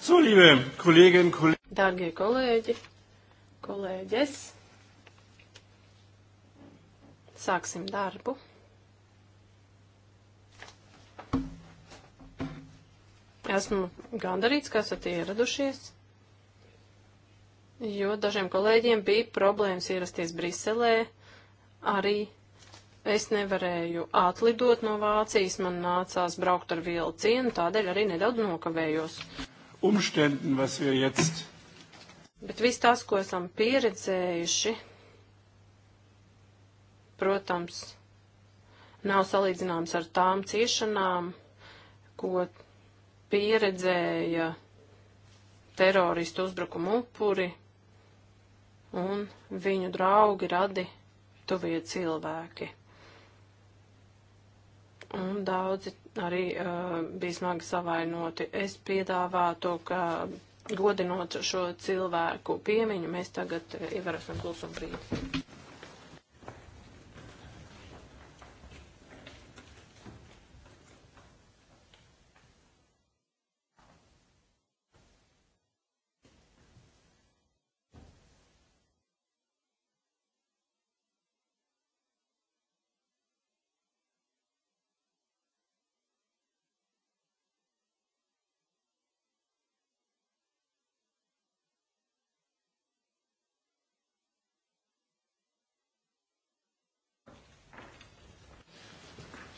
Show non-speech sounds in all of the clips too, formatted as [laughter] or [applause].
So, liebe Kolleginnen, Kollegen. Dārgie kolēģi, kolēģes, sāksim darbu. Esmu gandarīts, ka esat ieradušies, jo dažiem kolēģiem bija problēmas ierasties Briselē. Arī es nevarēju atlidot no Vācijas, man nācās braukt ar vilcienu, tādēļ arī nedaudz nokavējos. Umständen, was wir jetzt. Bet viss tas, ko esam pieredzējuši, protams, nav salīdzināms ar tām ciešanām, ko pieredzēja teroristu uzbrukumu upuri un viņu draugi radi tuvie cilvēki un daudzi arī uh, bija smagi savainoti. Es piedāvātu, ka godinot šo cilvēku piemiņu, mēs tagad uh, ievērosim klusumu brīdi.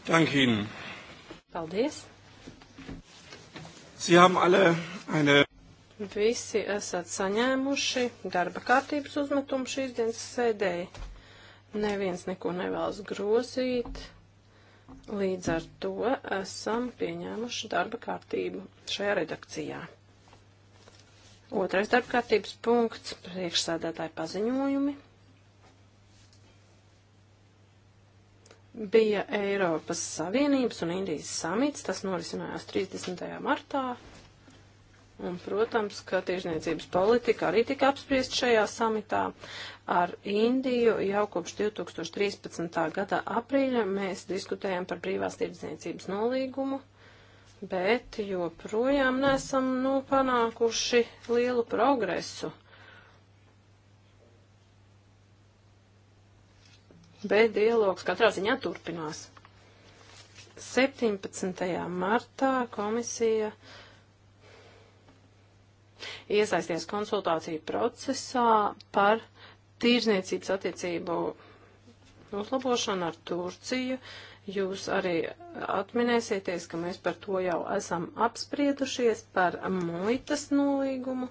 Danke Ihnen. Paldies. Sie haben alle eine. Visi esat saņēmuši darba kārtības uzmetumu šīs dienas sēdēji. Neviens neko nevēlas grozīt. Līdz ar to esam pieņēmuši darba kārtību šajā redakcijā. Otrais darba kārtības punkts - priekšsēdētāji paziņojumi. bija Eiropas Savienības un Indijas samits, tas norisinājās 30. martā. Un, protams, ka tiešniecības politika arī tika apspriest šajā samitā ar Indiju. Jau kopš 2013. gada aprīļa mēs diskutējam par brīvās tirdzniecības nolīgumu, bet joprojām nesam nu, panākuši lielu progresu. bet dialogs katrā ziņā turpinās. 17. martā komisija iesaisties konsultāciju procesā par tīrzniecības attiecību uzlabošanu ar Turciju. Jūs arī atminēsieties, ka mēs par to jau esam apspriedušies, par muitas nolīgumu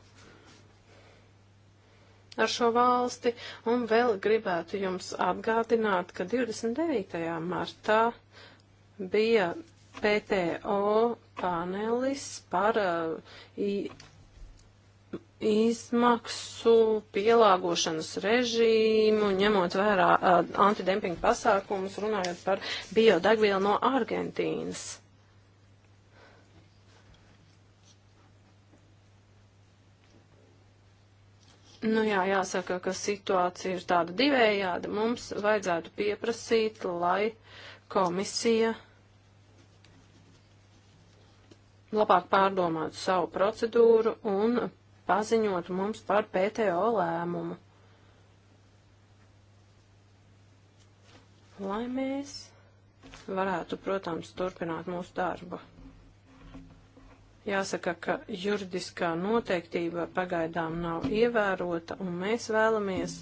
ar šo valsti, un vēl gribētu jums atgādināt, ka 29. martā bija PTO panelis par uh, izmaksu pielāgošanas režīmu, ņemot vērā uh, antidempinga pasākumus, runājot par biodegvielu no Argentīnas. Nu jā, jāsaka, ka situācija ir tāda divējāda. Mums vajadzētu pieprasīt, lai komisija labāk pārdomātu savu procedūru un paziņotu mums par PTO lēmumu. Lai mēs varētu, protams, turpināt mūsu darbu. Jāsaka, ka juridiskā noteiktība pagaidām nav ievērota, un mēs vēlamies,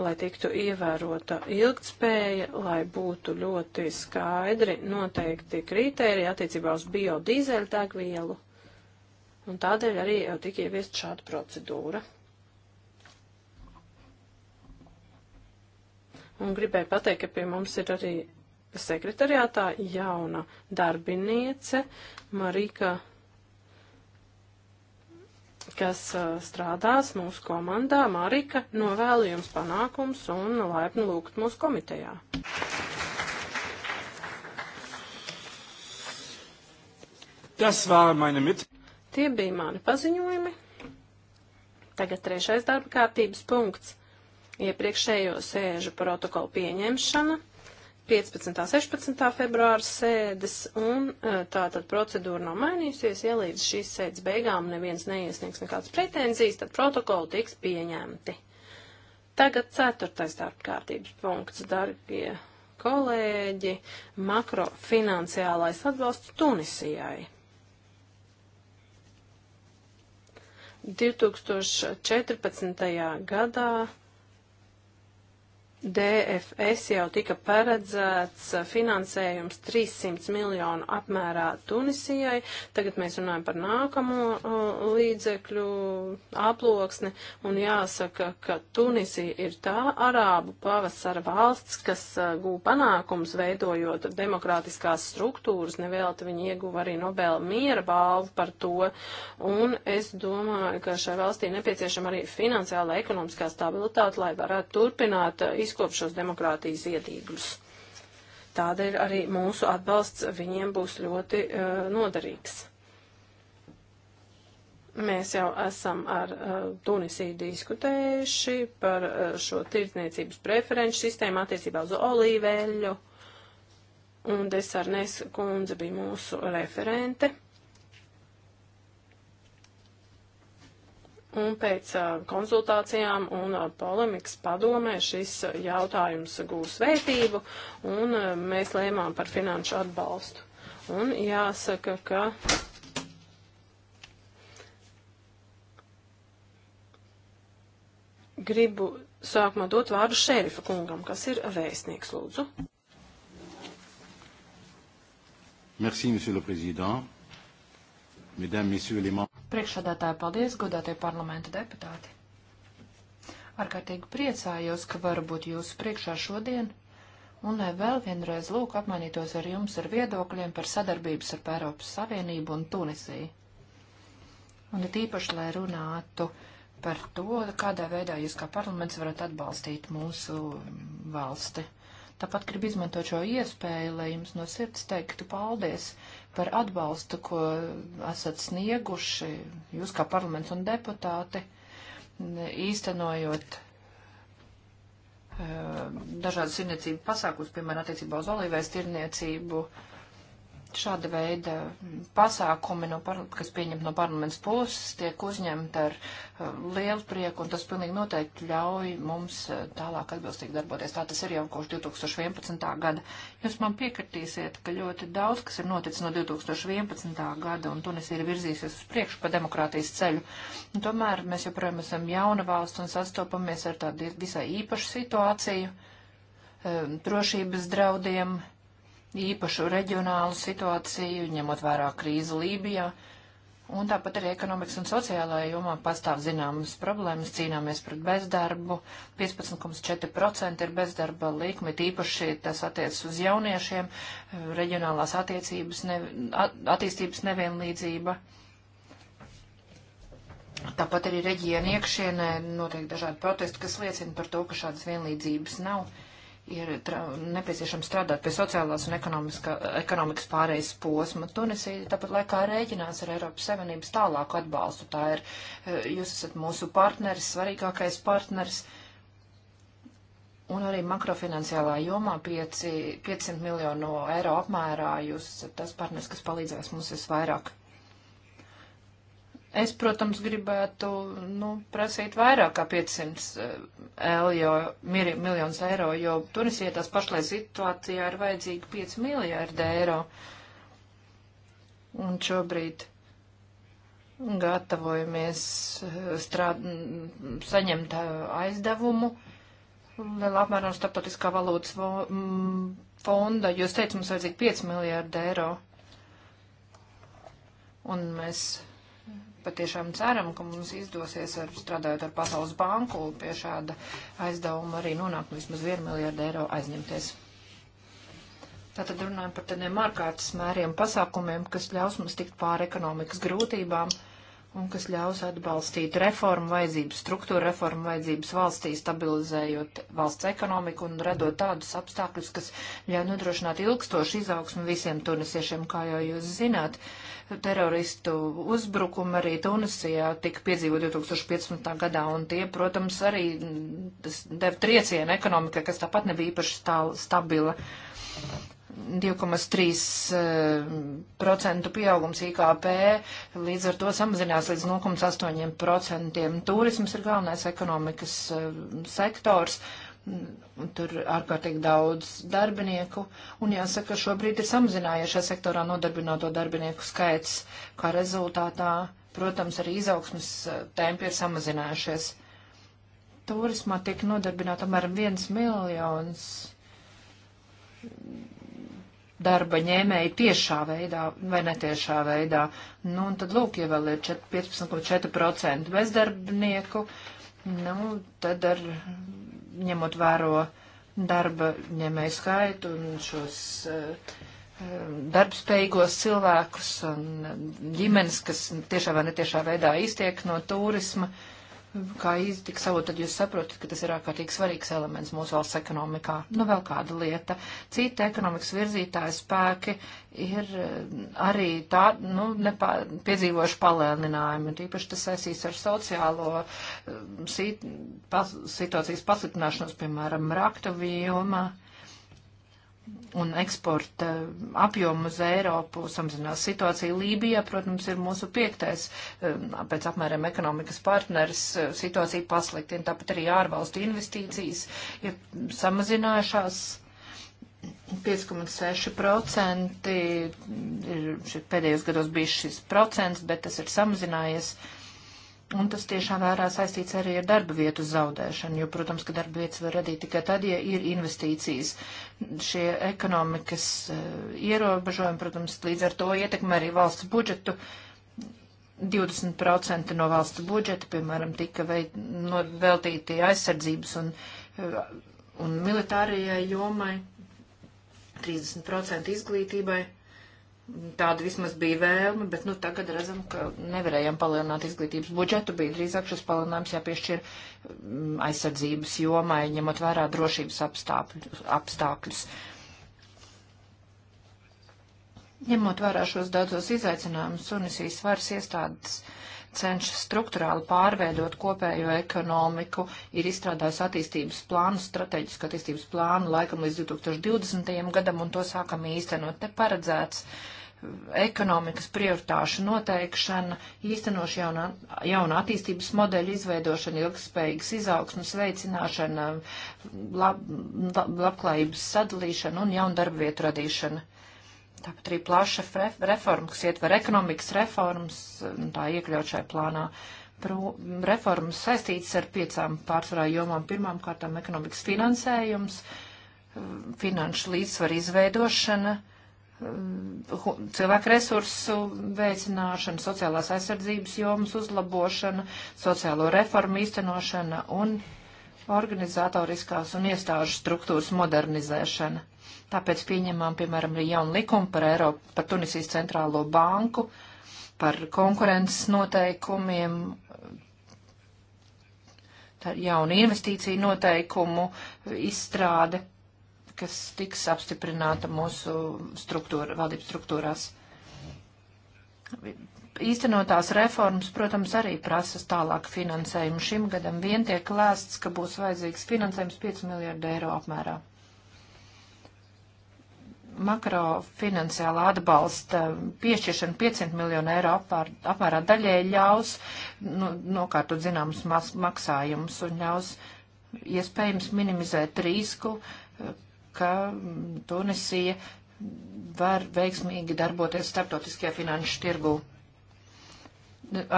lai tiktu ievērota ilgtspēja, lai būtu ļoti skaidri noteikti kriteriji attiecībā uz biodīzeļu degvielu, un tādēļ arī jau tika ieviest šāda procedūra. Un gribēju pateikt, ka pie mums ir arī sekretariātā jauna darbiniece, uh, Marika, kas strādās mūsu komandā. Marika, novēlu jums panākums un laipni lūgt mūsu komitejā. Tas var mani mit. Tie bija mani paziņojumi. Tagad trešais darba kārtības punkts. Iepriekšējo sēžu protokolu pieņemšana. 15. un 16. februāra sēdes, un e, tā tad procedūra nav mainījusies. Ja līdz šīs sēdes beigām neviens neiesniegs nekādas pretenzijas, tad protokoli tiks pieņemti. Tagad ceturtais darba kārtības punkts, darbie kolēģi, makrofinansiālais atbalsts Tunisijai. 2014. gadā DFS jau tika paredzēts finansējums 300 miljonu apmērā Tunisijai. Tagad mēs runājam par nākamo uh, līdzekļu aploksni un jāsaka, ka Tunisija ir tā arābu pavasara valsts, kas uh, gū panākums veidojot demokrātiskās struktūras, nevēlta viņi ieguva arī Nobela miera balvu par to. Un es domāju, ka šai valstī nepieciešama arī finansiāla ekonomiskā stabilitāte, lai varētu turpināt izkļūt izkop šos demokrātijas iedīgļus. Tādēļ arī mūsu atbalsts viņiem būs ļoti uh, noderīgs. Mēs jau esam ar uh, Tunisiju diskutējuši par uh, šo tirdzniecības preferenču sistēmu attiecībā uz olīveļu, un Desarnes kundze bija mūsu referente. Un pēc konsultācijām un polemikas padomē šis jautājums gūs vērtību, un mēs lēmām par finanšu atbalstu. Un jāsaka, ka. Gribu sākumā dot vārdu šerifa kungam, kas ir vēstnieks, lūdzu. Merci, monsieur le président. Priekšsādātāji, paldies, godātie parlamenta deputāti. Ārkārtīgi priecājos, ka varu būt jūsu priekšā šodien un lai eh, vēl vienreiz lūk apmainītos ar jums ar viedokļiem par sadarbības ar Eiropas Savienību un Tunisiju. Un it īpaši, lai runātu par to, kādā veidā jūs kā parlaments varat atbalstīt mūsu mm, valsti. Tāpat gribu izmantot šo iespēju, lai jums no sirds teiktu paldies par atbalstu, ko esat snieguši jūs kā parlaments un deputāti, īstenojot eh, dažādas tirniecību pasākums, piemēram, attiecībā uz olīvēs tirniecību. Uh, šāda veida pasākumi, no par, kas pieņem no parlaments puses, tiek uzņemti ar uh, lielu prieku, un tas pilnīgi noteikti ļauj mums uh, tālāk atbilstīgi darboties. Tā tas ir jau kopš 2011. gada. Jūs man piekritīsiet, ka ļoti daudz, kas ir noticis no 2011. gada, un Tunisija ir virzīsies uz priekšu pa demokrātijas ceļu. Un tomēr mēs joprojām esam jauna valsts un sastopamies ar tādu visai īpašu situāciju, um, drošības draudiem īpašu reģionālu situāciju, ņemot vērā krīzi Lībijā. Un tāpat arī ekonomikas un sociālajā jomā pastāv zināmas problēmas, cīnāmies pret bezdarbu, 15,4% ir bezdarba likme, tīpaši tas attiecas uz jauniešiem, reģionālās attiecības, ne, attīstības nevienlīdzība. Tāpat arī reģiona iekšienē notiek dažādi protesti, kas liecina par to, ka šādas vienlīdzības nav ir nepieciešams strādāt pie sociālās un ekonomikas pārējais posma. Tunisija tāpat laikā rēķinās ar Eiropas Savienības tālāku atbalstu. Tā ir, e, jūs esat mūsu partneris, svarīgākais partneris. Un arī makrofinanciālā jomā 5, 500 miljonu eiro apmērā jūs esat tas partners, kas palīdzēs mums visvairāk. Es, protams, gribētu nu, prasīt vairāk kā 500 eh, L, jo, mir, miljonus eiro, jo Tunisijā tās pašlaik situācijā ir vajadzīgi 5 miljārdi eiro. Un šobrīd gatavojamies eh, strād, saņemt eh, aizdevumu lielā apmērā no starptautiskā valūtas fonda. Jūs teicat, mums vajadzīgi 5 miljārdi eiro. Un mēs patiešām ceram, ka mums izdosies, ar, strādājot ar Pasaules banku, pie šāda aizdevuma arī nonākt vismaz 1 miljārdu eiro aizņemties. Tātad runājam par tādiem ārkārtas mēriem pasākumiem, kas ļaus mums tikt pāri ekonomikas grūtībām un kas ļaus atbalstīt reformu vajadzības, struktūra reformu vajadzības valstī, stabilizējot valsts ekonomiku un radot tādus apstākļus, kas ļauj nodrošināt ilgstošu izaugsmu visiem tunisiešiem, kā jau jūs zināt. Teroristu uzbrukumi arī Tunisijā tika piedzīvo 2015. gadā, un tie, protams, arī deva triecienu ekonomikai, kas tāpat nebija īpaši stāl, stabila. 2,3% eh, pieaugums IKP, līdz ar to samazinās līdz 0,8%. Turisms ir galvenais ekonomikas eh, sektors. Mm, tur ārkārtīgi daudz darbinieku, un jāsaka, šobrīd ir samazinājies sektorā nodarbināto darbinieku skaits, kā rezultātā, protams, arī izaugsmas eh, tempi ir samazinājušies. Turismā tiek nodarbināta apmēram viens miljons darba ņēmēji tiešā veidā vai netiešā veidā. Nu, un tad lūk, ja vēl ir 15,4% bezdarbnieku, nu, tad ar ņemot vēro darba ņēmēju skaitu un šos uh, darbspējīgos cilvēkus un ģimenes, kas tiešā vai netiešā veidā iztiek no turisma. Uh, kā iztiks savu, tad jūs saprotat, ka tas ir ārkārtīgi svarīgs elements mūsu valsts ekonomikā. Nu, vēl kāda lieta. Citi ekonomikas virzītāji spēki ir eh, arī tā, nu, nepā, piedzīvojuši palēninājumi. Tīpaši tas saistīs ar sociālo eh, sit, pas, situācijas pasliktināšanos, piemēram, raktuvījuma. Uh, un eksporta apjomu uz Eiropu samazinās situācija Lībijā, protams, ir mūsu piektais um, pēc apmēram ekonomikas partners, uh, situācija pasliktina, tāpat arī ārvalstu investīcijas ir samazinājušās. 5,6% ir pēdējos gados bijis šis procents, bet tas ir samazinājies. Uh, Un tas tiešā vērā saistīts arī ar darba vietu zaudēšanu, jo, protams, ka darba vietas var radīt tikai tad, ja ir investīcijas. Šie ekonomikas eh, ierobežojumi, protams, līdz ar to ietekmē arī valsts budžetu. 20% no valsts budžeta, piemēram, tika veid, no, veltīti aizsardzības un, eh, un militārajai jomai, 30% izglītībai. Tāda vismaz bija vēlme, bet nu, tagad redzam, ka nevarējām palielināt izglītības budžetu. Bija drīzāk šis palielinājums jāpiešķir mm, aizsardzības jomai, ņemot vērā drošības apstākļus. apstākļus. Ņemot vērā šos daudzos izaicinājumus, Tunisijas varas iestādes cenšas struktūrāli pārveidot kopējo ekonomiku, ir izstrādājusi attīstības plānu, strateģisku attīstības plānu laikam līdz 2020. gadam, un to sākam īstenot. Te paredzēts uh, ekonomikas prioritāšu noteikšana, īstenoša jauna, jauna attīstības modeļa izveidošana, ilgspējīgas izaugsmas veicināšana, lab, lab, labklājības sadalīšana un jaunu darba vietu radīšana. Tāpat arī plaša reforma, kas ietver ekonomikas reformas, tā iekļaut šai plānā. Pro, reformas saistītas ar piecām pārsvarā jomām. Pirmām kārtām ekonomikas finansējums, finanšu līdzsvaru izveidošana, uh, Um, cilvēku resursu veicināšana, sociālās aizsardzības jomas uzlabošana, sociālo reformu īstenošana un organizatoriskās un iestāžu struktūras modernizēšana. Tāpēc pieņemām, piemēram, arī jaunu likumu par Eiropu, par Tunisijas centrālo banku, par konkurences noteikumiem, jaunu investīciju noteikumu izstrāde kas tiks apstiprināta mūsu struktūra, valdības struktūrās. Īstenotās reformas, protams, arī prasas tālāk finansējumu. Šim gadam vien tiek lēsts, ka būs vajadzīgs finansējums 5 miljārdu eiro apmērā. Makrofinanciāla atbalsta piešķiršana 500 miljonu eiro apmēr, apmērā daļēji ļaus nu, nokārtot zināmas maksājumus un ļaus iespējams minimizēt risku, ka Tunisija var veiksmīgi darboties starptautiskajā finanšu tirgū.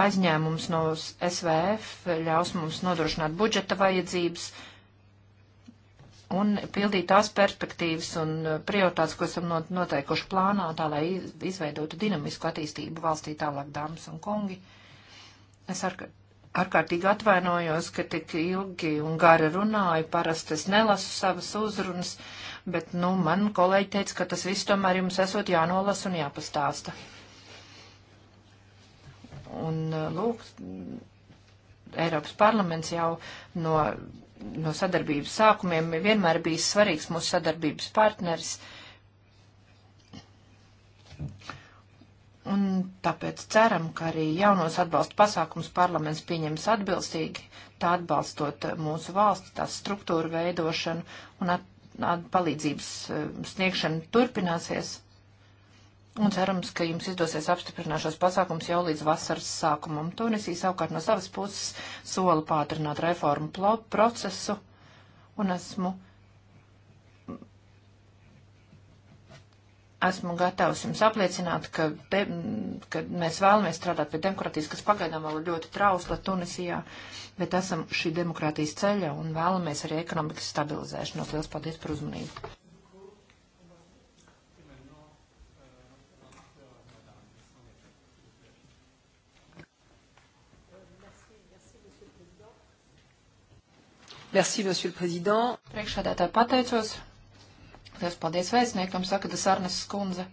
Aizņēmums no SVF ļaus mums nodrošināt budžeta vajadzības un pildīt tās perspektīvas un prioritātes, ko esam noteikuši plānā, tā lai izveidotu dinamisku attīstību valstī tālāk, dāmas un kungi. Es ar, ārkārtīgi atvainojos, ka tik ilgi un gari runāju, parasti es nelasu savas uzrunas. Uh, bet, nu, man kolēģi teica, ka tas viss tomēr jums esot jānolas un jāpastāsta. Un, eh, lūk, Eiropas parlaments jau no, no sadarbības sākumiem vienmēr bijis svarīgs mūsu sadarbības partneris. Un tāpēc ceram, ka arī jaunos atbalsta pasākums parlaments pieņems atbilstīgi, tā atbalstot mūsu valsts, tās struktūru veidošanu un at palīdzības eh, sniegšana turpināsies. Un cerams, ka jums izdosies apstiprināt šos pasākums jau līdz vasaras sākumam. Tunisija savukārt no savas puses sola pātrināt reformu procesu, un esmu esmu gatavs jums apliecināt, ka, de, ka mēs vēlamies strādāt pie demokrātijas, kas pagaidām vēl ir ļoti trausla Tunisijā, bet esam šī demokrātijas ceļa un vēlamies arī ekonomikas stabilizēšanos. Lielas paldies par uzmanību! Merci, Monsieur le Président. Priekšādātāji pateicos. Lielas paldies vēstniekam, saka Desarnes skundze.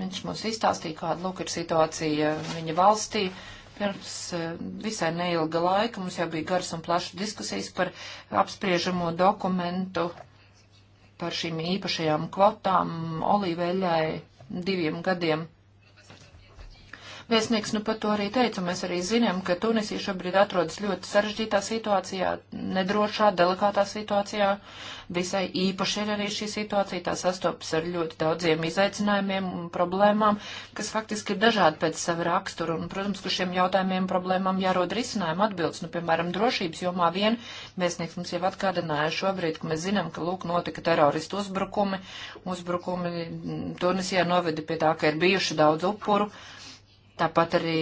Viņš mums izstāstīja, kāda lūk ir situācija viņa valstī. Pirms eh, visai neilga laika mums jau bija garas un plašas diskusijas par apspriežamo dokumentu, par šīm īpašajām kvotām olīveļai diviem gadiem. Vēstnieks nu pat to arī teica, mēs arī zinām, ka Tunisija šobrīd atrodas ļoti sarežģītā situācijā, nedrošā, delikātā situācijā. Visai īpaši ir arī šī situācija, tā sastopas ar ļoti daudziem izaicinājumiem un problēmām, kas faktiski ir dažādi pēc sava rakstura. Un, protams, ka šiem jautājumiem problēmām jārod risinājuma atbildes. Nu, piemēram, drošības jomā vien vēstnieks mums jau atgādināja šobrīd, ka mēs zinām, ka lūk notika teroristu uzbrukumi. Uzbrukumi Tunisijā noveda pie tā, ka ir bijuši daudz upuru. Tāpat arī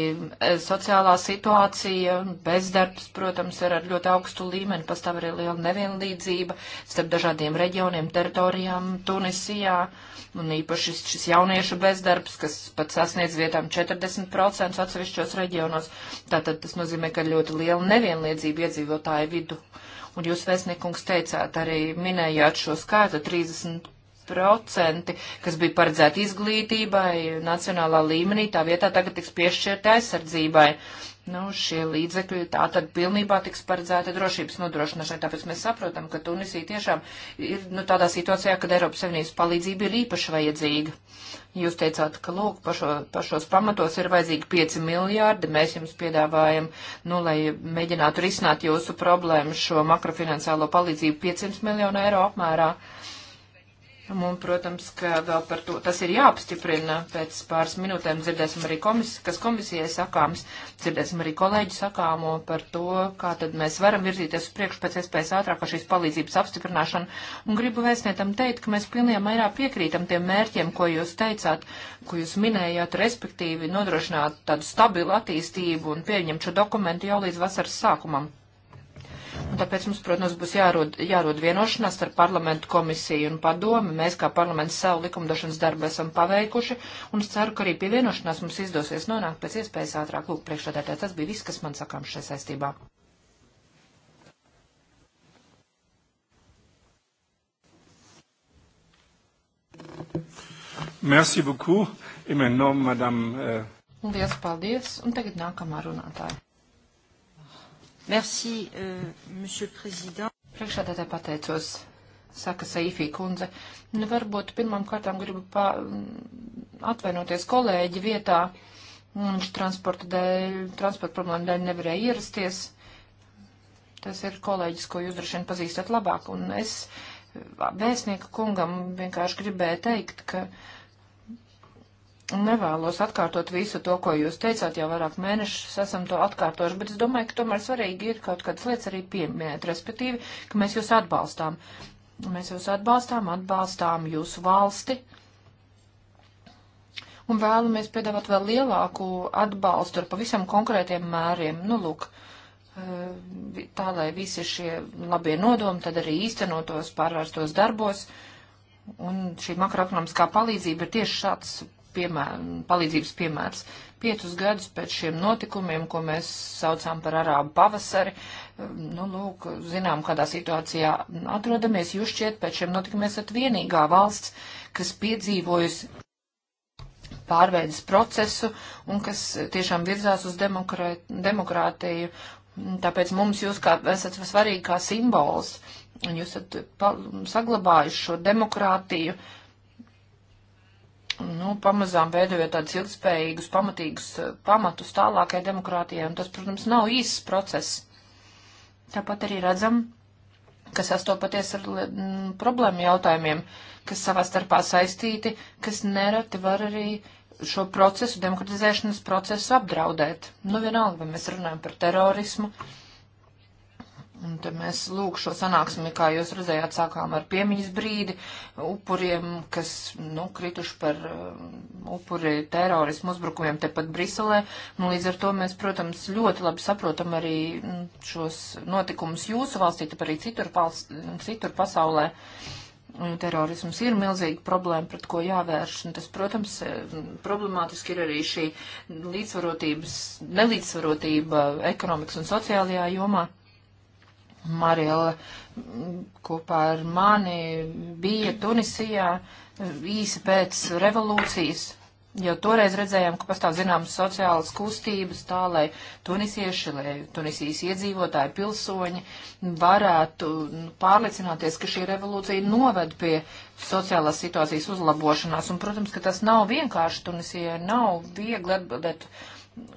e, sociālā situācija, bezdarbs, protams, ir ar ļoti augstu līmeni, pastāv arī liela nevienlīdzība starp dažādiem reģioniem, teritorijām Tunisijā, un īpaši šis jauniešu bezdarbs, kas pat sasniedz vietām 40% atsevišķos reģionos. Tātad tas nozīmē, ka ļoti liela nevienlīdzība iedzīvotāju vidu. Un jūs, vēstniekums, teicāt, arī minējāt šo skaitu 30 procenti, kas bija paredzēti izglītībai nacionālā līmenī, tā vietā tagad tiks piešķirti aizsardzībai. Nu, šie līdzekļi tā tad pilnībā tiks paredzēti drošības nodrošināšanai, tāpēc mēs saprotam, ka Tunisija tiešām ir nu, tādā situācijā, kad Eiropas Savienības palīdzība ir īpaši vajadzīga. Jūs teicāt, ka lūk, pašo, pašos pamatos ir vajadzīgi 5 miljārdi, mēs jums piedāvājam, nu, lai mēģinātu risināt jūsu problēmu šo makrofinansālo palīdzību 500 miljonu eiro apmērā. Uh, Un, protams, ka vēl par to tas ir jāapstiprina. Pēc pāris minūtēm dzirdēsim arī komisiju, kas komisijai sakāms, dzirdēsim arī kolēģi sakāmo par to, kā tad mēs varam virzīties uz priekšu pēc iespējas ātrāk ar šīs palīdzības apstiprināšanu. Un gribu vēstnietam teikt, ka mēs pilnajā mērā piekrītam tiem mērķiem, ko jūs teicāt, ko jūs minējāt, respektīvi nodrošināt tādu stabilu attīstību un pieņemt šo dokumentu jau līdz vasaras sākumam. Un tāpēc mums, protams, būs jārod, jārod vienošanās ar parlamentu komisiju un padomi. Mēs kā parlaments savu likumdošanas darbu esam paveikuši, un es ceru, ka arī pie vienošanās mums izdosies nonākt pēc iespējas ātrāk. Lūk, priekšādētāji, tas bija viss, kas man sakām šajā saistībā. Merci beaucoup. Et maintenant, madame. Euh... Liels paldies. Un tagad nākamā runātāja. Merci, euh, monsieur prezident. Priekšādātā pateicos, saka Saifī kundze. Nu, varbūt pirmām kārtām gribu pa, mm, atvainoties kolēģi vietā. Viņš transporta dēļ, transporta problēma dēļ nevarēja ierasties. Tas ir kolēģis, ko jūs droši vien pazīstat labāk. Un es vēstnieku kungam vienkārši gribēju teikt, ka. Uh, Nevēlos atkārtot visu to, ko jūs teicāt, jau vairāk mēnešus esam to atkārtojuši, bet es domāju, ka tomēr svarīgi ir kaut kādas lietas arī pieminēt, respektīvi, ka mēs jūs atbalstām. Mēs jūs atbalstām, atbalstām jūsu valsti un vēlamies piedāvāt vēl lielāku atbalstu ar pavisam konkrētiem mēriem. Nu, lūk, eh, tā lai visi šie labie nodomi tad arī īstenotos, pārvērstos darbos. Un šī makroekonomiskā palīdzība ir tieši šāds piemēr, palīdzības piemērs. Piecus gadus pēc šiem notikumiem, ko mēs saucām par arābu pavasari, um, nu, lūk, zinām, kādā situācijā atrodamies. Jūs šķiet pēc šiem notikumiem esat vienīgā valsts, kas piedzīvojusi pārveidas procesu un kas tiešām virzās uz demokrātiju. Tāpēc mums jūs kā, esat svarīgi kā simbols, un jūs esat saglabājuši šo demokrātiju. Uh, nu, pamazām veidojot tādus ilgspējīgus, pamatīgus eh, pamatus tālākai demokrātijai, un tas, protams, nav īsts process. Tāpat arī redzam, ka sastopaties ar m, mm, problēmu jautājumiem, kas savā starpā saistīti, kas nereti var arī šo procesu, demokratizēšanas procesu apdraudēt. Nu, vienalga, vai mēs runājam par terorismu, uh, Un te mēs lūk šo sanāksmi, kā jūs redzējāt, sākām ar piemiņas brīdi upuriem, kas, nu, krituši par uh, upuri terorismu uzbrukumiem tepat Briselē. Nu, līdz ar to mēs, protams, ļoti labi saprotam arī mm, šos notikumus jūsu valstī, tāpēc arī citur, valst, citur pasaulē. Terorisms ir milzīga problēma, pret ko jāvērš, un tas, protams, e, problemātiski ir arī šī līdzsvarotības, nelīdzsvarotība ekonomikas un sociālajā jomā. Marila kopā ar mani bija Tunisijā īsi pēc revolūcijas. Jau toreiz redzējām, ka pastāv zināmas sociālas kustības tā, lai tunisieši, lai tunisijas iedzīvotāji, pilsoņi varētu nu, pārliecināties, ka šī revolūcija noved pie sociālās situācijas uzlabošanās. Un, protams, ka tas nav vienkārši Tunisijai, nav viegli atbildēt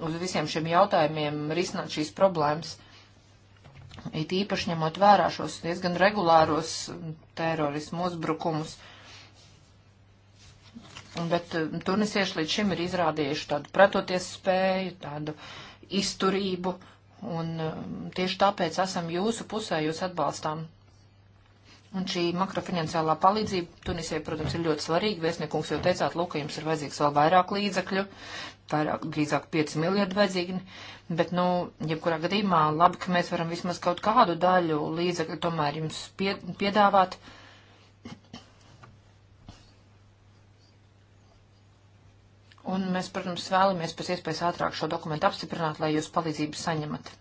uz visiem šiem jautājumiem, risināt šīs problēmas it īpaši ņemot vērā šos diezgan regulāros terorismu uzbrukumus. Bet eh, tunisieši līdz šim ir izrādījuši tādu pretoties spēju, tādu izturību, un eh, tieši tāpēc esam jūsu pusē, jūs atbalstām. Un šī makrofinanciālā palīdzība Tunisijai, protams, ir ļoti svarīga. Vēstniekums jau teicāt, lūk, jums ir vajadzīgs vēl vairāk līdzekļu vairāk, drīzāk 5 miljardi vajadzīgi, bet, nu, jebkurā gadījumā labi, ka mēs varam vismaz kaut kādu daļu līdzekļu tomēr jums pie, piedāvāt. Un mēs, protams, vēlamies pēc iespējas ātrāk šo dokumentu apstiprināt, lai jūs palīdzību saņemat.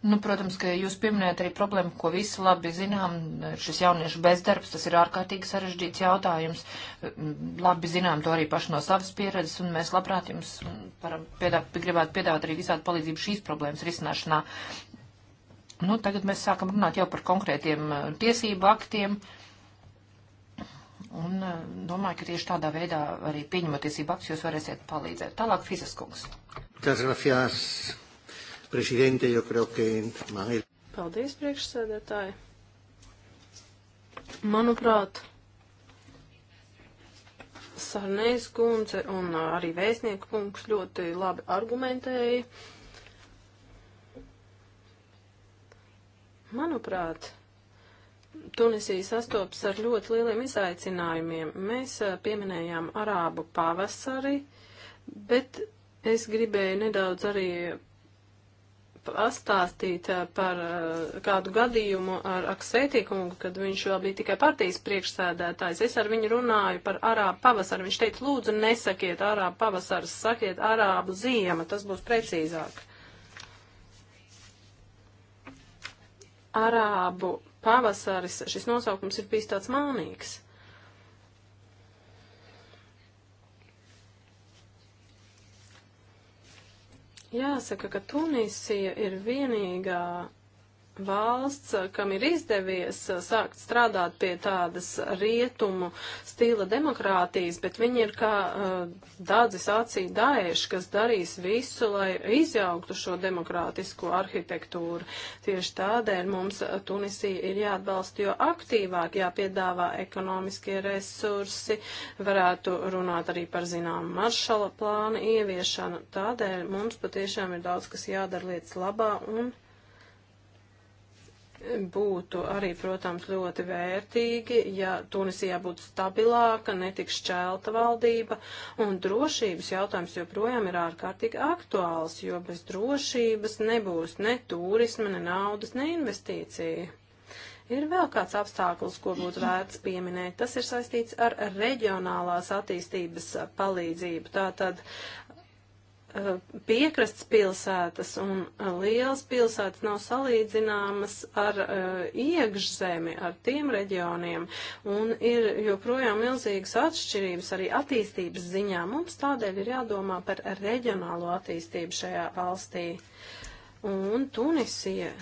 Nu, protams, ka jūs pieminējat arī problēmu, ko visi labi zinām, šis jauniešu bezdarbs, tas ir ārkārtīgi sarežģīts jautājums. Labi zinām to arī paši no savas pieredzes, un mēs labprāt jums piedā, gribētu piedāvāt arī visādu palīdzību šīs problēmas risināšanā. Nu, tagad mēs sākam runāt jau par konkrētiem eh, tiesību aktiem. Un eh, domāju, ka tieši tādā veidā arī pieņemot tiesību aktus jūs varēsiet palīdzēt. Tālāk, Fizas kungs. Gracias presidente, yo creo que Manuel. Paldies, priekšsēdētāji. Manuprāt, Sarnēs kundze un arī vēstnieku kungs ļoti labi argumentēja. Manuprāt, Tunisija sastopas ar ļoti lieliem izaicinājumiem. Mēs eh, pieminējām arābu pavasari, bet es gribēju nedaudz arī pastāstīt eh, par eh, kādu gadījumu ar Aksētīkungu, kad viņš vēl bija tikai partijas priekšsēdētājs. Es ar viņu runāju par arābu pavasaru. Viņš teica, lūdzu, nesakiet arābu pavasaru, sakiet arābu ziema, tas būs precīzāk. Arābu pavasaris, šis nosaukums ir bijis tāds mānīgs. Jāsaka, ka Tunisija ir vienīgā valsts, kam ir izdevies uh, sākt strādāt pie tādas rietumu stila demokrātijas, bet viņi ir kā uh, dādzis acī daēši, kas darīs visu, lai izjauktu šo demokrātisko arhitektūru. Tieši tādēļ mums Tunisija ir jāatbalsta jo aktīvāk, jāpiedāvā ekonomiskie resursi, varētu runāt arī par zinām maršala plānu ieviešanu. Tādēļ mums patiešām ir daudz, kas jādara lietas labā un būtu arī, protams, ļoti vērtīgi, ja Tunisijā būtu stabilāka, netiks šķelta valdība, un drošības jautājums joprojām ir ārkārtīgi aktuāls, jo bez drošības nebūs ne turisma, ne naudas, ne investīcija. Ir vēl kāds apstākļus, ko būtu vērts pieminēt. Tas ir saistīts ar reģionālās attīstības palīdzību. Tātad Eh, piekrasts pilsētas un eh, liels pilsētas nav salīdzināmas ar uh, iekšzemi, ar tiem reģioniem, un ir joprojām milzīgas atšķirības arī attīstības ziņā. Mums tādēļ ir jādomā par reģionālo attīstību šajā valstī. Un Tunisija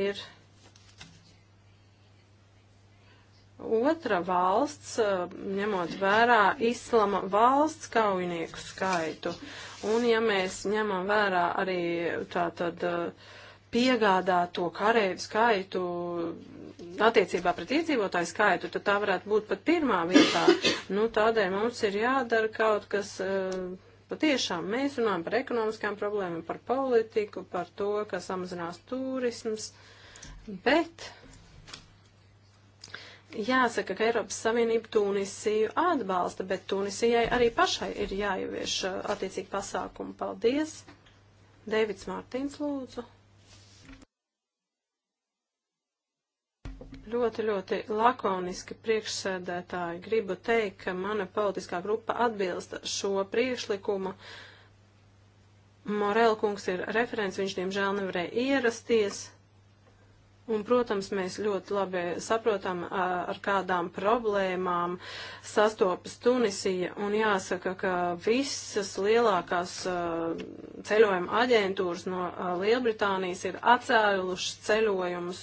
ir otra valsts, eh, ņemot vērā islama valsts kaujinieku skaitu. Un ja mēs ņemam vērā arī tātad eh, piegādāto karēju skaitu attiecībā pret iedzīvotāju skaitu, tad tā varētu būt pat pirmā vietā. Nu, tādēļ mums ir jādara kaut kas. Eh, patiešām mēs runājam par ekonomiskām problēmām, par politiku, par to, ka samazinās turisms, bet Jāsaka, ka Eiropas Savienība Tunisiju atbalsta, bet Tunisijai arī pašai ir jāievieš uh, attiecīgi pasākumi. Paldies! Dēvids Mārtiņš lūdzu. Ļoti, ļoti lakoniski priekšsēdētāji gribu teikt, ka mana politiskā grupa atbilst šo priekšlikumu. Morel kungs ir referents, viņš diemžēl nevarēja ierasties. Un, protams, mēs ļoti labi saprotam, ar kādām problēmām sastopas Tunisija. Un jāsaka, ka visas lielākās ceļojuma aģentūras no Lielbritānijas ir atcēlušas ceļojumus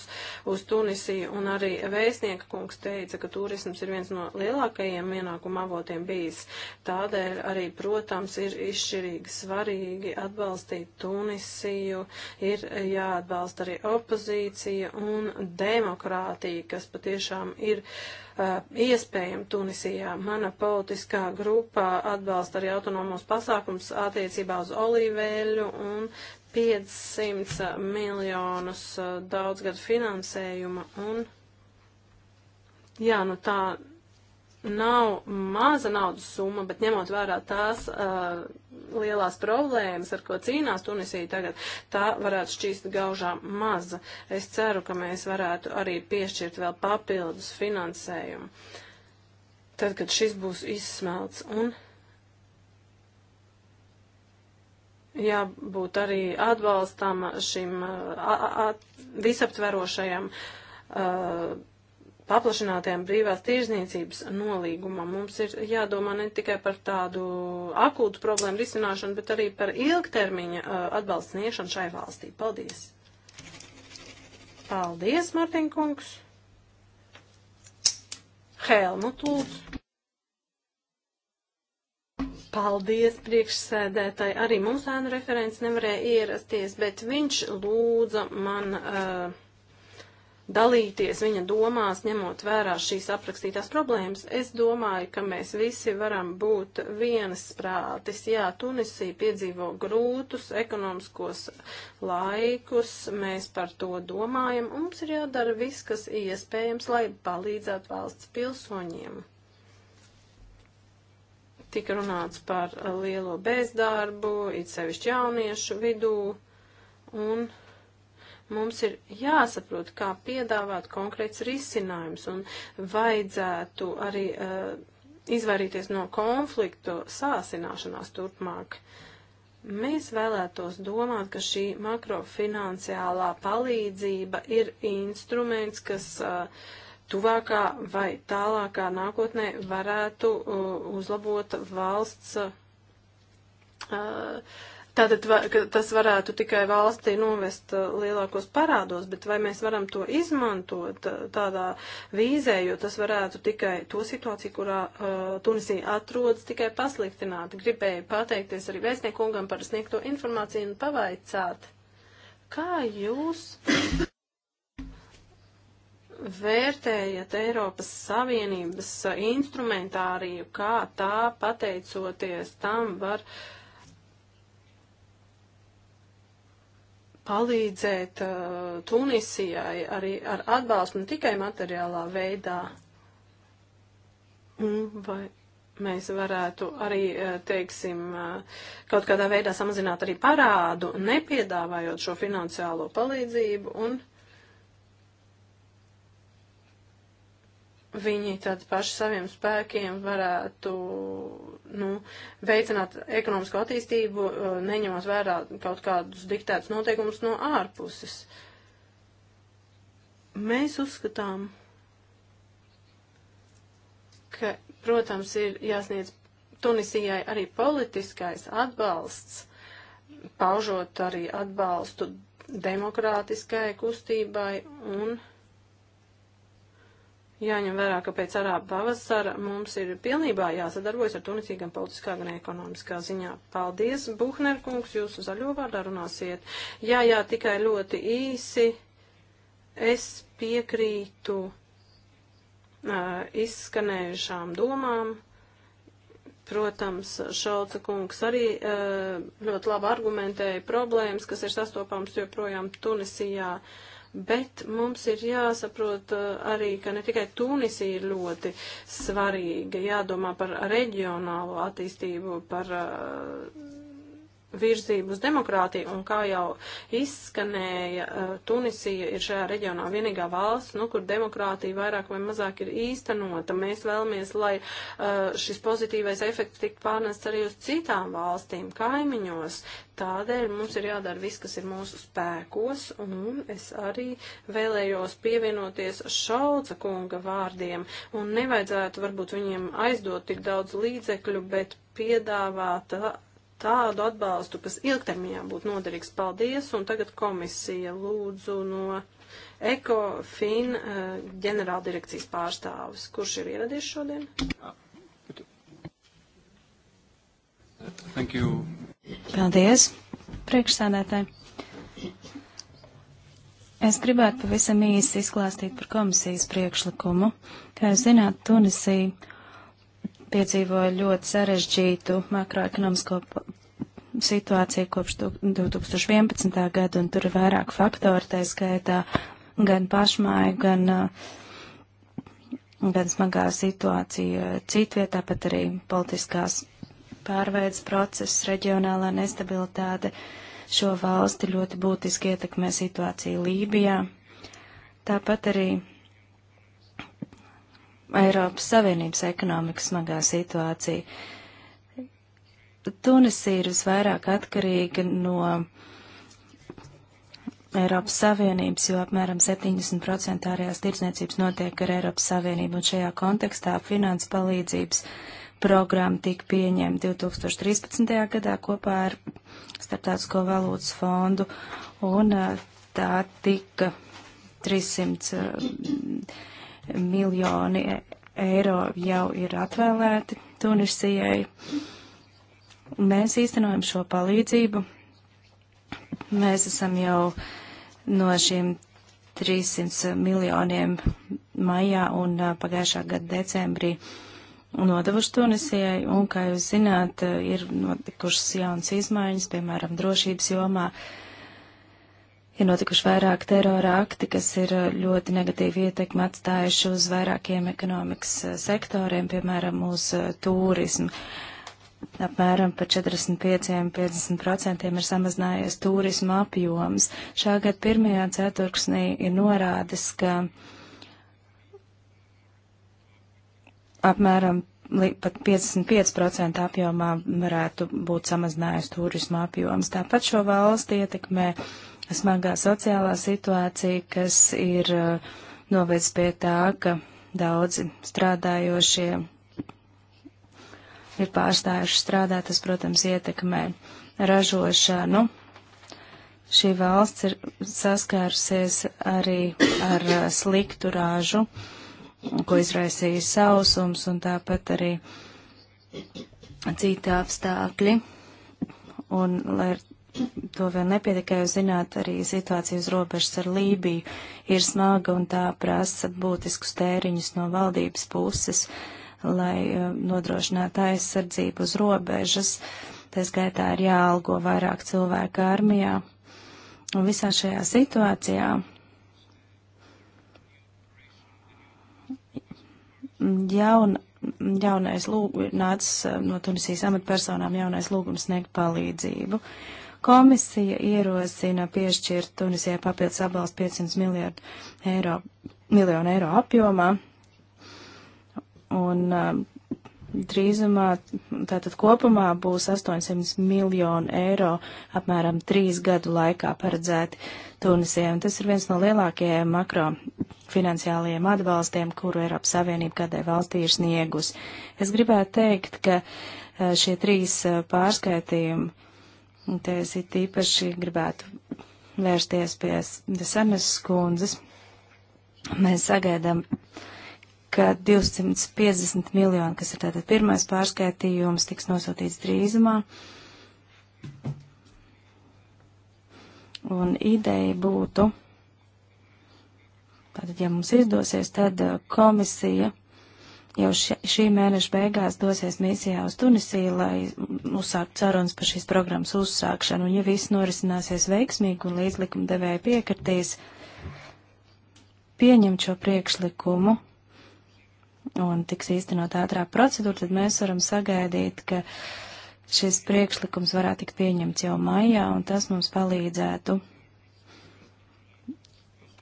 uz Tunisiju. Un arī vēstnieka kungs teica, ka turisms ir viens no lielākajiem ienākuma avotiem bijis. Tādēļ arī, protams, ir izšķirīgi svarīgi atbalstīt Tunisiju, ir jāatbalsta arī opozīcija un demokrātija, kas patiešām ir uh, iespējama Tunisijā. Mana politiskā grupa atbalsta arī autonomos pasākums attiecībā uz olīveļu un 500 miljonus uh, daudzgadu finansējuma un jā, nu tā nav maza naudas summa, bet ņemot vērā tās uh, lielās problēmas, ar ko cīnās Tunisija tagad, tā varētu šķīst gaužām maza. Es ceru, ka mēs varētu arī piešķirt vēl papildus finansējumu. Tad, kad šis būs izsmelts un jābūt arī atbalstam šim uh, a, a, visaptverošajam. Uh, paplašinātajam brīvās tirzniecības nolīgumam. Mums ir jādomā ne tikai par tādu akūtu problēmu risināšanu, bet arī par ilgtermiņa uh, atbalstu sniegšanu šai valstī. Paldies! Paldies, Mārtiņ kungs! Helmut lūdzu! Paldies priekšsēdētāji. Arī mums ēnu referents nevarēja ierasties, bet viņš lūdza man uh, dalīties viņa domās, ņemot vērā šīs aprakstītās problēmas. Es domāju, ka mēs visi varam būt vienas prātis. Jā, Tunisija piedzīvo grūtus ekonomiskos laikus, mēs par to domājam. Mums ir jādara viss, kas iespējams, lai palīdzētu valsts pilsoņiem. Tika runāts par lielo bezdarbu, it sevišķi jauniešu vidū, un Mums ir jāsaprot, kā piedāvāt konkrēts risinājums un vajadzētu arī uh, izvairīties no konfliktu sāsināšanās turpmāk. Mēs vēlētos domāt, ka šī makrofinanciālā palīdzība ir instruments, kas uh, tuvākā vai tālākā nākotnē varētu uh, uzlabot valsts uh, Tātad tas varētu tikai valstī novest uh, lielākos parādos, bet vai mēs varam to izmantot uh, tādā vīzē, jo tas varētu tikai to situāciju, kurā uh, Tunisija atrodas, tikai pasliktināt. Gribēju pateikties arī vēstniekungam par sniegto informāciju un pavaicāt, kā jūs vērtējat Eiropas Savienības uh, instrumentāriju, kā tā pateicoties tam var uh, palīdzēt uh, Tunisijai arī ar atbalstu ne tikai materiālā veidā, vai mēs varētu arī, uh, teiksim, uh, kaut kādā veidā samazināt arī parādu, nepiedāvājot šo finansiālo palīdzību un viņi tad paši saviem spēkiem varētu nu, veicināt ekonomisko attīstību, uh, neņemot vērā kaut kādus diktētus noteikumus no ārpuses. Mēs uzskatām, ka, protams, ir jāsniedz Tunisijai arī politiskais atbalsts, paužot arī atbalstu demokrātiskai kustībai un Jāņem vērā, ka pēc arābu pavasara mums ir pilnībā jāsadarbojas ar Tunisiju gan politiskā, gan ekonomiskā ziņā. Paldies, Buhner kungs, jūs zaļo vārdā runāsiet. Jā, jā, tikai ļoti īsi. Es piekrītu uh, izskanējušām domām. Protams, Šalca kungs arī uh, ļoti labi argumentēja problēmas, kas ir sastopams joprojām Tunisijā. Uh, bet mums ir jāsaprot uh, arī, ka ne tikai Tunisija ir ļoti svarīga, jādomā par reģionālo attīstību, par uh, virzību uz demokrātiju, un kā jau izskanēja, Tunisija ir šajā reģionā vienīgā valsts, nu, kur demokrātija vairāk vai mazāk ir īstenota. Mēs vēlamies, lai šis pozitīvais efekts tiktu pārnests arī uz citām valstīm, kaimiņos. Tādēļ mums ir jādara viss, kas ir mūsu spēkos, un es arī vēlējos pievienoties Šauca kunga vārdiem, un nevajadzētu varbūt viņiem aizdot tik daudz līdzekļu, bet piedāvāt tādu atbalstu, kas ilgtermiņā būtu noderīgs. Paldies, un tagad komisija lūdzu no ECOFIN eh, ģenerāldirekcijas pārstāvis, kurš ir ieradies šodien. Thank you. Paldies, priekšsādētāji. Es gribētu pavisam īsi izklāstīt par komisijas priekšlikumu. Kā jūs zināt, Tunisija piedzīvoja ļoti sarežģītu makroekonomisko situāciju kopš 2011. gada, un tur ir vairāk faktori, tā skaitā gan pašmāju, gan, gan smagā situācija citvietā, pat arī politiskās pārveids process, reģionālā nestabilitāte šo valsti ļoti būtiski ietekmē situāciju Lībijā. Tāpat arī Eiropas Savienības ekonomikas smagā situācija. Tunisija ir visvairāk atkarīga no Eiropas Savienības, jo apmēram 70% ārējās tirdzniecības notiek ar Eiropas Savienību, un šajā kontekstā finanses palīdzības programma tika pieņemta 2013. gadā kopā ar Starptautisko valūtas fondu, un uh, tā tika 300 miljoni eiro jau ir atvēlēti Tunisijai. Mēs īstenojam šo palīdzību. Mēs esam jau no šiem 300 miljoniem maijā un pagājušā gada decembrī nodevuši Tunisijai, un, kā jūs zināt, ir notikušas jaunas izmaiņas, piemēram, drošības jomā. Uh, ir notikuši vairāk terora akti, kas ir eh, ļoti negatīvi ietekmi atstājuši uz vairākiem ekonomikas eh, sektoriem, piemēram, uz eh, turismu. Apmēram par 45-50% ir samazinājies turisma apjoms. Šā gada pirmajā ceturksnī ir norādes, ka apmēram pat 55% apjomā varētu būt samazinājies turisma apjoms. Tāpat šo valsti ietekmē smagā sociālā situācija, kas ir uh, novēc pie tā, ka daudzi strādājošie ir pārstājuši strādāt, tas, protams, ietekmē ražošanu. Šī valsts ir saskārusies arī ar uh, sliktu rāžu, ko izraisīja sausums un tāpat arī citi apstākļi. Un, lai to vēl nepietiek, jo zināt, arī situācija uz robežas ar Lībiju ir smaga un tā prasa būtiskus tēriņus no valdības puses, lai eh, nodrošinātu aizsardzību uz robežas. Tā skaitā ir jāalgo vairāk cilvēku armijā. Un visā šajā situācijā jaun, jaunais lūgums nācis no Tunisijas amatpersonām jaunais lūgums sniegt palīdzību. Uh, Komisija ierosina piešķirt Tunisijai papildus atbalstu 500 miljardu eiro, miljonu eiro apjomā. Un um, drīzumā, tātad kopumā būs 800 miljonu eiro apmēram trīs gadu laikā paredzēti Tunisijai. Un tas ir viens no lielākajiem makrofinanciālajiem atbalstiem, kuru Eiropas Savienība kādai valstī ir sniegus. Es gribētu teikt, ka uh, šie trīs uh, pārskaitījumi Un te es it īpaši gribētu vērsties pie Desemes skundzes. Mēs sagaidām, ka 250 miljoni, kas ir tātad pirmais pārskaitījums, tiks nosūtīts drīzumā. Un ideja būtu, tātad, ja mums izdosies, tad uh, komisija jau šī mēneša beigās dosies misijā uz Tunisiju, lai uzsāktu sarunas par šīs programmas uzsākšanu, un ja viss norisināsies veiksmīgi un līdzlikuma devēja piekartīs, pieņemt šo priekšlikumu un tiks īstenot ātrā procedūra, tad mēs varam sagaidīt, ka šis priekšlikums varētu tikt pieņemts jau maijā, un tas mums palīdzētu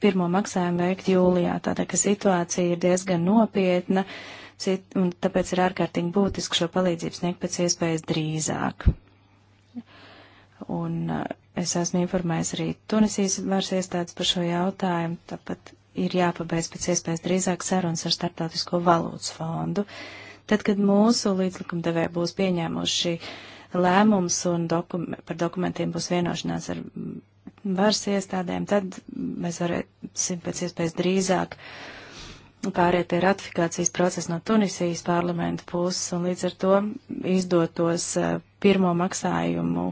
pirmo maksājumu veikt jūlijā, tātad, ka situācija ir diezgan nopietna. Uh, Cit, un tāpēc ir ārkārtīgi būtiski šo palīdzību sniegt pēc iespējas drīzāk. Un uh, es esmu informējis arī Tunisijas varas iestādes par šo jautājumu, tāpat ir jāpabeidz pēc iespējas drīzāk sarunas ar Startautisko valūtas fondu. Tad, kad mūsu līdzlikumdevē būs pieņēmuši lēmums un dokum par dokumentiem būs vienošanās ar varas iestādēm, tad mēs varēsim pēc iespējas drīzāk uh, pāriet pie ratifikācijas procesa no Tunisijas parlamenta puses, un līdz ar to izdotos eh, pirmo maksājumu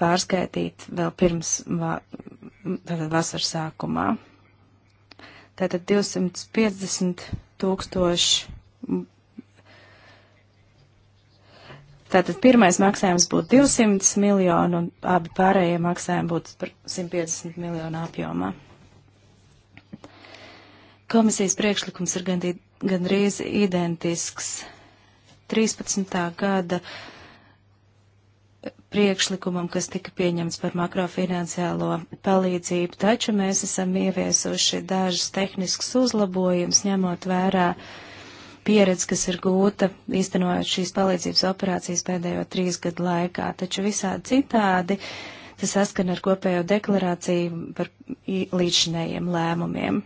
pārskaitīt vēl pirms va vasaras sākumā. Tātad 250 tūkstoši. Tātad pirmais maksājums būtu 200 miljoni, un abi pārējie maksājumi būtu par 150 miljonu apjomā. Komisijas priekšlikums ir gandrīz, gandrīz identisks 13. gada priekšlikumam, kas tika pieņemts par makrofinanciālo palīdzību, taču mēs esam ieviesuši dažas tehniskas uzlabojumus, ņemot vērā pieredzi, kas ir gūta, īstenojot šīs palīdzības operācijas pēdējo trīs gadu laikā, taču visādi citādi tas saskan ar kopējo deklarāciju par līdzinējiem lēmumiem.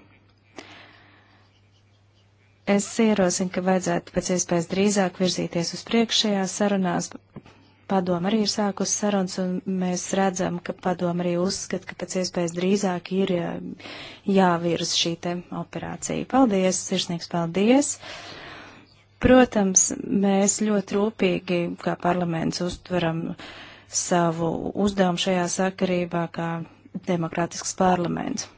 Es ierosinu, ka vajadzētu pēc iespējas drīzāk virzīties uz priekšējās sarunās. Padoma arī ir sākus sarunas, un mēs redzam, ka padoma arī uzskata, ka pēc iespējas drīzāk ir jāvirs šī te operācija. Paldies, sirsnīgs paldies! Protams, mēs ļoti rūpīgi, kā parlaments, uztveram savu uzdevumu šajā sakarībā, kā demokrātisks parlaments.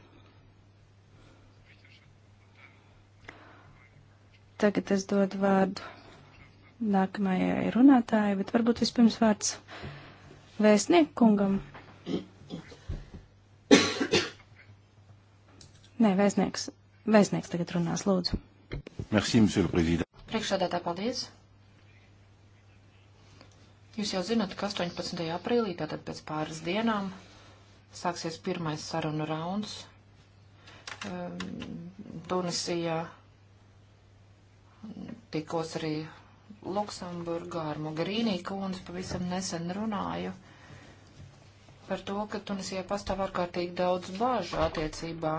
Tagad es dodu vārdu nākamajai runātājai, bet varbūt vispirms vārds vēstniekungam. Nē, vēstnieks. Vēstnieks tagad runās, lūdzu. Merci, monsieur le président. Priekšsādātā, paldies. Jūs jau zinat, ka 18. aprīlī, tātad pēc pāris dienām, sāksies pirmais sarunu rauns um, Tunisijā tikos arī Luksemburgā ar Mogarīnī kundzi pavisam nesen runāju par to, ka Tunisijā pastāv ārkārtīgi daudz bāžu attiecībā.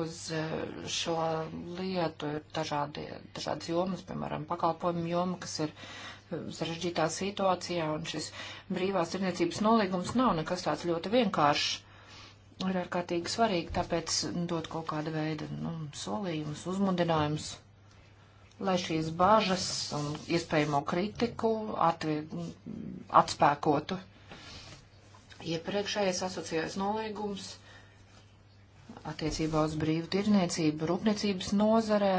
Uz eh, šo lietu ir dažādi, dažādas jomas, piemēram, pakalpojumu joma, kas ir eh, sarežģītā situācijā, un šis brīvās tirniecības nolīgums nav nekas tāds ļoti vienkāršs ir ārkārtīgi svarīgi, tāpēc dot kaut kādu veidu nu, solījumus, uzmundinājumus, lai šīs bažas un iespējamo kritiku atvi, atspēkotu. Iepriekšējais asociējais nolīgums attiecībā uz brīvu tirniecību rūpniecības nozarē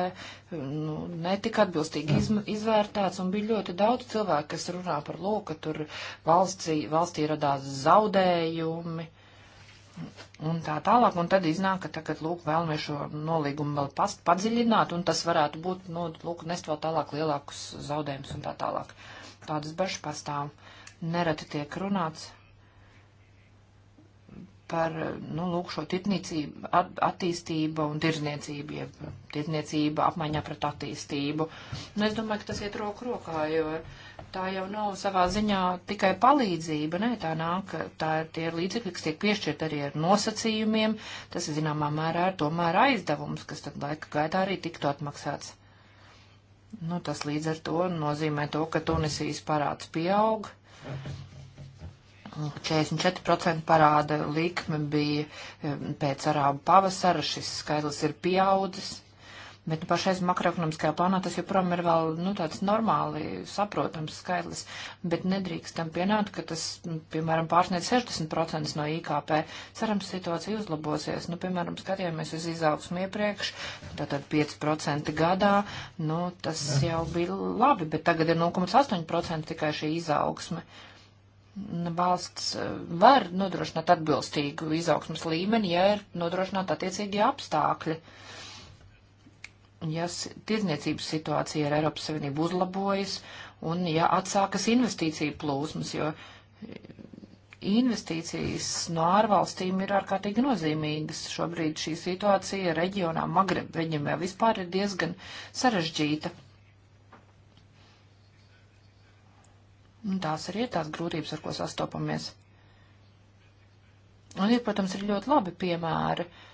nu, netika atbilstīgi iz, izvērtēts, un bija ļoti daudz cilvēku, kas runā par lūku, ka tur valstī, valstī radās zaudējumi un tā tālāk, un tad iznāk, ka tagad, lūk, vēlamies šo nolīgumu vēl past, padziļināt, un tas varētu būt, nu, lūk, nest vēl tālāk lielākus zaudējumus un tā tālāk. Tādas bažas pastāv. Nereti tiek runāts par, nu, lūk, šo tirtniecību, at, attīstību un tirzniecību, jeb tirtniecība apmaiņā pret attīstību. Nu, es domāju, ka tas iet roku rokā, jo. Uh, tā jau nav savā ziņā tikai palīdzība, nē, tā nāk, tā ir tie līdzekļi, kas tiek piešķirt arī ar nosacījumiem, tas, zināmā mērā, ir tomēr aizdevums, kas tad laika gaitā arī tiktu atmaksāts. Nu, tas līdz ar to nozīmē to, ka Tunisijas parāds pieaug. 44% parāda likme bija eh, pēc arābu pavasara, šis skaidrs ir pieaudzis bet nu, pašais makroekonomiskajā plānā tas joprojām ir vēl nu, tāds normāli saprotams skaidrs, bet nedrīkstam pienākt, ka tas, nu, piemēram, pārsniedz 60% no IKP. Cerams, situācija uzlabosies. Nu, piemēram, skatījāmies uz izaugsmu iepriekš, tātad 5% gadā, nu, tas jau bija labi, bet tagad ir 0,8% tikai šī izaugsme nu, valsts eh, var nodrošināt atbilstīgu izaugsmas līmeni, ja ir nodrošināta attiecīgie apstākļi. Uh, ja tirzniecības situācija ar Eiropas Savienību uzlabojas un ja atsākas investīcija plūsmas, jo investīcijas no ārvalstīm ir ārkārtīgi nozīmīgas. Šobrīd šī situācija reģionā, Magreb reģionā vispār ir diezgan sarežģīta. Un tās arī ir tās grūtības, ar ko sastopamies. Un ir, protams, ir ļoti labi piemēri. Uh,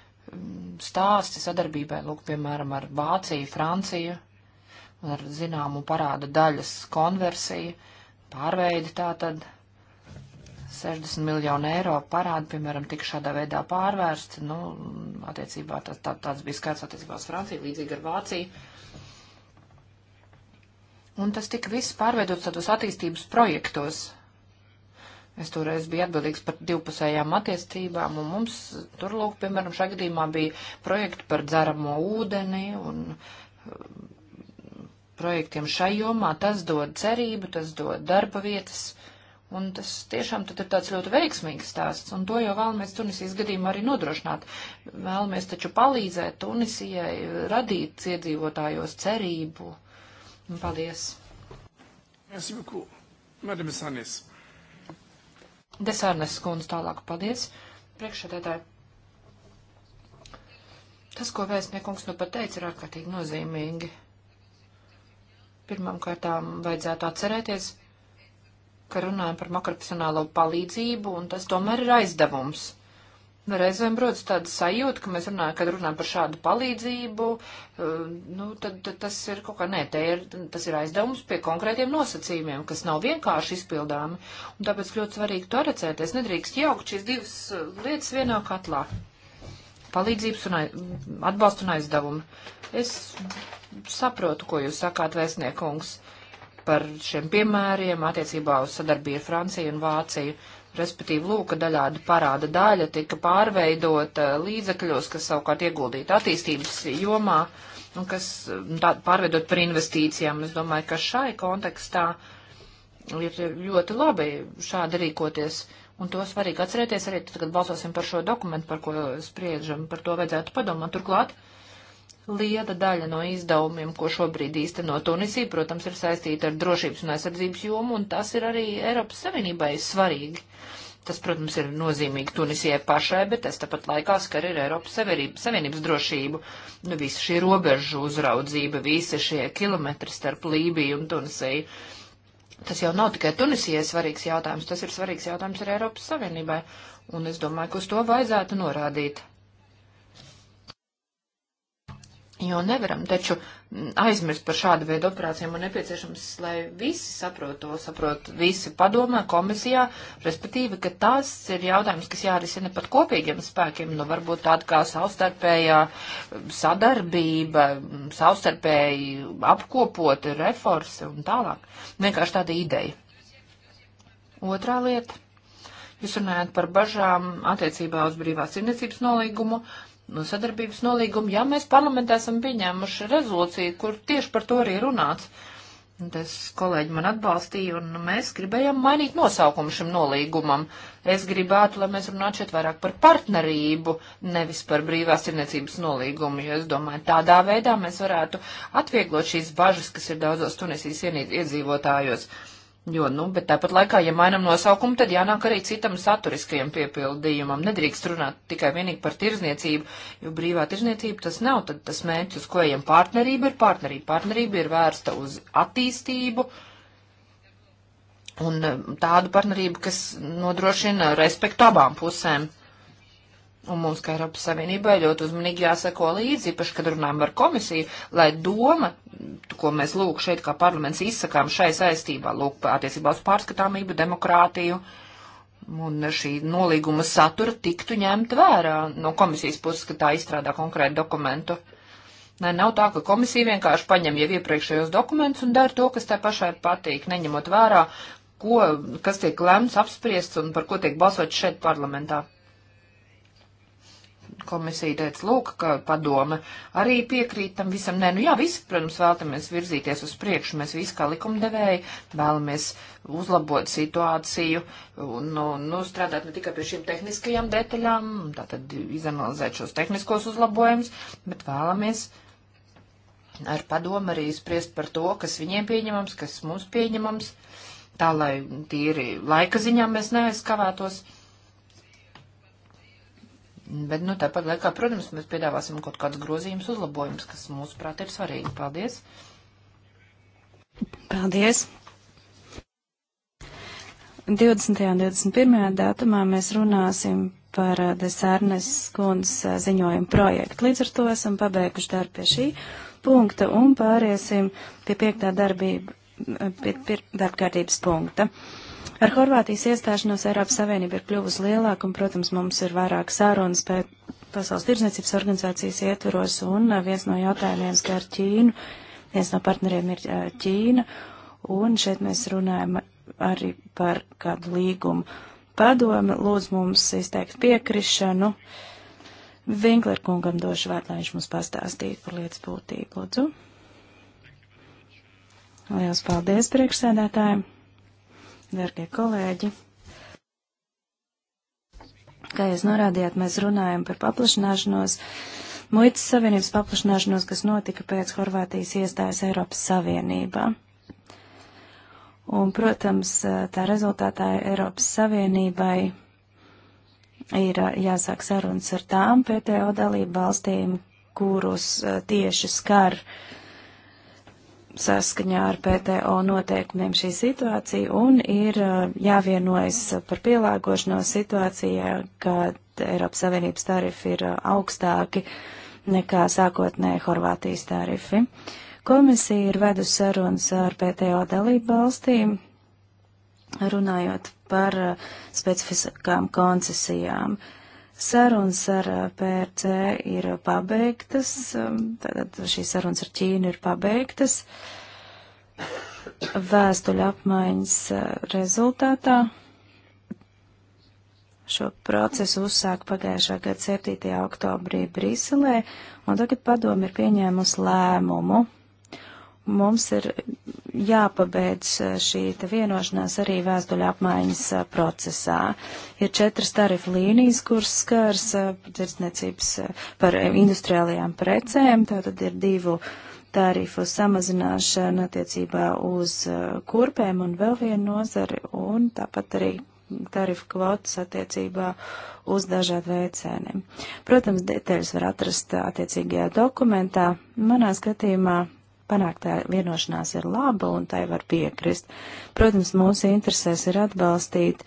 stāsti sadarbībai, lūk, piemēram, ar Vāciju, Franciju, un ar zināmu parādu daļas konversiju, pārveidi tātad 60 miljonu eiro parādu, piemēram, tika šādā veidā pārvērsts, nu, attiecībā tā, tā, tāds bija skaits attiecībā uz Franciju, līdzīgi ar Vāciju. Un tas tika viss pārveidots tādos attīstības projektos, Es toreiz biju atbildīgs par divpusējām attiecībām, un mums tur, lūk, piemēram, šajā gadījumā bija projekti par dzeramo ūdeni un eh, projektiem šai jomā. Tas dod cerību, tas dod darba vietas, un tas tiešām tad ir tāds ļoti veiksmīgs stāsts, un to jau vēlamies Tunisijas gadījumā arī nodrošināt. Vēlamies taču palīdzēt Tunisijai radīt iedzīvotājos cerību. Un paldies! Merci beaucoup, Madame Sanis. Desārnes skundze tālāk. Paldies. Priekšsēdētāji. Tas, ko vēstniekungs nu pat teica, ir ārkārtīgi nozīmīgi. Pirmām kārtām vajadzētu atcerēties, ka runājam par makroprofesionālo palīdzību, un tas tomēr ir aizdevums. Nu, reizēm rodas tāda sajūta, ka mēs runājam, kad runājam par šādu palīdzību, eh, nu, tad, tad tas ir kaut kā, nē, te ir, tas ir aizdevums pie konkrētiem nosacījumiem, kas nav vienkārši izpildāmi, un tāpēc ļoti svarīgi to recēties, nedrīkst jaukt šīs divas eh, lietas vienā katlā. Palīdzības un atbalstu un aizdevumu. Es saprotu, ko jūs sakāt, vēstniekungs, par šiem piemēriem attiecībā uz sadarbību ar Franciju un Vāciju. Uh, respektīvi lūka daļāda parāda daļa tika pārveidota līdzekļos, kas savukārt ieguldīta attīstības jomā un kas tā, pārveidot par investīcijām. Es domāju, ka šai kontekstā ir ļoti labi šādi rīkoties. Un to svarīgi atcerēties arī tad, kad balsosim par šo dokumentu, par ko spriežam, par to vajadzētu padomāt. Turklāt, uh, liela daļa no izdevumiem, ko šobrīd īsteno Tunisija, protams, ir saistīta ar drošības un aizsardzības jomu, un tas ir arī Eiropas Savienībai svarīgi. Tas, protams, ir nozīmīgi Tunisijai pašai, bet tas tāpat laikā skar ir Eiropas Savienības, Savienības drošību. Nu, visa šī robežu uzraudzība, visi šie kilometri starp Lībiju un Tunisiju. Tas jau nav tikai Tunisijai svarīgs jautājums, tas ir svarīgs jautājums arī Eiropas Savienībai. Un es domāju, ka uz to vajadzētu norādīt. Jo nevaram taču mm, aizmirst par šādu veidu operācijām un nepieciešams, lai visi saprot to, saprot visi padomā, komisijā, respektīvi, ka tas ir jautājums, kas jārisina pat kopīgiem spēkiem, nu varbūt tāda kā savstarpējā mm, sadarbība, mm, savstarpēji apkopot reforsi un tālāk. Vienkārši tāda ideja. Otrā lieta. Jūs runājat par bažām attiecībā uz brīvās tirniecības nolīgumu sadarbības nolīgumu, ja mēs parlamentā esam pieņēmuši rezolūciju, kur tieši par to arī runāts. Tas kolēģi man atbalstīja, un mēs gribējām mainīt nosaukumu šim nolīgumam. Es gribētu, lai mēs runātu šeit vairāk par partnerību, nevis par brīvās tirniecības nolīgumu, jo es domāju, tādā veidā mēs varētu atvieglot šīs bažas, kas ir daudzos Tunisijas iedzīvotājos. Ienī Jo, nu, bet tāpat laikā, ja mainam nosaukumu, tad jānāk arī citam saturiskajam piepildījumam. Nedrīkst runāt tikai vienīgi par tirzniecību, jo brīvā tirzniecība tas nav, tad tas mērķis, uz ko ejam partnerība ir partnerība. Partnerība ir vērsta uz attīstību un um, tādu partnerību, kas nodrošina respektu abām pusēm. Un mums, kā Eiropas Savienībai, ļoti uzmanīgi jāseko līdzi, īpaši, kad runājam ar komisiju, lai doma, ko mēs lūk šeit kā parlaments izsakām šai saistībā, lūk, attiecībā uz pārskatāmību, demokrātiju un šī nolīguma satura tiktu ņemta vērā no komisijas puses, ka tā izstrādā konkrētu dokumentu. Nē, nav tā, ka komisija vienkārši paņem jau iepriekšējos dokumentus un dara to, kas tai pašai patīk, neņemot vērā, ko, kas tiek lemts, apspriests un par ko tiek balsots šeit parlamentā. Komisija teica, lūk, ka padome arī piekrīt tam visam. Nē, nu jā, visi, protams, vēlamies virzīties uz priekšu. Mēs visi kā likumdevēji vēlamies uzlabot situāciju un nu, nu, strādāt ne tikai pie šīm tehniskajām detaļām, tātad izanalizēt šos tehniskos uzlabojumus, bet vēlamies ar padomu arī spriest par to, kas viņiem pieņemams, kas mums pieņemams, tā lai tīri laika ziņā mēs neaizskavētos. Bet, nu, tāpat laikā, protams, mēs piedāvāsim kaut kādus grozījumus, uzlabojumus, kas mūsuprāt ir svarīgi. Paldies! Paldies! 20. un 21. datumā mēs runāsim par eh, Desarnes kundzes eh, ziņojumu projektu. Līdz ar to esam pabeiguši darbu pie šī punkta un pāriesim pie piektā darbība, eh, pie, pie darbkārtības punkta. Ar Horvātijas iestāšanos Eiropas Savienība ir kļuvusi lielāka, un, protams, mums ir vairāk sārunas pie Pasaules tirdzniecības organizācijas ietvaros, un eh, viens no jautājumiem skar Ķīnu, viens no partneriem ir eh, Ķīna, un šeit mēs runājam arī par kādu līgumu. Padome lūdz mums izteikt piekrišanu. Vinkler kungam došu vārdu, lai viņš mums pastāstītu par lietas būtību, lūdzu. Lielas paldies priekšsēdētājiem! Dargie kolēģi, kā jūs norādījāt, mēs runājam par paplašināšanos, muitas savienības paplašināšanos, kas notika pēc Horvātijas iestājas Eiropas Savienībā. Un, protams, tā rezultātā Eiropas Savienībai ir jāsāk sarunas ar tām PTO dalību valstīm, kurus tieši skar uh, saskaņā ar PTO noteikumiem šī situācija un ir uh, jāvienojas par pielāgošanos situācijā, kad Eiropas Savienības tarifi ir uh, augstāki nekā sākotnēji Horvātijas tarifi. Komisija ir vedusi sarunas ar PTO dalību valstīm, runājot par uh, specifiskām koncesijām. Uh, Sarunas ar eh, PRC ir pabeigtas, tātad um, šīs sarunas ar Ķīnu ir pabeigtas vēstuļu apmaiņas eh, rezultātā. Šo procesu uzsāk pagājušā gada 7. oktobrī Briselē, un tagad padomi ir pieņēmusi lēmumu mums ir jāpabeidz eh, šī vienošanās arī vēstuļu apmaiņas eh, procesā. Ir četras tarifu līnijas, kuras skars eh, tirdzniecības par industriālajām precēm, tātad ir divu tarifu samazināšana attiecībā uz kurpēm un vēl vienu nozari, un tāpat arī tarifu kvotas attiecībā uz dažādu veicēniem. Protams, detaļas var atrast attiecīgajā dokumentā. Manā skatījumā panāktā vienošanās ir laba un tai var piekrist. Protams, mūsu interesēs ir atbalstīt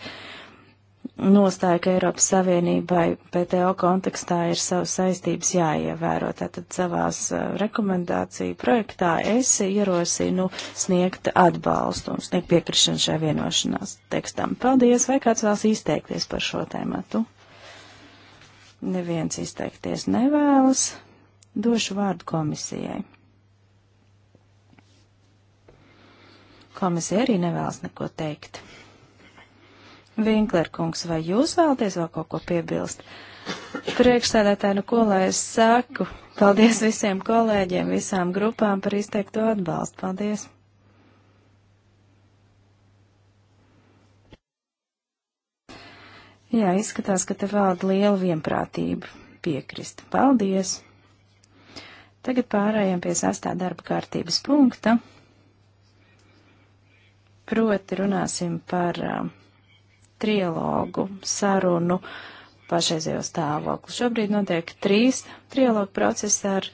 nostāju, ka Eiropas Savienībai PTO kontekstā ir savas saistības jāievēro. Tātad savās uh, rekomendāciju projektā es ierosinu nu, sniegt atbalstu un sniegt piekrišanu šai vienošanās tekstam. Paldies, vai kāds vēlas izteikties par šo tēmatu? Neviens izteikties nevēlas. Došu vārdu komisijai. Komisija arī nevēlas neko teikt. Vinklerkungs, vai jūs vēlaties vēl kaut ko piebilst? Priekšsēdētāji, nu ko lai es saku? Paldies visiem kolēģiem, visām grupām par izteikto atbalstu. Paldies! Jā, izskatās, ka te valda liela vienprātība piekrist. Paldies! Tagad pārējām pie sastā darba kārtības punkta. Proti runāsim par uh, trilogu sarunu pašreizējo stāvokli. Šobrīd notiek trīs trilogu procesi ar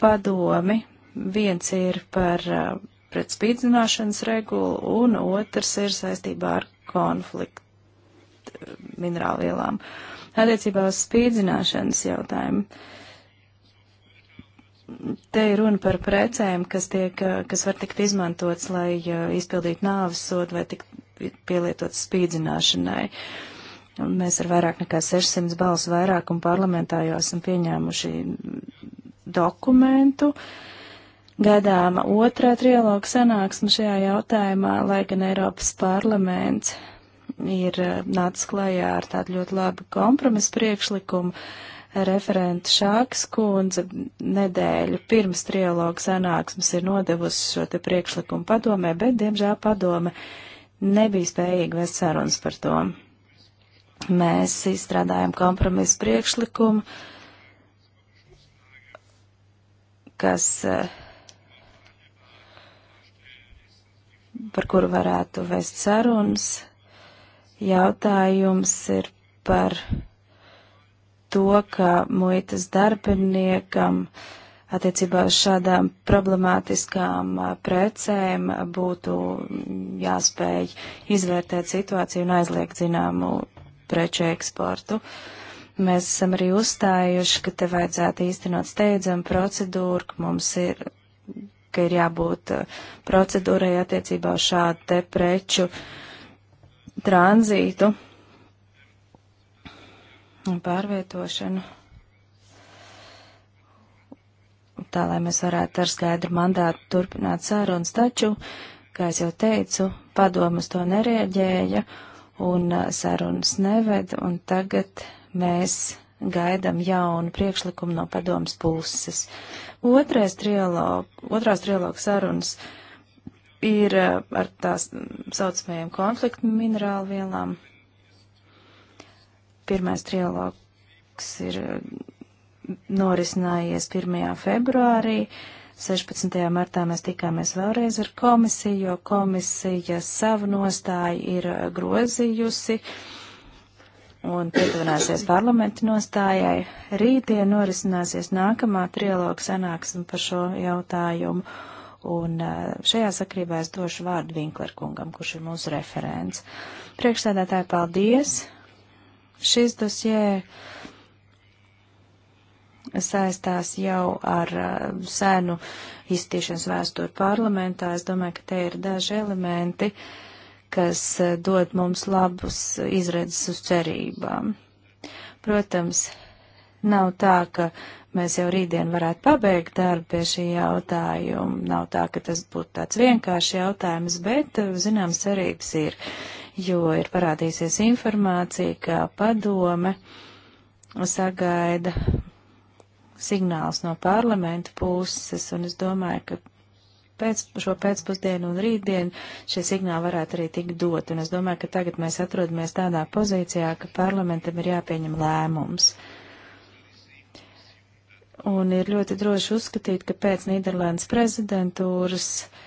padomi. Viens ir par uh, pret spīdzināšanas regulu un otrs ir saistībā ar konfliktu uh, minerālvielām. Attiecībā uz spīdzināšanas jautājumu. Uh, te ir runa par precēm, kas, tiek, eh, kas var tikt izmantots, lai eh, izpildītu nāves sodu vai tikt pielietots spīdzināšanai. Mēs ar vairāk nekā 600 balsu vairākumu parlamentā jau esam pieņēmuši dokumentu. Gaidāma otrā trialoga sanāksme šajā jautājumā, lai gan Eiropas parlaments ir eh, nācis klajā ar tādu ļoti labu kompromisu priekšlikumu. Uh, referenta Šāks kundze nedēļu pirms trialoga sanāksmes ir nodevusi šo te priekšlikumu padomē, bet, diemžēl, padome nebija spējīga vest sarunas par to. Mēs izstrādājam kompromisu priekšlikumu, kas, eh, par kuru varētu vest sarunas. Jautājums ir par to, ka muitas darbiniekam attiecībā uz šādām problemātiskām uh, precēm būtu jāspēj izvērtēt situāciju un aizliegt zināmu preču eksportu. Mēs esam arī uzstājuši, ka te vajadzētu īstenot steidzamu procedūru, ka mums ir ka ir jābūt uh, procedūrai attiecībā uz šādu te preču tranzītu un pārvietošanu. Tā, lai mēs varētu ar skaidru mandātu turpināt sarunas, taču, kā es jau teicu, padomas to nereaģēja un sarunas neved, un tagad mēs gaidam jaunu priekšlikumu no padomas puses. Otrais trialog, otrās trialoga sarunas ir ar tās saucamajiem konfliktu minerālu vielām. Pirmais trialogs ir eh, norisinājies 1. februārī. 16. martā mēs tikāmies vēlreiz ar komisiju, jo komisija savu nostāju ir eh, grozījusi un pietuvināsies parlamenta nostājai. Rītdien norisināsies nākamā trialoga sanāksme par šo jautājumu. Un eh, šajā sakrībā es došu vārdu Vinklerkungam, kurš ir mūsu referents. Priekšsēdētāji, paldies! Šis dosjē saistās jau ar uh, senu iztīšanas vēsturi parlamentā. Es domāju, ka te ir daži elementi, kas uh, dod mums labus izredzes uz cerībām. Protams, nav tā, ka mēs jau rītdien varētu pabeigt darbu pie šī jautājuma. Nav tā, ka tas būtu tāds vienkāršs jautājums, bet uh, zināms cerības ir jo ir parādīsies informācija, ka padome sagaida signāls no parlamenta puses, un es domāju, ka pēc, šo pēcpusdienu un rītdienu šie signāli varētu arī tikt dot, un es domāju, ka tagad mēs atrodamies tādā pozīcijā, ka parlamentam ir jāpieņem lēmums. Un ir ļoti droši uzskatīt, ka pēc Nīderlandes prezidentūras uh,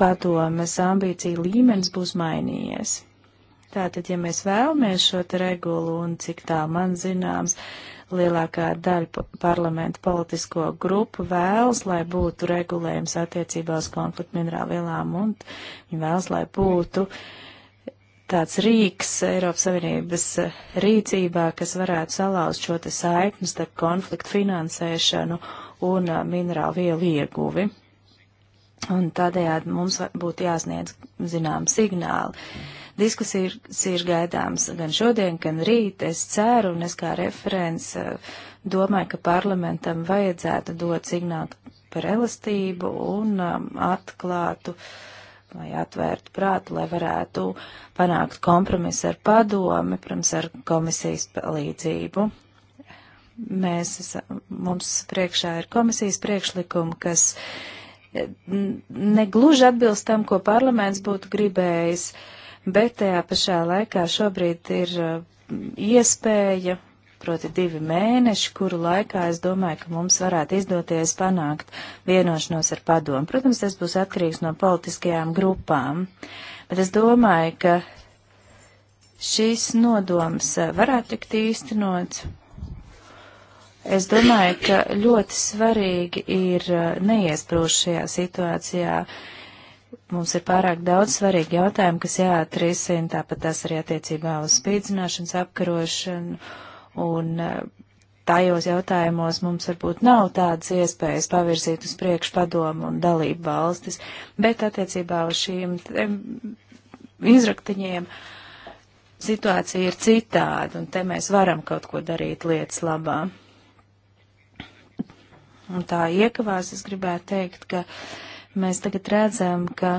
padomes ambīcija līmenis būs mainījies. Tātad, ja mēs vēlamies šo te regulu un cik tā man zināms, lielākā daļa parlamenta politisko grupu vēlas, lai būtu regulējums attiecībā uz konfliktu minerālvielām un viņi vēlas, lai būtu tāds rīks Eiropas Savienības rīcībā, kas varētu salauzt šo te saiknes starp konfliktu finansēšanu un minerālu vielu ieguvi. Un tādējādi mums būtu jāsniedz zinām signāli. Diskusijas ir gaidāmas gan šodien, gan rīt. Es ceru, un es kā referents eh, domāju, ka parlamentam vajadzētu dot signālu par elastību un um, atklātu vai atvērtu prātu, lai varētu panākt kompromisu ar padomi, protams, ar komisijas palīdzību mēs, mums priekšā ir komisijas priekšlikumi, kas negluži atbilst tam, ko parlaments būtu gribējis, bet tajā pašā laikā šobrīd ir uh, iespēja, proti divi mēneši, kuru laikā es domāju, ka mums varētu izdoties panākt vienošanos ar padomu. Protams, tas būs atkarīgs no politiskajām grupām, bet es domāju, ka šis nodoms uh, varētu tikt īstenots Es domāju, ka ļoti svarīgi ir uh, neiesprūst šajā situācijā. Mums ir pārāk daudz svarīgi jautājumi, kas jāatrisina, tāpat tas arī attiecībā uz spīdzināšanas apkarošanu. Un uh, tajos jautājumos mums varbūt nav tādas iespējas pavirzīt uz priekšu padomu un dalību valstis, bet attiecībā uz šīm izraktiņiem situācija ir citāda, un te mēs varam kaut ko darīt lietas labā un tā iekavās, es gribētu teikt, ka mēs tagad redzam, ka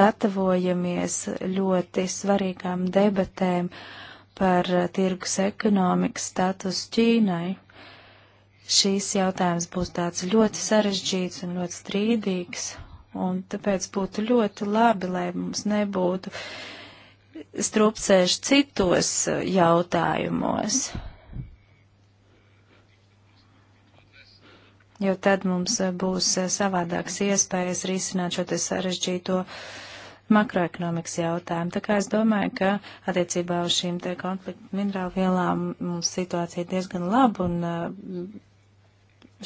gatavojamies ļoti svarīgām debatēm par tirgus ekonomikas status Ķīnai. Šīs jautājums būs tāds ļoti sarežģīts un ļoti strīdīgs, un tāpēc būtu ļoti labi, lai mums nebūtu strupceši citos jautājumos. Mm jo tad mums eh, būs eh, savādāks iespējas risināt šo te sarežģīto makroekonomikas jautājumu. Tā kā es domāju, ka attiecībā uz šīm te konfliktu minerālu vielām mums situācija ir diezgan laba un eh,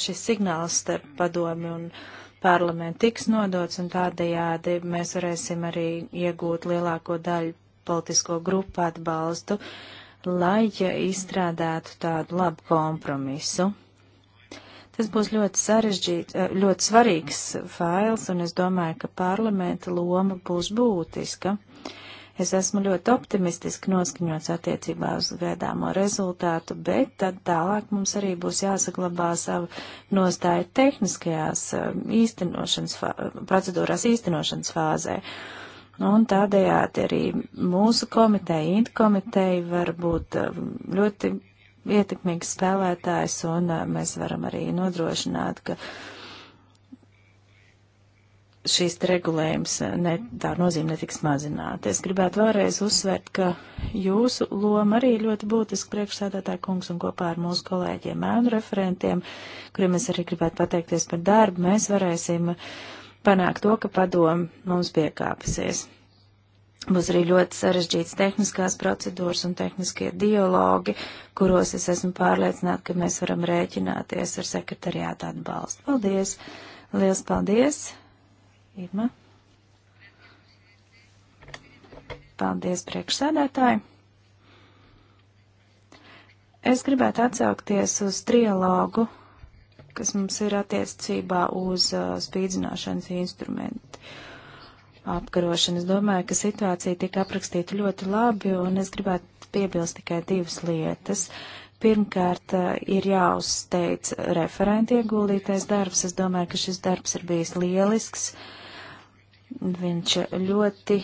šis signāls starp padomi un parlamentu tiks nodots un tādējādi mēs varēsim arī iegūt lielāko daļu politisko grupu atbalstu, lai izstrādātu tādu labu kompromisu. Tas būs ļoti sarežģīt, eh, ļoti svarīgs fails, un es domāju, ka parlamenta loma būs būtiska. Es esmu ļoti optimistiski noskaņots attiecībā uz gaidāmo rezultātu, bet tad tālāk mums arī būs jāsaglabā savu nostāju tehniskajās eh, īstenošanas, procedūrās īstenošanas fāzē. Un tādējādi arī mūsu komiteja, int komiteja var būt eh, ļoti ietekmīgs spēlētājs, un uh, mēs varam arī nodrošināt, ka šīs regulējums uh, ne, tā nozīme netiks mazināta. Es gribētu vēlreiz uzsvērt, ka jūsu loma arī ļoti būtiska priekšsēdētāja kungs un kopā ar mūsu kolēģiem ēnu referentiem, kuriem es arī gribētu pateikties par darbu, mēs varēsim uh, panākt to, ka padomu mums piekāpsies. Būs arī ļoti sarežģīts tehniskās procedūras un tehniskie dialogi, kuros es esmu pārliecināta, ka mēs varam rēķināties ar sekretariātu atbalstu. Paldies! Lielas paldies! Irma! Paldies priekšsēdētāji! Es gribētu atsaukties uz trialogu, kas mums ir attiecībā uz uh, spīdzināšanas instrumentu. Uh, apkarošanu. Es domāju, ka situācija tika aprakstīta ļoti labi, un es gribētu piebilst tikai divas lietas. Pirmkārt, eh, ir jāuzteic referenti ieguldītais darbs. Es domāju, ka šis darbs ir bijis lielisks. Viņš ļoti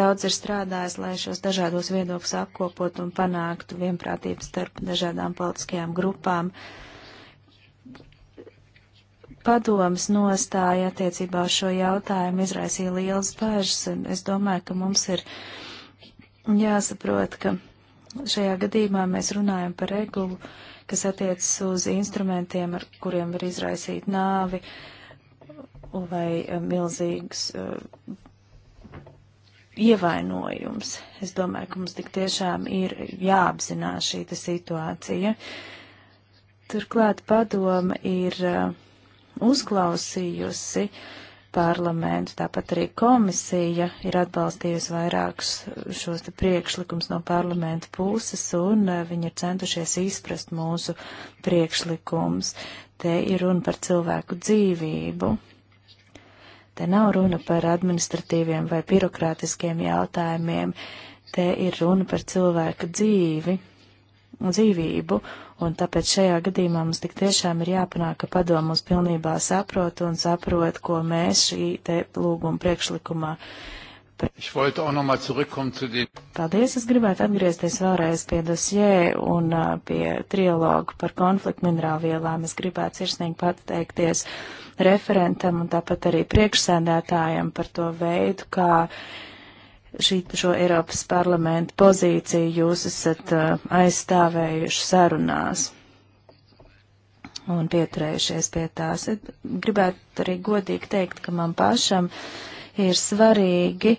daudz ir strādājis, lai šos dažādos viedokļus apkopotu un panāktu vienprātību starp dažādām politiskajām grupām. Uh, padomas nostāja attiecībā uz šo jautājumu izraisīja lielas bažas. Es domāju, ka mums ir jāsaprot, ka šajā gadījumā mēs runājam par regulu, kas attiecas uz instrumentiem, ar kuriem var izraisīt nāvi vai eh, milzīgs uh, ievainojums. Es domāju, ka mums tik tiešām ir jāapzinās šī situācija. Turklāt padoma ir uh, uzklausījusi parlamentu, tāpat arī komisija ir atbalstījusi vairākus šos te priekšlikums no parlamentu puses, un eh, viņi ir centušies izprast mūsu priekšlikums. Te ir runa par cilvēku dzīvību. Te nav runa par administratīviem vai birokrātiskiem jautājumiem, te ir runa par cilvēku dzīvi, dzīvību, Un tāpēc šajā gadījumā mums tik tiešām ir jāpanāk, ka padomu mums pilnībā saprot un saprot, ko mēs šī te lūguma priekšlikumā. Paldies, es gribētu atgriezties vēlreiz pie dosjē un pie trialogu par konfliktu minerālvielām. Es gribētu sirsnīgi pateikties referentam un tāpat arī priekšsēdētājam par to veidu, kā. Ka šī, šo Eiropas parlamentu pozīciju jūs esat uh, aizstāvējuši sarunās un pieturējušies pie tās. Gribētu arī godīgi teikt, ka man pašam ir svarīgi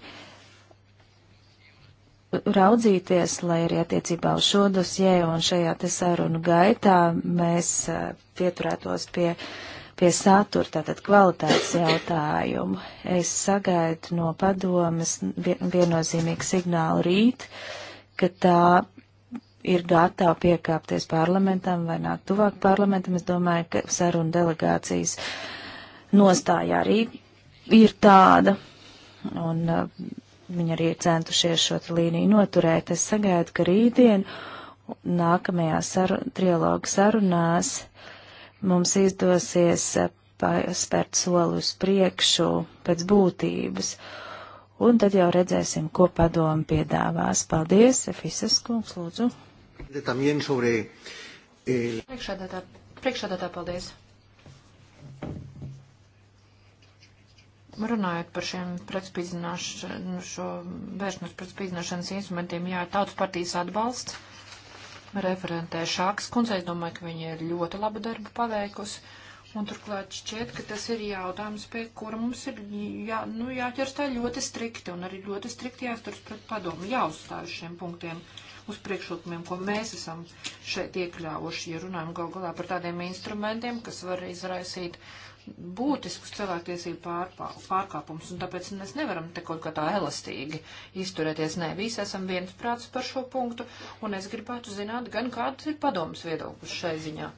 raudzīties, lai arī attiecībā uz šo dosjē un šajā te sarunu gaitā mēs uh, pieturētos pie uh, pie satura, tātad kvalitātes jautājumu. Es sagaidu no padomas viennozīmīgu signālu rīt, ka tā ir gatava piekāpties parlamentam vai nāk tuvāk parlamentam. Es domāju, ka saruna delegācijas nostāja arī ir tāda. Un uh, viņi arī ir centušies šo līniju noturēt. Es sagaidu, ka rītdien nākamajā saru, trialogu sarunās mums izdosies eh, spērt soli uz priekšu pēc būtības. Un tad jau redzēsim, ko padomu piedāvās. Paldies, Efisas kungs, lūdzu. Priekšādātā, priekšādātā paldies. Runājot par šiem pretspīdzināšanu, šo vēršanos pretspīdzināšanas instrumentiem, jā, tautas partijas atbalsts referentē Šāks kundzei. Es domāju, ka viņa ir ļoti labu darbu paveikusi. Un turklāt šķiet, ka tas ir jautājums, pie kura mums ir jā, nu, jāķers tā ļoti strikti un arī ļoti strikti jāsturas pret padomu, jāuzstāj uz šiem punktiem, uz priekšlikumiem, ko mēs esam šeit iekļāvuši, ja runājam gal galā par tādiem instrumentiem, kas var izraisīt uh, būtiskus cilvēktiesību pārpā, pārkāpumus, un tāpēc mēs nevaram te kaut kā tā elastīgi izturēties. Nē, visi esam viensprāts par šo punktu, un es gribētu zināt gan kāds ir padomas viedoklis šai ziņā.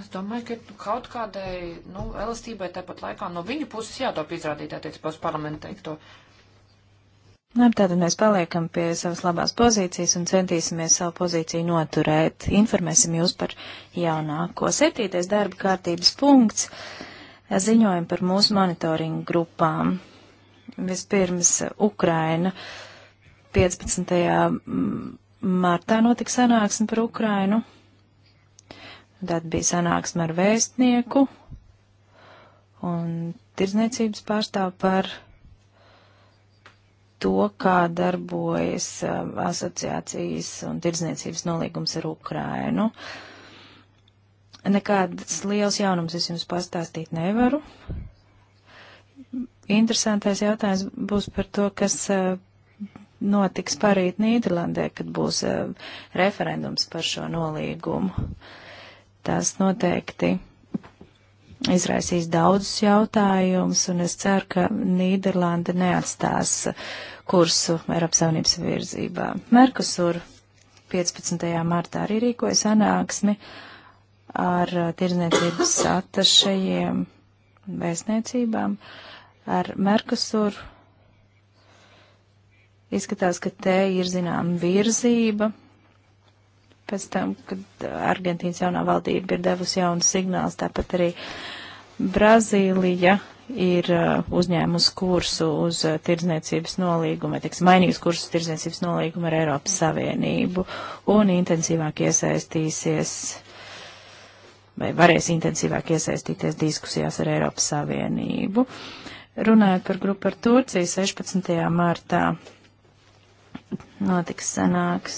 Es domāju, ka nu, kaut kādai, nu, elastībai tāpat laikā no viņu puses jātop izrādīt attiecībā uz parlamentu teikto. To Labi, nu, tātad mēs paliekam pie savas labās pozīcijas un centīsimies savu pozīciju noturēt. Informēsim jūs par jaunāko. Septītais darba kārtības punkts - ziņojumi par mūsu monitoringu grupām. Vispirms Ukraina. 15. Mm, martā notika sanāksme par Ukrainu. Tad bija sanāksme ar vēstnieku un tirdzniecības pārstāvu par to, kā darbojas um, asociācijas un tirdzniecības nolīgums ar Ukrainu. Nekādas liels jaunums es jums pastāstīt nevaru. Interesantais jautājums būs par to, kas uh, notiks parīt Nīderlandē, kad būs uh, referendums par šo nolīgumu. Tas noteikti izraisīs daudzus jautājumus, un es ceru, ka Nīderlanda neatstās kursu Eiropas Savienības virzībā. Merkusur 15. martā arī rīkoja sanāksmi ar uh, tirzniecības atašajiem vēstniecībām. Ar Merkusur izskatās, ka te ir zinām virzība. Pēc tam, kad Argentīnas jaunā valdība ir devusi jaunu signāls, tāpat arī uh, Brazīlija ir uh, uzņēmusi kursu uz uh, tirdzniecības nolīgumu, tiks mainījusi kursu tirdzniecības nolīgumu ar Eiropas Savienību un intensīvāk iesaistīsies vai varēs intensīvāk iesaistīties diskusijās ar Eiropas Savienību. Runājot par grupu ar Turciju 16. martā, notiks sanāks,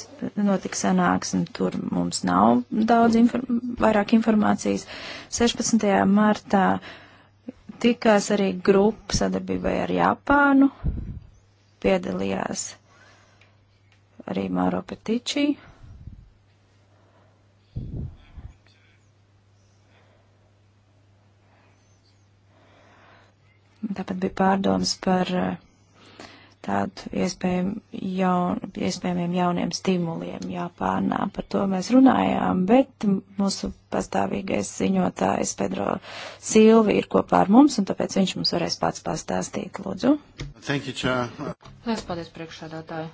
notiks sanāks, un tur mums nav daudz inform vairāk informācijas. 16. martā tikās arī grupa sadarbībai ar Japānu, piedalījās arī Mauro Petičī. Tāpat bija pārdomas par uh, tādu iespējam, jaun, iespējamiem jauniem stimuliem Japānā. Par to mēs runājām, bet mūsu pastāvīgais ziņotājs Pedro Silvi ir kopā ar mums, un tāpēc viņš mums varēs pats pastāstīt, lūdzu. Thank you, Čā. Lielas paldies priekšādātāji.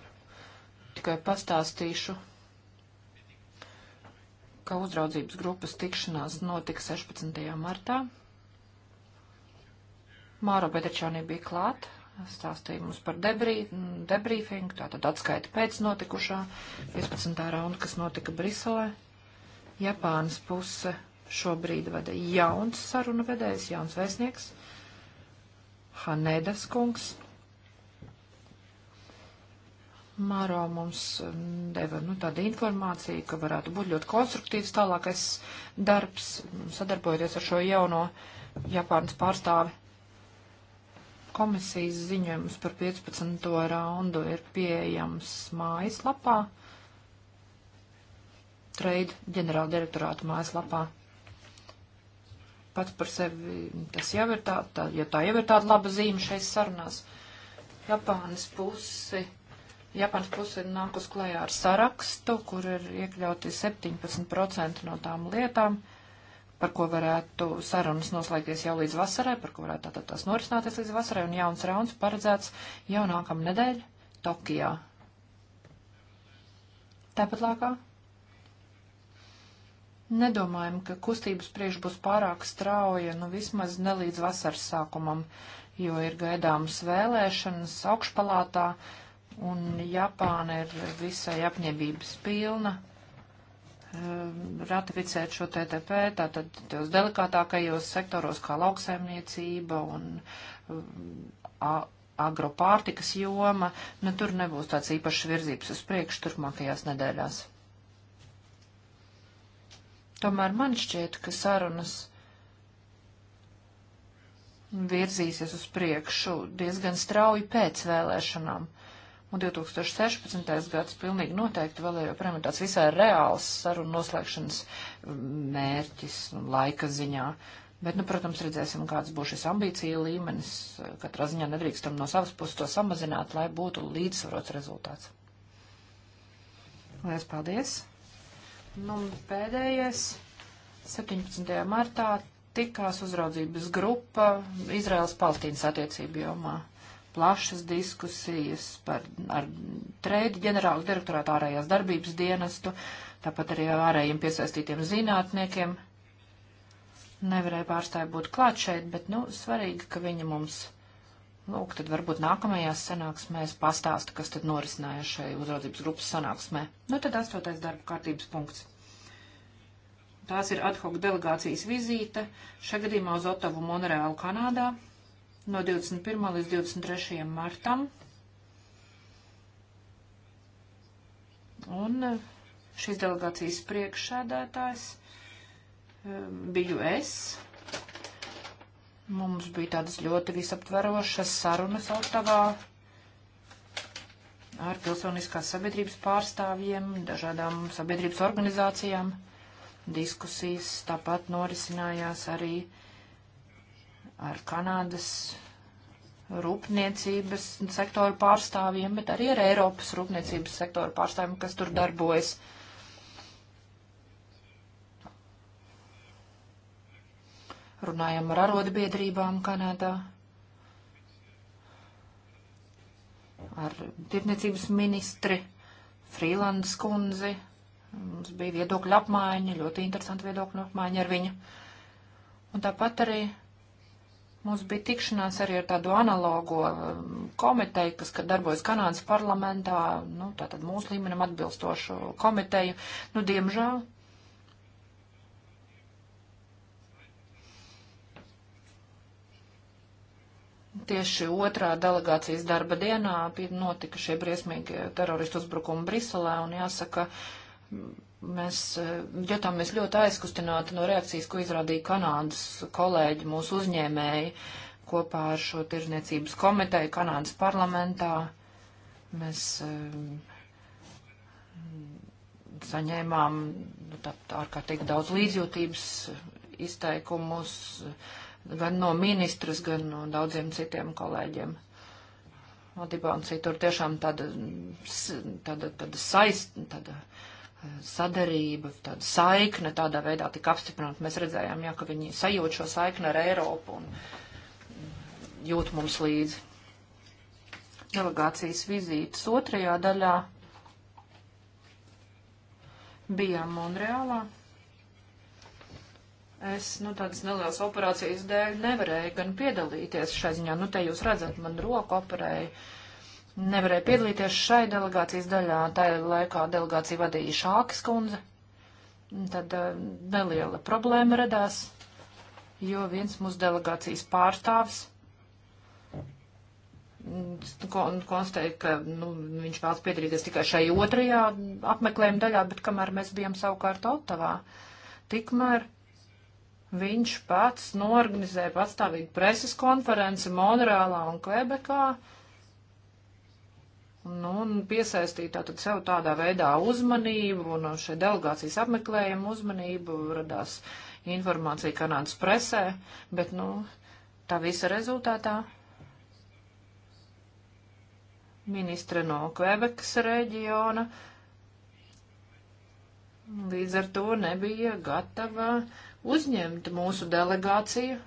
Tikai pastāstīšu, ka uzraudzības grupas tikšanās notika 16. martā. Māro Bedečānī bija klāta stāstīja mums par debriefingu, tātad atskaita pēc notikušā 15. raunda, kas notika Briselē. Japānas puse šobrīd vada jauns sarunu vedējs, jauns vēstnieks, Hanedas kungs. Māro mums um, deva nu, tādu informāciju, ka varētu būt ļoti konstruktīvs tālākais darbs, sadarbojoties ar šo jauno Japānas pārstāvi. Komisijas ziņojums par 15. raundu ir pieejams mājaslapā, trade ģenerāla direktorāta mājaslapā. Pats par sevi tas jau ir tā, tā, ja tā jau ir tāda laba zīme šeit sarunās. Japānas pusi, Japānas pusi ir nākus klajā ar sarakstu, kur ir iekļauti 17% no tām lietām par ko varētu sarunas noslēgties jau līdz vasarai, par ko varētu tātad tās norisināties līdz vasarai, un jauns rauns paredzēts jau nākamā nedēļa Tokijā. Tāpat lākā. Nedomājam, ka kustības priekš būs pārāk strauja, nu vismaz ne līdz vasaras sākumam, jo ir gaidāmas vēlēšanas augšpalātā, un Japāna ir visai apņēmības pilna Um, ratificēt šo TTP, tātad tos delikātākajos sektoros kā lauksaimniecība un um, agropārtikas joma, ne nu, tur nebūs tāds īpašs virzības uz priekšu turpmākajās nedēļās. Tomēr man šķiet, ka sarunas virzīsies uz priekšu diezgan strauji pēc vēlēšanām. Uh, un 2016. gads pilnīgi noteikti vēl ir joprojām tāds visai reāls sarunu noslēgšanas mērķis nu, laika ziņā. Bet, nu, protams, redzēsim, kāds būs šis ambīcija līmenis. Katrā ziņā nedrīkstam no savas puses to samazināt, lai būtu līdzsvarots rezultāts. Lielas paldies! Nu, pēdējais 17. martā tikās uzraudzības grupa Izraels-Palestīnas attiecību jomā plašas diskusijas par, ar trēdi ģenerālu direktorātu ārējās darbības dienestu, tāpat arī ārējiem piesaistītiem zinātniekiem. Nevarēja pārstāja būt klāt šeit, bet, nu, svarīgi, ka viņa mums, lūk, tad varbūt nākamajās sanāksmēs pastāsta, kas tad norisinājās šai uzraudzības grupas sanāksmē. Nu, tad astotais darba kārtības punkts. Tās ir ad hoc delegācijas vizīte, šagadījumā uz Otavu Monreālu Kanādā, no 21. līdz 23. martam. Un eh, šīs delegācijas priekšsēdētājs eh, biju es. Mums bija tādas ļoti visaptverošas sarunas Otavā ar pilsoniskās sabiedrības pārstāvjiem, dažādām sabiedrības organizācijām. Diskusijas tāpat norisinājās arī uh, ar Kanādas rūpniecības sektoru pārstāvjiem, bet arī ar Eiropas rūpniecības sektoru pārstāvjiem, kas tur darbojas. Runājam ar arotbiedrībām Kanādā, ar tirdzniecības ministri Frīlandes kundzi. Mums bija viedokļu apmaiņa, ļoti interesanta viedokļu apmaiņa ar viņu. Un tāpat arī Mums bija tikšanās arī ar tādu analogo um, komiteju, kas, kad darbojas Kanādas parlamentā, nu, tātad mūsu līmenim atbilstošu komiteju. Nu, diemžēl. Tieši otrā delegācijas darba dienā notika šie briesmīgi teroristu uzbrukumi Briselē, un jāsaka, Mēs eh, jutāmies ļoti aizkustināti no reakcijas, ko izrādīja Kanādas kolēģi, mūsu uzņēmēji, kopā ar šo tirzniecības komiteju Kanādas parlamentā. Mēs eh, saņēmām nu, tā, tā ārkārtīgi daudz līdzjūtības izteikumus gan no ministras, gan no daudziem citiem kolēģiem vadībā, un citur tiešām tāda, tāda, tāda saist, tāda sadarība, tāda saikne tādā veidā tika apstiprināta. Mēs redzējām, jā, ka viņi sajūt šo saikni ar Eiropu un jūt mums līdzi. Delegācijas vizītes otrajā daļā bijām Monreālā. Es, nu, tādas nelielas operācijas dēļ nevarēju gan piedalīties šai ziņā. Nu, te jūs redzat, man roku operēja. Uh, nevarēja piedalīties šai delegācijas daļā. Tā laikā delegācija vadīja Šākas kundze. Tad eh, neliela problēma radās, jo viens mūsu delegācijas pārstāvis mm, konstatēja, ka nu, viņš vēlas piedalīties tikai šai otrajā apmeklējuma daļā, bet kamēr mēs bijām savukārt Otavā, tikmēr viņš pats norganizēja patstāvīgu preses konferenci Monreālā un Kvebekā. Uh, Nu, un piesaistīt tātad sev tādā veidā uzmanību, un šai delegācijas apmeklējumu uzmanību radās informācija Kanādas presē, bet, nu, tā visa rezultātā ministre no Kvebekas reģiona līdz ar to nebija gatava uzņemt mūsu delegāciju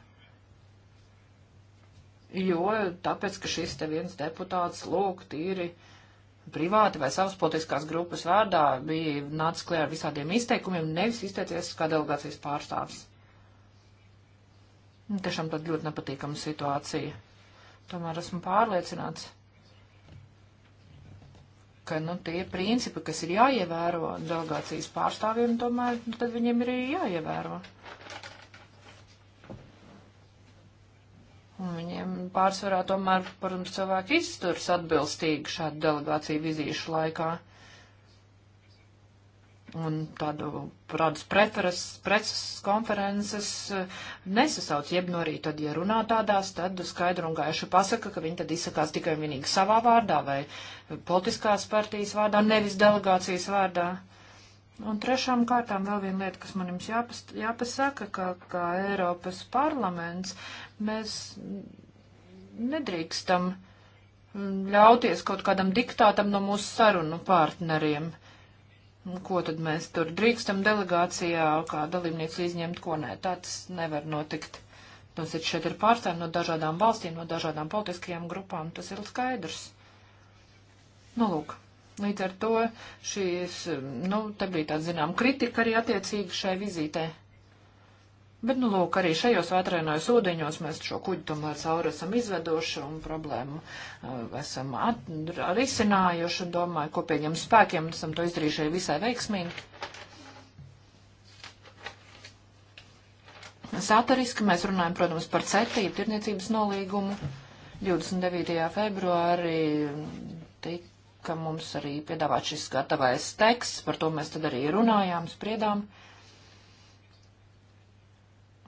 jo tāpēc, ka šis te viens deputāts, lūk, tīri privāti vai savas politiskās grupas vārdā bija nācis klajā ar visādiem izteikumiem, nevis izteicies kā delegācijas pārstāvis. Nu, tiešām tad ļoti nepatīkama situācija. Tomēr esmu pārliecināts, ka nu, tie principi, kas ir jāievēro delegācijas pārstāvjiem, tomēr nu, tad viņiem ir jāievēro. Un viņiem pārsvarā tomēr, protams, cilvēki izturs atbilstīgi šādu delegāciju vizīšu laikā. Un tādu, tādas preferas, preces konferences eh, nesasauc, jeb no nu rīta, tad, ja runā tādās, tad skaidru un gaišu pasaka, ka viņi tad izsakās tikai un vienīgi savā vārdā vai politiskās partijas vārdā, nevis delegācijas vārdā. Uh, Un trešām kārtām vēl viena lieta, kas man jums jāpas, jāpasaka, ka kā Eiropas parlaments mēs nedrīkstam ļauties kaut kādam diktātam no mūsu sarunu partneriem. Ko tad mēs tur drīkstam delegācijā, kā dalībnieks izņemt, ko nē, tā tas nevar notikt. Tas ir šeit ir pārstāvji no dažādām valstīm, no dažādām politiskajām grupām, tas ir skaidrs. Nu, lūk. Līdz ar to šīs, nu, te bija tāda, zinām, kritika arī attiecīgi šai vizītē. Bet, nu, lūk, arī šajos vētrainos ūdeņos mēs šo kuģi tomēr cauri esam izvedoši un problēmu uh, esam risinājuši un domāju, kopīgiem spēkiem esam to izdarījuši visai veiksmīgi. Satariski mēs runājam, protams, par cetību tirniecības nolīgumu. 29. februārī tika tika mums arī piedāvāt šis gatavais teksts, par to mēs tad arī runājām, spriedām.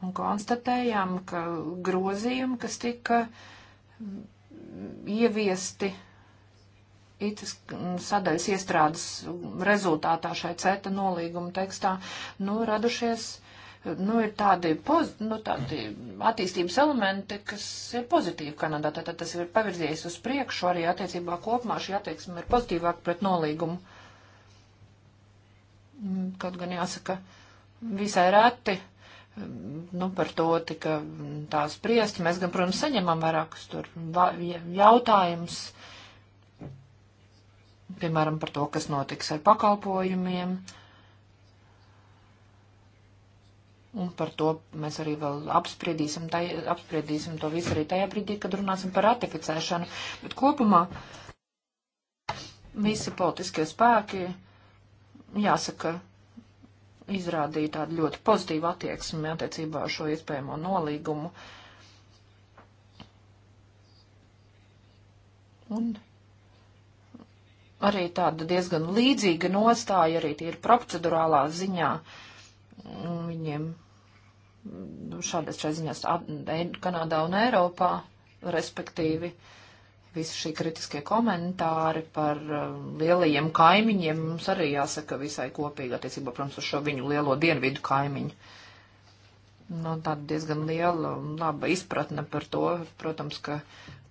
Un konstatējām, ka grozījumi, kas tika ieviesti itas sadaļas iestrādes rezultātā šai CETA nolīguma tekstā, nu, radušies nu, ir tādi, poz, nu, tādi attīstības elementi, kas ir pozitīvi Kanadā. Tātad tas ir pavirzies uz priekšu, arī attiecībā kopumā šī attieksme ir pozitīvāka pret nolīgumu. Mm, kaut gan jāsaka, visai reti mm, nu, par to tika mm, tā spriest. Mēs gan, protams, saņemam vairākus tur jautājumus, piemēram, par to, kas notiks ar pakalpojumiem, Un par to mēs arī vēl apspriedīsim, tai, apspriedīsim to visu arī tajā brīdī, kad runāsim par ratificēšanu. Bet kopumā visi politiskie spēki, jāsaka, izrādīja tādu ļoti pozitīvu attieksmi attiecībā ar šo iespējamo nolīgumu. Un arī tāda diezgan līdzīga nostāja arī ir procedurālā ziņā. Uh, viņiem nu, šādas šai ziņās Kanādā un Eiropā, respektīvi visi šī kritiskie komentāri par um, lielajiem kaimiņiem mums arī jāsaka visai kopīgi attiecībā, protams, uz šo viņu lielo dienvidu kaimiņu. Nu, tāda diezgan liela un laba izpratne par to, protams, ka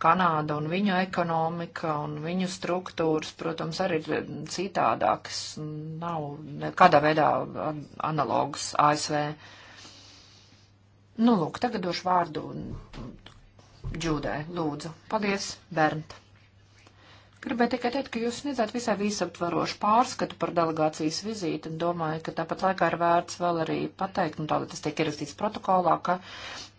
Kanāda un viņu ekonomika un viņu struktūras, protams, arī ir citādākas, nav nekādā veidā analogas ASV. Nu, lūk, tagad došu vārdu Džūdai, lūdzu. Paldies, Bernt. Gribēju tikai teikt, ka jūs sniedzāt visai visaptvarošu pārskatu par delegācijas vizīti un domāju, ka tāpat laikā ir vērts vēl arī pateikt, un nu, tālāk tas tiek ierakstīts protokolā, ka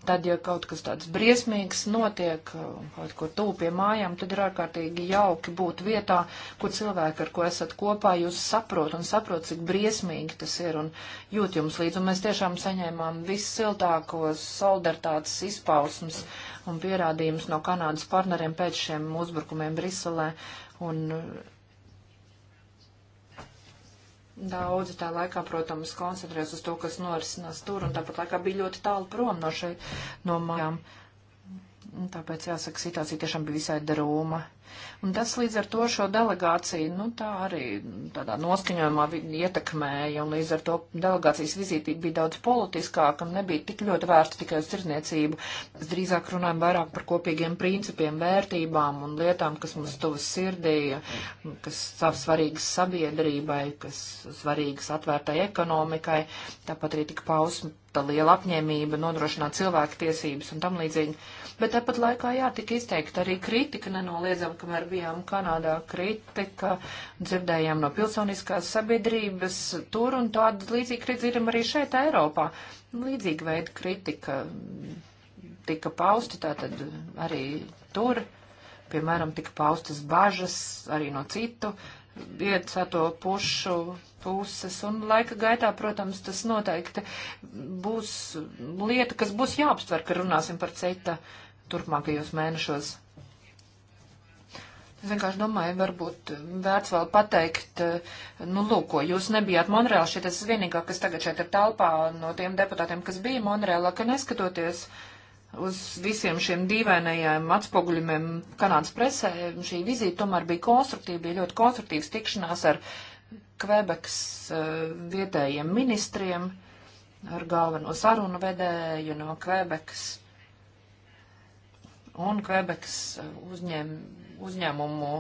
tad, ja kaut kas tāds briesmīgs notiek kaut kur tūp pie mājām, tad ir ārkārtīgi jauki būt vietā, kur cilvēki, ar ko esat kopā, jūs saprot un saprot, cik briesmīgi tas ir un jūt jums līdz. Un mēs tiešām saņēmām vissiltākos solidaritātes izpausmes un pierādījumus no Kanādas partneriem pēc šiem uzbrukumiem Briselē. Un uh, daudzi tā laikā, protams, koncentrēs uz to, kas norisinās tur, un tāpat laikā bija ļoti tālu prom no šeit, no mājām. Tāpēc jāsaka, situācija tiešām bija visai drūma. Un tas līdz ar to šo delegāciju, nu tā arī tādā noskaņojumā ietekmēja, un līdz ar to delegācijas vizīti bija daudz politiskāka un nebija tik ļoti vērsta tikai uz tirzniecību. Mēs drīzāk runājam vairāk par kopīgiem principiem, vērtībām un lietām, kas mums tuvas sirdī, kas svarīgas sabiedrībai, kas svarīgas atvērtai ekonomikai. Tāpat arī tika paus, tā liela apņēmība nodrošināt cilvēku tiesības un tam līdzīgi. Bet tāpat laikā, jā, tika izteikta arī kritika, nenoliedzam, kamēr bijām Kanādā kritika, dzirdējām no pilsoniskās sabiedrības tur un tāda līdzīga kritika dzirdam arī šeit Eiropā. Līdzīga veida kritika tika pausta, tātad arī tur, piemēram, tika paustas bažas arī no citu iecēto pušu puses. Un laika gaitā, protams, tas noteikti būs lieta, kas būs jāapstver, ka runāsim par CETA turpmākajos mēnešos. Es vienkārši domāju, varbūt vērts vēl pateikt, nu, lūk, ko jūs nebijāt Monreālā. Šī tas vienīgā, kas tagad šeit ir talpā no tiem deputātiem, kas bija Monreālā, ka neskatoties uz visiem šiem dīvainajiem atspoguļumiem Kanādas presē, šī vizīte tomēr bija konstruktīva, bija ļoti konstruktīvas tikšanās ar uh, Kvebeks eh, vietējiem ministriem ar galveno sarunu vedēju no Kvebekas. Un Kvebekas eh, uzņēm, uzņēmumu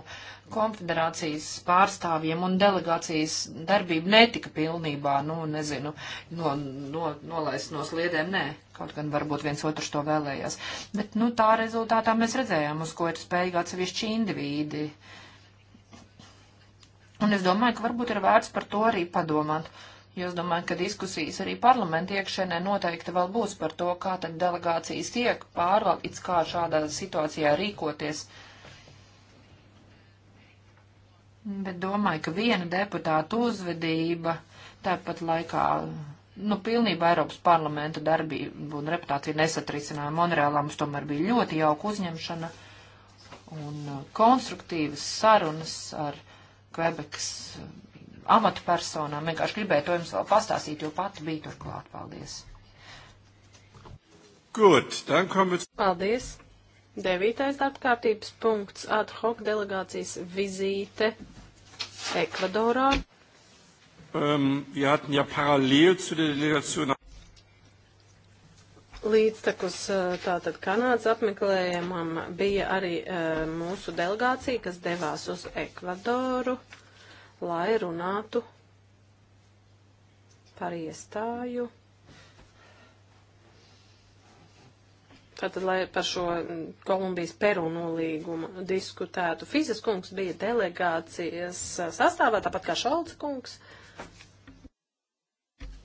konfederācijas pārstāvjiem un delegācijas darbība netika pilnībā, nu, nezinu, no, no, nolaist no sliedēm, nē, kaut gan varbūt viens otrs to vēlējās. Bet, nu, tā rezultātā mēs redzējām, uz ko ir spējīgi atsevišķi indivīdi. Uh, Un es domāju, ka varbūt ir vērts par to arī padomāt. Jo es domāju, ka diskusijas arī parlamenta iekšēnē noteikti vēl būs par to, kā tad delegācijas tiek pārvaldīts, kā šādā situācijā rīkoties. Bet domāju, ka viena deputāta uzvedība tāpat laikā, nu, pilnībā Eiropas parlamenta darbību un reputāciju nesatricināja. Monreālā mums tomēr bija ļoti jauka uzņemšana un uh, konstruktīvas sarunas ar Kvebekas eh, amatu personām. Vienkārši gribēju to jums vēl pastāstīt, jo pati bija turklāt. Paldies! Gut, dann kommen wir. Paldies! Devītais darbkārtības punkts - ad hoc delegācijas vizīte Ekvadorā. Um, wir hatten ja parallel zu der Delegation. Līdztekus eh, tātad Kanādas apmeklējumam bija arī eh, mūsu delegācija, kas devās uz Ekvadoru, lai runātu par iestāju. Tātad, lai par šo mm, Kolumbijas Peru nolīgumu diskutētu. Fizes kungs bija delegācijas eh, sastāvā, tāpat kā Šalca kungs.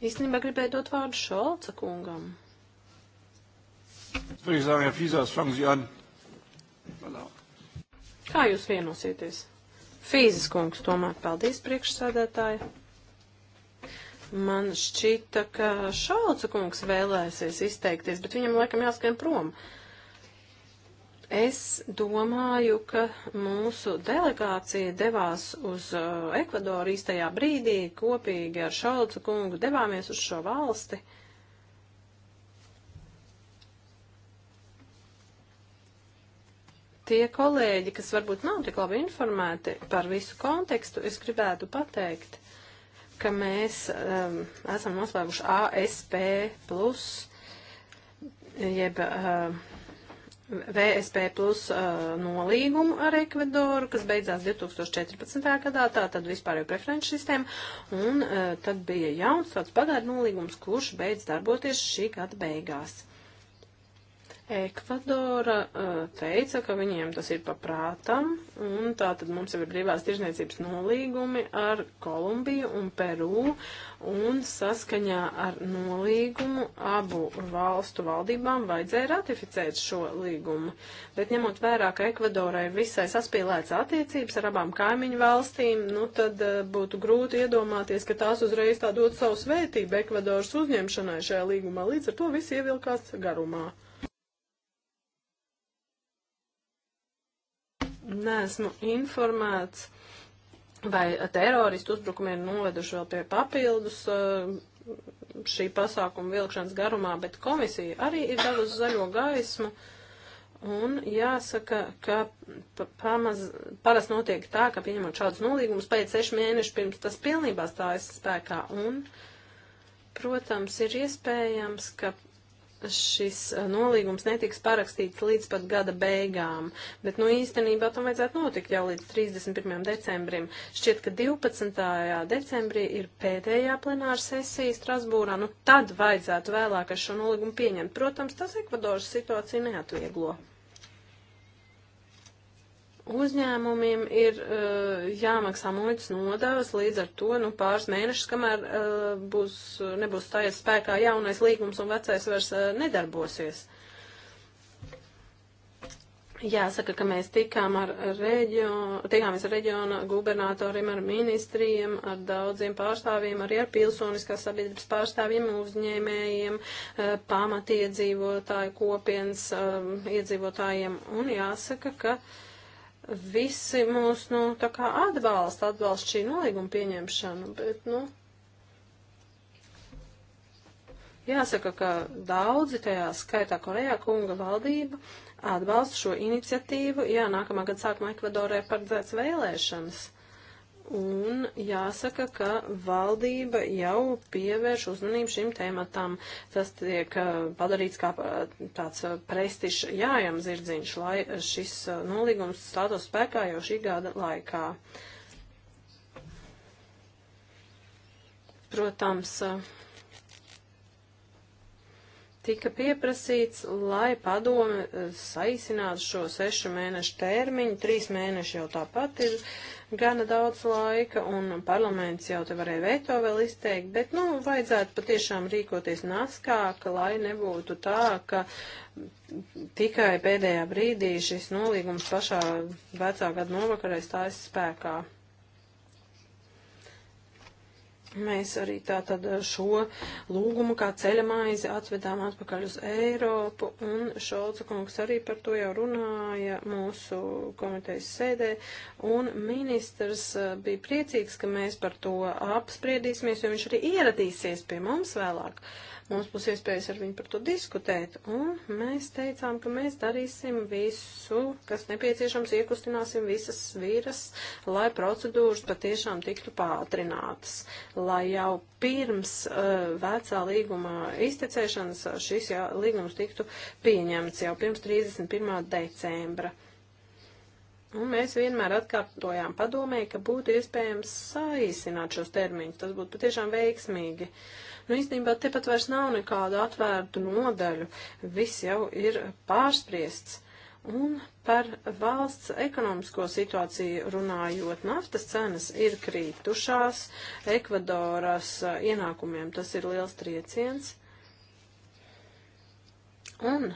Īstenībā gribēju dot vārdu Šalca kungam. Kā jūs vienosieties? Fīzes kungs, tomēr paldies priekšsādētāji. Man šķita, ka Šalca kungs vēlēsies izteikties, bet viņam laikam jāskan prom. Es domāju, ka mūsu delegācija devās uz uh, Ekvadoru īstajā brīdī, kopīgi ar Šalca kungu devāmies uz šo valsti. Uh, tie kolēģi, kas varbūt nav tik labi informēti par visu kontekstu, es gribētu pateikt, ka mēs um, esam noslēguši ASP plus, jeb uh, um, VSP plus uh, nolīgumu ar Ekvadoru, kas beidzās 2014. gadā, tā tad vispār jau preferenču sistēma, un uh, tad bija jauns tāds pagaidu nolīgums, kurš beidz darboties šī gada beigās. Ekvadora eh, teica, ka viņiem tas ir paprātam, un tā tad mums jau ir brīvās tirzniecības nolīgumi ar Kolumbiju un Peru, un saskaņā ar nolīgumu abu valstu valdībām vajadzēja ratificēt šo līgumu. Bet ņemot vērā, ka Ekvadorai ir visai saspīlēts attiecības ar abām kaimiņu valstīm, nu tad eh, būtu grūti iedomāties, ka tās uzreiz tā dod savu svētību Ekvadoras uzņemšanai šajā līgumā. Līdz ar to viss ievilkās garumā. neesmu informēts, vai teroristu uzbrukumi ir noveduši vēl pie papildus eh, šī pasākuma vilkšanas garumā, bet komisija arī ir devusi zaļo gaismu. Un jāsaka, ka pamaz, parasti notiek tā, ka pieņemot šādus nolīgumus pēc sešu mēnešu pirms tas pilnībā stājas spēkā. Un, protams, ir iespējams, ka šis eh, nolīgums netiks parakstīts līdz pat gada beigām. Bet, nu, īstenībā tam vajadzētu notikt jau līdz 31. decembrim. Šķiet, ka 12. decembrī ir pēdējā plenāra sesija Strasbūrā. Nu, tad vajadzētu vēlāk ar šo nolīgumu pieņemt. Protams, tas Ekvadoras situāciju neatvieglo uzņēmumiem ir uh, jāmaksā muitas nodevas līdz ar to nu, pāris mēnešus, kamēr uh, būs, nebūs stājies spēkā jaunais līgums un vecais vairs uh, nedarbosies. Jāsaka, ka mēs tikām ar reģionu, tikāmies ar reģiona gubernatoriem, ar ministriem, ar daudziem pārstāvjiem, arī ar pilsoniskās sabiedrības pārstāvjiem, uzņēmējiem, pamatiedzīvotāju kopienas iedzīvotājiem. Un jāsaka, ka uh, visi mūs, nu, tā kā atbalsta, atbalsta šī nolīguma pieņemšanu, bet, nu, jāsaka, ka daudzi tajā skaitā Korejā kunga valdība atbalsta šo iniciatīvu, jā, nākamā gada sākumā Ekvadorē paredzēts vēlēšanas. Un jāsaka, ka valdība jau pievērš uzmanību šim tēmatam. Tas tiek uh, padarīts kā uh, tāds uh, prestižs jājam zirdziņš, lai šis nolīgums stātos spēkā jau šī gada laikā. Protams, tika pieprasīts, lai padome saīsinātu šo sešu mēnešu termiņu, trīs mēneši jau tāpat ir gana daudz laika, un parlaments jau te varēja veto vēl izteikt, bet, nu, vajadzētu patiešām rīkoties naskāk, lai nebūtu tā, ka tikai pēdējā brīdī šis nolīgums pašā vecā gada novakarē stājas spēkā. Mēs arī tātad šo lūgumu kā ceļamaizi atvedām atpakaļ uz Eiropu, un Šolca kungs arī par to jau runāja mūsu komitejas sēdē, un ministrs eh, bija priecīgs, ka mēs par to apspriedīsimies, jo viņš arī ieradīsies pie mums vēlāk. Uh, Mums būs iespējas ar viņu par to diskutēt. Un mēs teicām, ka mēs darīsim visu, kas nepieciešams, iekustināsim visas vīras, lai procedūras patiešām tiktu pātrinātas, lai jau pirms uh, vecā līguma iztecēšanas šis jā, līgums tiktu pieņemts jau pirms 31. decembra. Un mēs vienmēr atkārtojām padomē, ka būtu iespējams saīsināt šos termiņus. Tas būtu patiešām veiksmīgi. Uh, Nu, īstenībā tepat vairs nav nekāda atvērtu nodaļu, viss jau ir pārspriests. Un par valsts ekonomisko situāciju runājot, naftas cenas ir krītušās, Ekvadoras ienākumiem tas ir liels trieciens. Un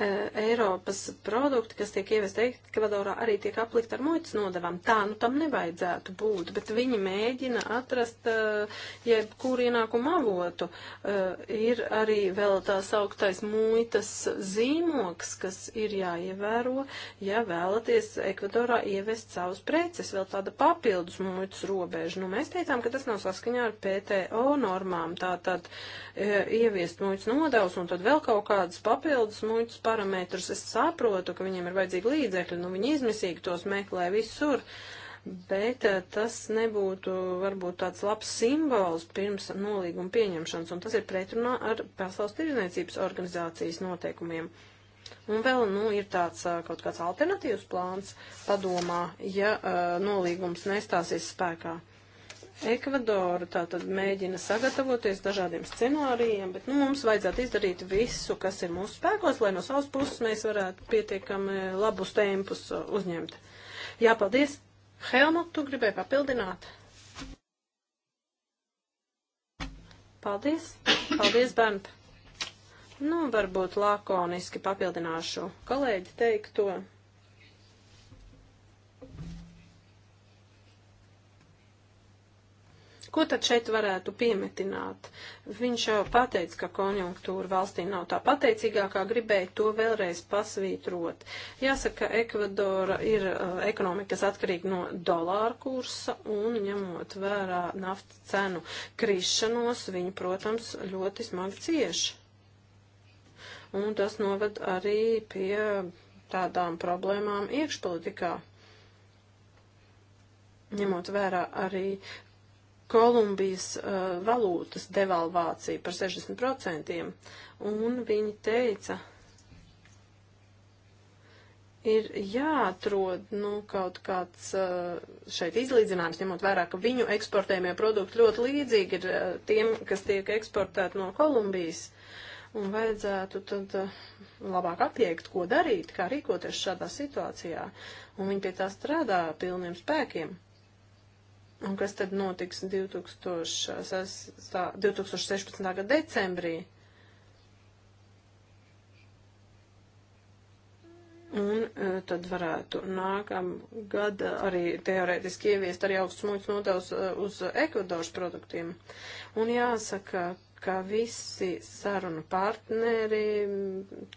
E, Eiropas produkti, kas tiek ievest Ekvadorā, arī tiek aplikt ar muitas nodevām. Tā nu tam nevajadzētu būt, bet viņi mēģina atrast uh, jebkuru ienākumu avotu. Uh, ir arī vēl tā sauktais muitas zīmoks, kas ir jāievēro, ja vēlaties Ekvadorā ievest savus preces, vēl tāda papildus muitas robeža. Nu, mēs teicām, ka tas nav saskaņā ar PTO normām, tā tad uh, ieviest muitas nodevs un tad vēl kaut kādas papildus muitas parametrus. Es saprotu, ka viņiem ir vajadzīgi līdzekļi, nu viņi izmisīgi tos meklē visur, bet eh, tas nebūtu varbūt tāds labs simbols pirms nolīguma pieņemšanas, un tas ir pretrunā ar Pasaules tirdzniecības organizācijas noteikumiem. Un vēl, nu, ir tāds eh, kaut kāds alternatīvs plāns padomā, ja uh, nolīgums nestāsies spēkā. Uh, Ekvadoru tātad mēģina sagatavoties dažādiem scenārijiem, bet nu, mums vajadzētu izdarīt visu, kas ir mūsu spēkos, lai no savas puses mēs varētu pietiekami labus tempus uh, uzņemt. Jā, paldies! Helmut, tu gribēji papildināt? Paldies! Paldies, Bernt! Nu, varbūt lakoniski papildināšu kolēģi teikto. Ko tad šeit varētu piemetināt? Viņš jau pateica, ka konjunktūra valstī nav tā pateicīgākā, gribēja to vēlreiz pasvītrot. Jāsaka, ka Ekvadora ir uh, ekonomika, kas atkarīga no dolāra kursa un ņemot vērā naftas cenu krišanos, viņi, protams, ļoti smagi cieši un tas noved arī pie tādām problēmām iekšpolitikā. Ņemot vērā arī Kolumbijas uh, valūtas devalvāciju par 60%, un viņi teica, ir jāatrod nu, kaut kāds uh, šeit izlīdzinājums, ņemot vērā, ka viņu eksportējumie produkti ļoti līdzīgi ir uh, tiem, kas tiek eksportēti no Kolumbijas. Un vajadzētu tad uh, labāk apiekt, ko darīt, kā rīkoties šādā situācijā. Un viņi pie tā strādā pilniem spēkiem. Un kas tad notiks 2016. gada decembrī? Un e, tad varētu nākam gada arī teorētiski ieviest arī augstus muitas nodevs e, uz Ekvadoras produktiem. Un jāsaka, ka visi sarunu partneri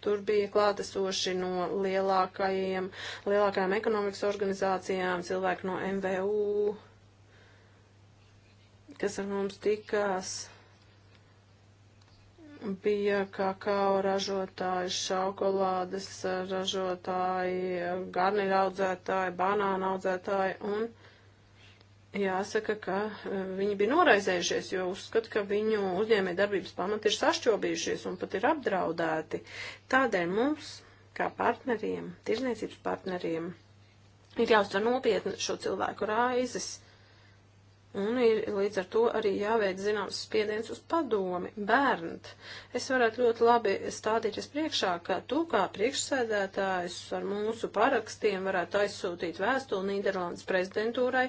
tur bija klātesoši no lielākajiem, lielākajām ekonomikas organizācijām, cilvēki no MVU, kas ar mums tikās, bija kakao ražotāji, šokolādes ražotāji, garniļa audzētāji, banāna audzētāji, un jāsaka, ka e, viņi bija noraizējušies, jo uzskata, ka viņu uzņēmē darbības pamati ir sašķobījušies un pat ir apdraudēti. Tādēļ mums, kā partneriem, tirzniecības partneriem, ir jāuztver nopietni šo cilvēku raizes Un ir līdz ar to arī jāveic zināms spiediens uz padomi. Bērnt, es varētu ļoti labi stādīties priekšā, ka tu kā priekšsēdētājs ar mūsu parakstiem varētu aizsūtīt vēstuli Nīderlandes prezidentūrai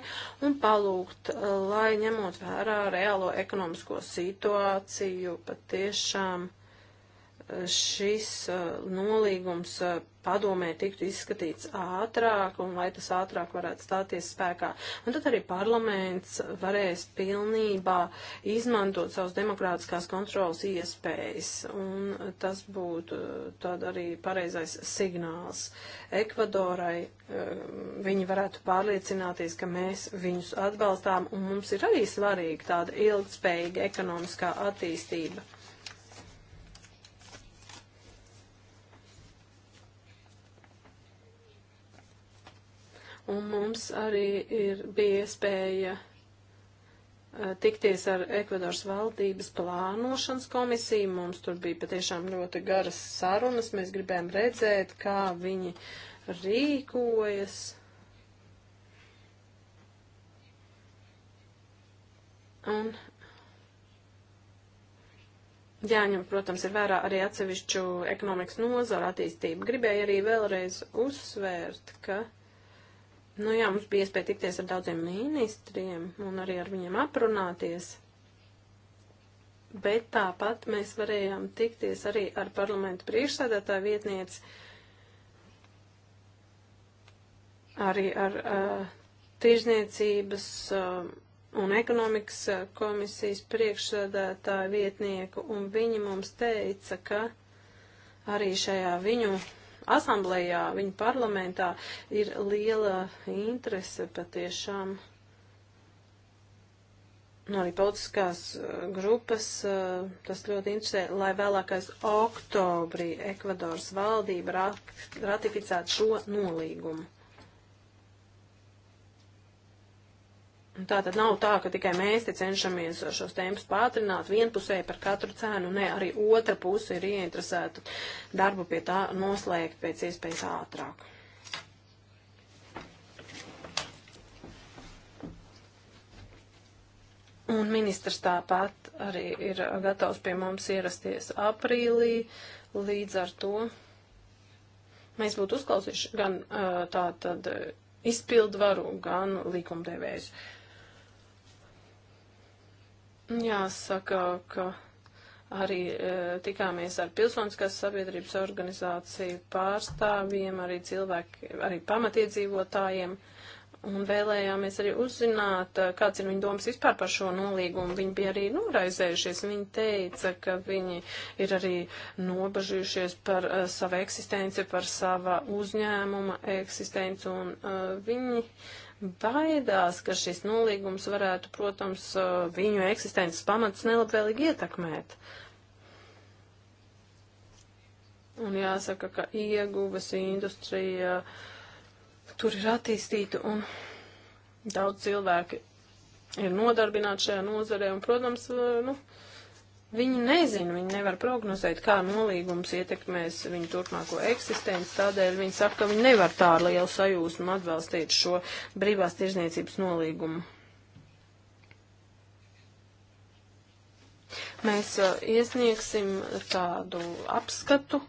un palūgt, eh, lai ņemot vērā reālo ekonomisko situāciju, patiešām eh, šis eh, nolīgums padomē tiktu izskatīts ātrāk un lai tas ātrāk varētu stāties spēkā. Un tad arī parlaments varēs pilnībā izmantot savus demokrātiskās kontrolas iespējas. Un tas būtu tad arī pareizais signāls Ekvadorai. Um, viņi varētu pārliecināties, ka mēs viņus atbalstām un mums ir arī svarīga tāda ilgspējīga ekonomiskā attīstība. un mums arī ir bija iespēja tikties ar Ekvadoras valdības plānošanas komisiju. Mums tur bija patiešām ļoti garas sarunas. Mēs gribējām redzēt, kā viņi rīkojas. Un jāņem, protams, ir vērā arī atsevišķu ekonomikas nozaru attīstību. Gribēju arī vēlreiz uzsvērt, ka Nu jā, mums bija iespēja tikties ar daudziem ministriem un arī ar viņiem aprunāties. Bet tāpat mēs varējām tikties arī ar parlamentu priekšsēdētāju vietnieci, arī ar uh, tirzniecības uh, un ekonomikas eh, komisijas priekšsēdētāju vietnieku, un viņi mums teica, ka arī šajā viņu asamblējā, viņu parlamentā ir liela interese patiešām. Nu, no arī politiskās eh, grupas eh, tas ļoti interesē, lai vēlākais oktobrī Ekvadoras valdība ratificētu šo nolīgumu. Nu, tā tad nav tā, ka tikai mēs te cenšamies šos tēmas pātrināt vienpusēji par katru cenu, nē, arī otra puse ir ieinteresēta darbu pie tā noslēgt pēc iespējas ātrāk. Un ministrs tāpat arī ir gatavs pie mums ierasties aprīlī, līdz ar to mēs būtu uzklausījuši gan uh, tā tad izpildvaru, gan likumdevējus. Uh, Jāsaka, ka arī e, tikāmies ar pilsoniskās sabiedrības organizāciju pārstāvjiem, arī cilvēki, arī pamatiedzīvotājiem, un vēlējāmies arī uzzināt, e, kāds ir viņu domas vispār par šo nolīgumu. Viņi bija arī noraizējušies, viņi teica, ka viņi ir arī nobažījušies par uh, savu eksistenci, par sava uzņēmuma eksistenci, un uh, viņi baidās, ka šis nolīgums varētu, protams, uh, viņu eksistences pamatus nelabvēlīgi ietekmēt. Un jāsaka, ka ieguves industrija tur ir attīstīta un daudz cilvēki ir nodarbināti šajā nozarē un, protams, uh, nu, uh, Viņi nezina, viņi nevar prognozēt, kā nolīgums ietekmēs viņu turpmāko eksistenci, tādēļ viņi saka, ka viņi nevar tā ar lielu sajūsmu atbalstīt šo brīvās tirzniecības nolīgumu. Mēs uh, iesniegsim tādu apskatu,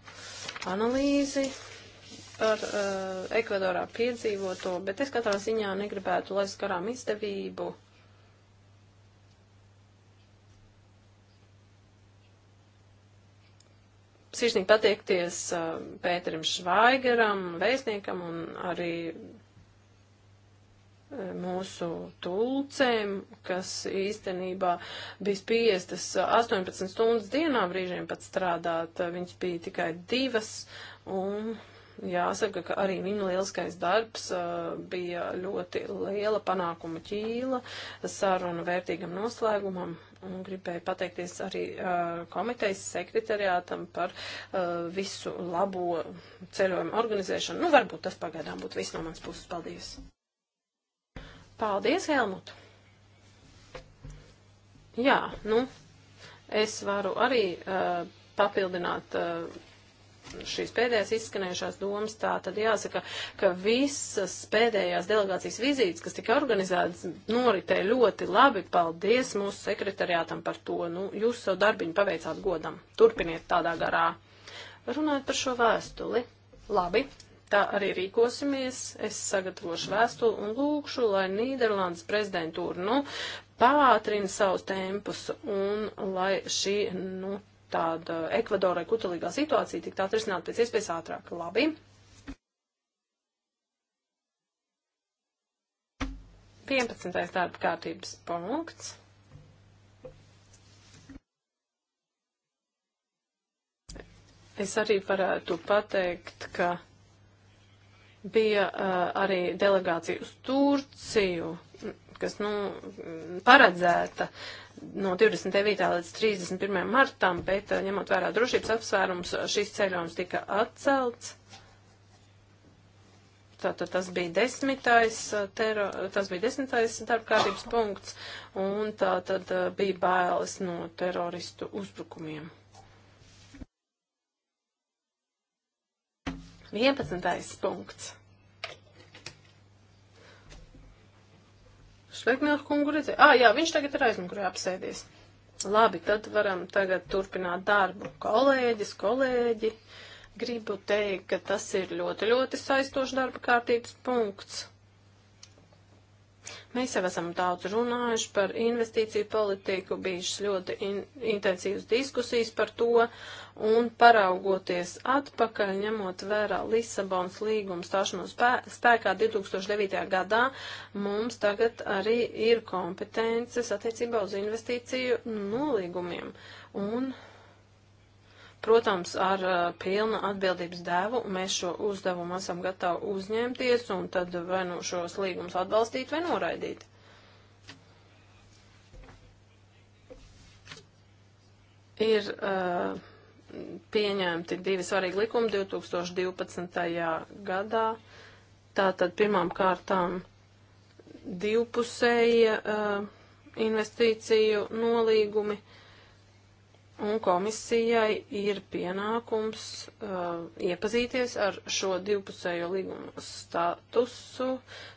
analīzi par uh, Ekvadorā piedzīvoto, bet es katrā ziņā negribētu laist garām izdevību sirsnīgi pateikties uh, Pēterim Švaigaram, vēstniekam un arī uh, mūsu tulcēm, kas īstenībā bija spiestas 18 stundas dienā brīžiem pat strādāt. Viņas bija tikai divas un jāsaka, ka arī viņa lieliskais darbs uh, bija ļoti liela panākuma ķīla sarunu vērtīgam noslēgumam. Un gribēju pateikties arī uh, komitejas sekretariātam par uh, visu labo ceļojumu organizēšanu. Nu, varbūt tas pagaidām būtu viss no manas puses. Paldies! Paldies, Helmut! Jā, nu, es varu arī uh, papildināt. Uh, šīs pēdējās izskanējušās domas, tā tad jāsaka, ka visas pēdējās delegācijas vizītes, kas tika organizētas, noritēja ļoti labi. Paldies mūsu sekretariātam par to. Nu, jūs savu darbiņu paveicāt godam. Turpiniet tādā garā. Runājot par šo vēstuli. Labi, tā arī rīkosimies. Es sagatavošu vēstuli un lūkšu, lai Nīderlandes prezidentūra nu, pātrina savus tempus un lai šī nu, tāda Ekvadorai kutelīgā situācija tiktu atrisināta pēc iespējas ātrāk. Labi. Vienpadsmitais darba kārtības punkts. Es arī varētu pateikt, ka bija uh, arī delegācija uz Turciju, kas, nu, paredzēta. Uh, no 29. līdz 31. martam, bet eh, ņemot vērā drošības apsvērums, šis ceļojums tika atcelts. Tātad tas bija desmitais, eh, tero, tas bija desmitais darba kārtības punkts, un tātad eh, bija bailes no teroristu uzbrukumiem. 11. punkts. Šlegnāk kungu redzēja. Ah, jā, viņš tagad ir aizmugurē apsēdies. Labi, tad varam tagad turpināt darbu. Kolēģis, kolēģi, gribu teikt, ka tas ir ļoti, ļoti saistošs darba kārtības punkts. Mēs jau esam daudz runājuši par investīciju politiku, bijušas ļoti in intensīvas diskusijas par to, un paraugoties atpakaļ, ņemot vērā Lisabons līgumu stāšanos spē spēkā 2009. gadā, mums tagad arī ir kompetences attiecībā uz investīciju nolīgumiem. Un Protams, ar uh, pilna atbildības devu mēs šo uzdevumu esam gatavi uzņemties un tad vai nu šos līgumus atbalstīt vai noraidīt. Ir uh, pieņemti divi svarīgi likumi 2012. gadā. Tātad pirmām kārtām divpusēja uh, investīciju nolīgumi. Uh, Un komisijai ir pienākums uh, iepazīties ar šo divpusējo līgumu statusu,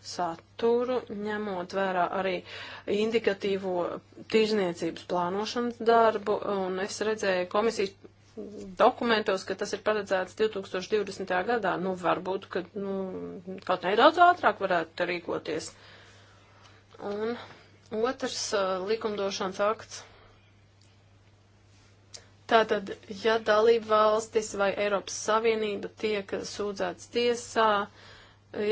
saturu, ņemot vērā arī indikatīvo tirzniecības plānošanas darbu. Un es redzēju komisijas dokumentos, ka tas ir paredzēts 2020. gadā. Nu, varbūt, ka nu, kaut nedaudz ātrāk varētu rīkoties. Un otrs uh, likumdošanas akts Tātad, ja dalība valstis vai Eiropas Savienība tiek sūdzēts tiesā,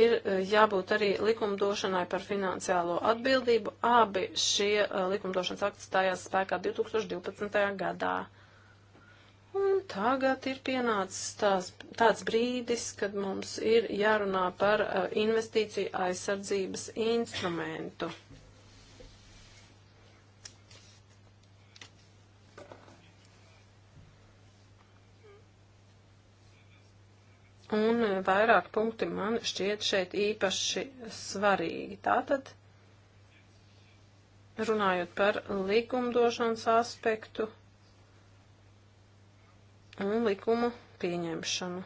ir e, jābūt arī likumdošanai par finansiālo atbildību. Abi šie e, likumdošanas akti stājās spēkā 2012. gadā. Un tagad ir pienācis tās, tāds brīdis, kad mums ir jārunā par e, investīciju aizsardzības instrumentu. Un vairāk punkti man šķiet šeit īpaši svarīgi. Tātad, runājot par likumdošanas aspektu un likumu pieņemšanu.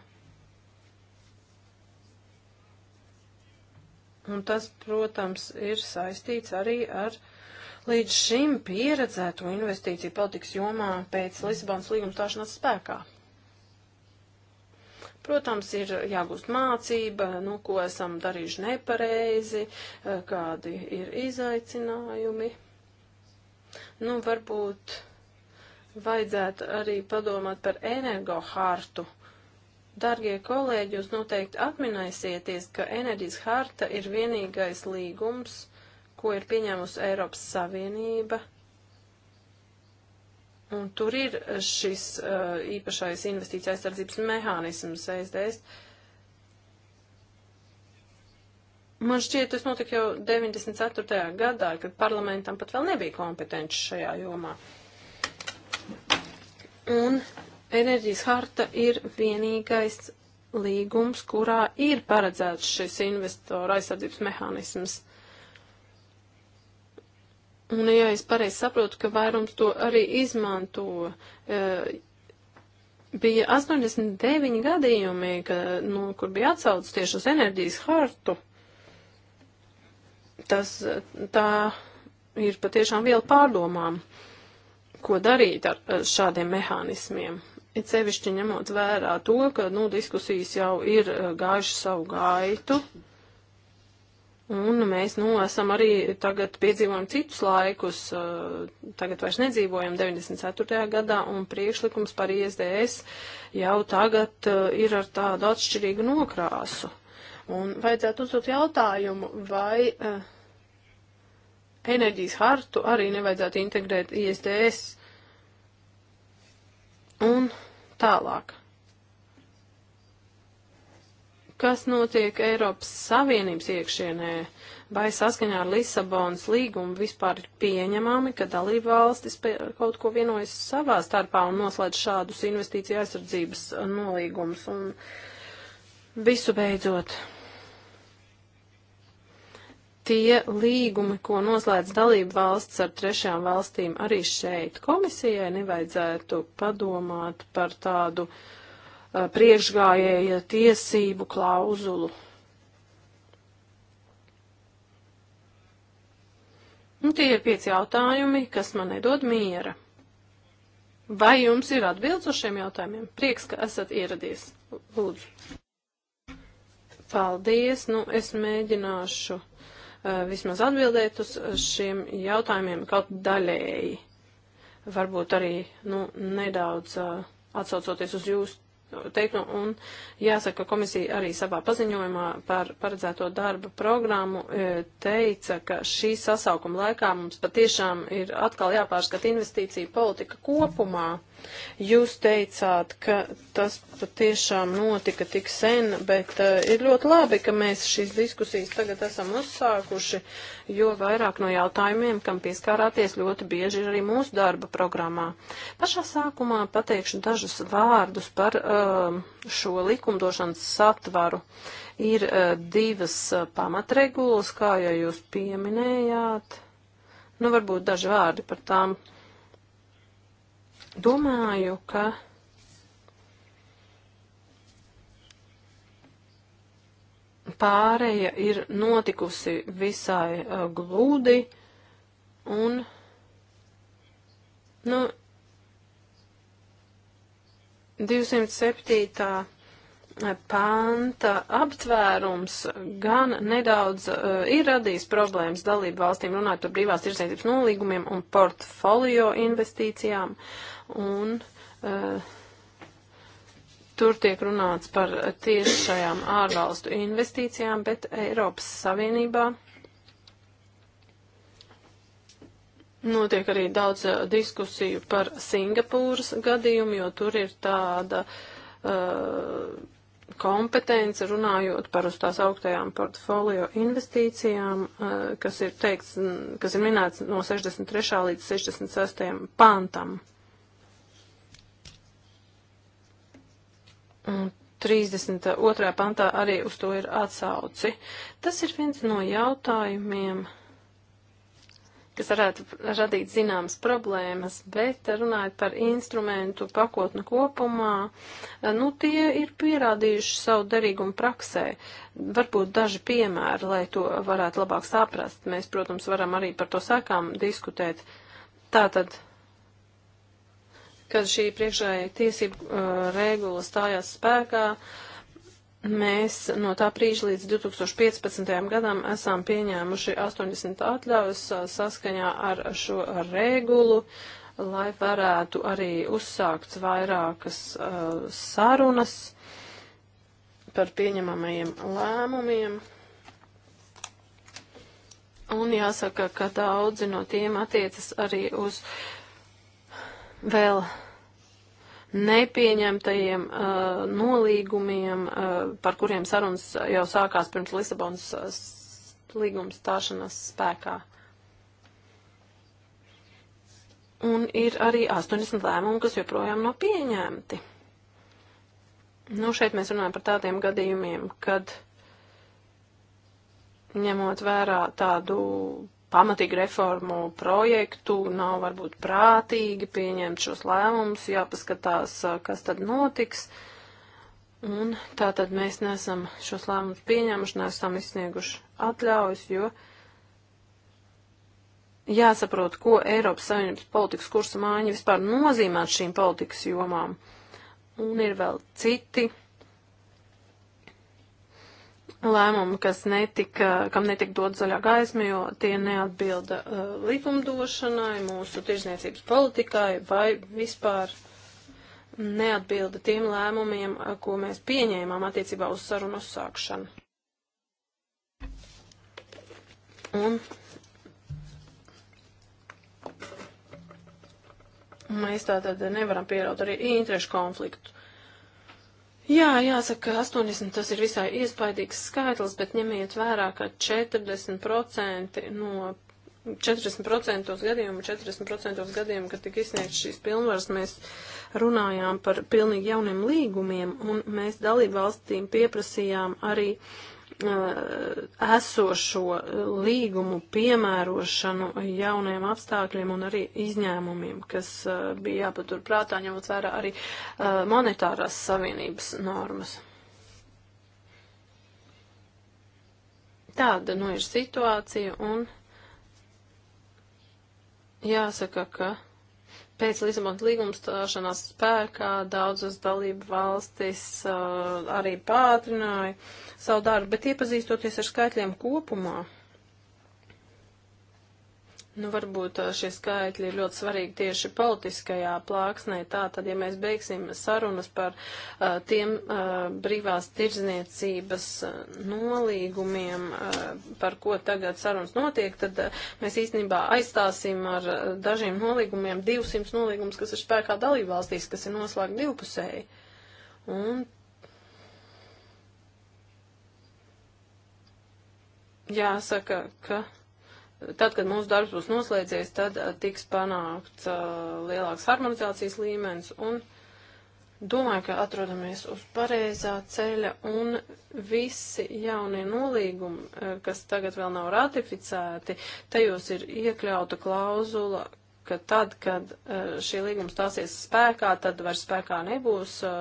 Un tas, protams, ir saistīts arī ar līdz šim pieredzēto investīciju politikas jomā pēc Lisabonas līguma stāšanās spēkā. Protams, ir jāgūst mācība, nu, ko esam darījuši nepareizi, eh, kādi ir izaicinājumi. Nu, varbūt vajadzētu arī padomāt par energohārtu. Dargie kolēģi, jūs noteikti atminēsieties, ka enerģijas harta ir vienīgais līgums, ko ir pieņēmusi Eiropas Savienība Un tur ir eh, šis uh, īpašais investīcija aizsardzības mehānisms SDS. Man šķiet, tas notika jau 94. gadā, kad parlamentam pat vēl nebija kompetenci šajā jomā. Un enerģijas harta ir vienīgais līgums, kurā ir paredzēts šis investoru aizsardzības mehānisms. Un, ja es pareizi saprotu, ka vairums to arī izmanto, e, bija 89 gadījumi, ka, nu, kur bija atsaucis tieši uz enerģijas hartu. Tas e, tā ir patiešām viela pārdomām, ko darīt ar e, šādiem mehānismiem. It sevišķi ņemot vērā to, ka, nu, diskusijas jau ir gājuši savu gaitu. Mm. Un mēs, nu, esam arī tagad piedzīvojam citus laikus, eh, tagad vairs nedzīvojam 94. gadā, un priekšlikums par ISDS jau tagad eh, ir ar tādu atšķirīgu nokrāsu. Un vajadzētu uzdot jautājumu, vai eh, enerģijas hartu arī nevajadzētu integrēt ISDS un tālāk kas notiek Eiropas Savienības iekšienē, vai saskaņā ar Lisabonas līgumu vispār ir pieņemami, ka dalība valstis kaut ko vienojas savā starpā un noslēdz šādus investīciju aizsardzības nolīgumus. Un visu beidzot, tie līgumi, ko noslēdz dalība valsts ar trešām valstīm, arī šeit komisijai nevajadzētu padomāt par tādu uh, Uh, priekšgājēja tiesību klauzulu. Un nu, tie ir pieci jautājumi, kas man nedod miera. Vai jums ir atbildes uz šiem jautājumiem? Prieks, ka esat ieradies. Lūdzu. Paldies. Nu, es mēģināšu uh, vismaz atbildēt uz šiem jautājumiem kaut daļēji. Varbūt arī, nu, nedaudz uh, atsaucoties uz jūsu teiktu, nu, un jāsaka, komisija arī savā paziņojumā par paredzēto darba programmu e, teica, ka šī sasaukuma laikā mums patiešām ir atkal jāpārskata investīcija politika kopumā. Mm Jūs teicāt, ka tas patiešām notika tik sen, bet uh, ir ļoti labi, ka mēs šīs diskusijas tagad esam uzsākuši, jo vairāk no jautājumiem, kam pieskārāties, ļoti bieži ir arī mūsu darba programmā. Pašā sākumā pateikšu dažus vārdus par uh, šo likumdošanas satvaru. Ir uh, divas uh, pamatregulas, kā jau jūs pieminējāt. Nu, varbūt daži vārdi par tām. Uh, Domāju, ka pāreja ir notikusi visai uh, glūdi un, nu, 207 panta aptvērums gan nedaudz uh, ir radījis problēmas dalību valstīm runājot par brīvās tirsniecības nolīgumiem un portfolio investīcijām. Un, uh, Tur tiek runāts par tiešajām ārvalstu investīcijām, bet Eiropas Savienībā notiek arī daudz eh, diskusiju par Singapūras gadījumu, jo tur ir tāda uh, kompetence, runājot par uz tās augtajām portfolio investīcijām, eh, kas ir, teikts, kas ir minēts no 63. līdz 66. pantam. Un 32. pantā arī uz to ir atsauci. Tas ir viens no jautājumiem. Uh, kas varētu radīt zināmas problēmas, bet runājot par instrumentu pakotnu kopumā, nu tie ir pierādījuši savu derīgumu praksē. Varbūt daži piemēri, lai to varētu labāk saprast. Mēs, protams, varam arī par to sākām diskutēt. Tātad, kad šī priekšējā tiesību uh, regula stājās spēkā, uh, Mēs no tā brīža līdz 2015. gadam esam pieņēmuši 80 atļaujas saskaņā ar šo regulu, lai varētu arī uzsākt vairākas uh, sarunas par pieņemamajiem lēmumiem. Un jāsaka, ka daudzi no tiem attiecas arī uz vēl nepieņemtajiem uh, nolīgumiem, uh, par kuriem sarunas jau sākās pirms Lisabonas uh, līguma stāšanās spēkā. Un ir arī 80 lēmumu, kas joprojām nav pieņemti. Nu, šeit mēs runājam par tādiem gadījumiem, kad ņemot vērā tādu pamatīgu reformu projektu, nav varbūt prātīgi pieņemt šos lēmumus, jāpaskatās, kas tad notiks. Un tā tad mēs nesam šos lēmumus pieņēmuši, nesam izsnieguši atļaujas, jo jāsaprot, ko Eiropas Savienības politikas kursa māņa vispār nozīmē šīm politikas jomām. Un ir vēl citi lēmumu, kas netika, kam netika dot zaļā gaisma, jo tie neatbilda uh, likumdošanai, mūsu tirzniecības politikai vai vispār neatbilda tiem lēmumiem, uh, ko mēs pieņēmām attiecībā uz sarunu uzsākšanu. Un mēs tātad nevaram pierādīt arī interešu konfliktu. Jā, jāsaka, 80 tas ir visai iespaidīgs skaitlis, bet ņemiet vērā, ka 40% no 40% gadījumu, 40% gadījumu, kad tika izsniegts šīs pilnvaras, mēs runājām par pilnīgi jauniem līgumiem, un mēs dalību valstīm pieprasījām arī uh, Uh, esošo līgumu piemērošanu jaunajiem apstākļiem un arī izņēmumiem, kas uh, bija jāpatur prātā, ņemot vērā arī uh, monetārās savienības normas. Tāda nu ir situācija un jāsaka, ka Pēc Lisabonas līguma stāšanās spēkā daudzas dalību valstis uh, arī pātrināja savu darbu, bet iepazīstoties ar skaitļiem kopumā, Nu, varbūt šie skaitļi ir ļoti svarīgi tieši politiskajā plāksnē. Tā tad, ja mēs beigsim sarunas par uh, tiem uh, brīvās tirdzniecības nolīgumiem, uh, par ko tagad sarunas notiek, tad uh, mēs īstenībā aizstāsim ar uh, dažiem nolīgumiem 200 nolīgumus, kas ir spēkā dalībvalstīs, kas ir noslēgti divpusēji. Un jāsaka, ka tad, kad mūsu darbs būs noslēdzies, tad uh, tiks panākts uh, lielāks harmonizācijas līmenis un domāju, ka atrodamies uz pareizā ceļa un visi jaunie nolīgumi, uh, kas tagad vēl nav ratificēti, tajos ir iekļauta klauzula, ka tad, kad eh, šī līguma stāsies spēkā, tad vairs spēkā nebūs eh,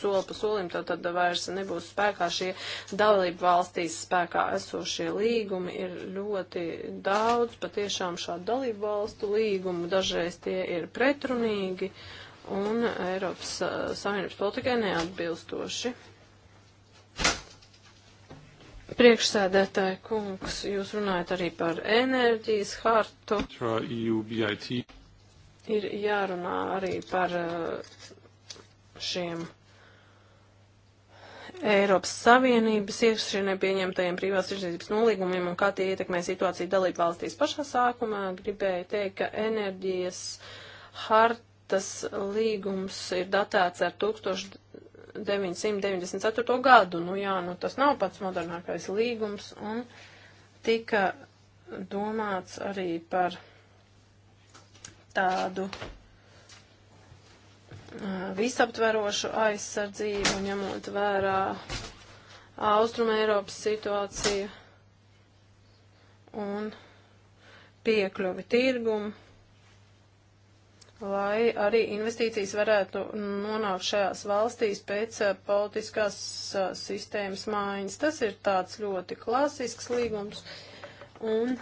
soli pa solim, tad, tad vairs nebūs spēkā šie dalību valstīs spēkā esošie līgumi. Ir ļoti daudz patiešām šādu dalību valstu līgumu, dažreiz tie ir pretrunīgi un Eiropas eh, Savienības politikai neatbilstoši. Priekšsēdētāji kungs, jūs runājat arī par enerģijas hartu. E ir jārunā arī par uh, šiem Eiropas Savienības iekšienē pieņemtajiem privās tirdzniecības nolīgumiem un kā tie ietekmē situāciju dalību valstīs. Pašā sākumā gribēju teikt, ka enerģijas hartas līgums ir datēts ar 1000. 1994. gadu. Nu jā, nu tas nav pats modernākais līgums un tika domāts arī par tādu visaptverošu aizsardzību, ņemot vērā Austrum Eiropas situāciju un piekļuvi tirgumu lai arī investīcijas varētu nonākt šajās valstīs pēc eh, politiskās eh, sistēmas mājas. Tas ir tāds ļoti klasisks līgums. Un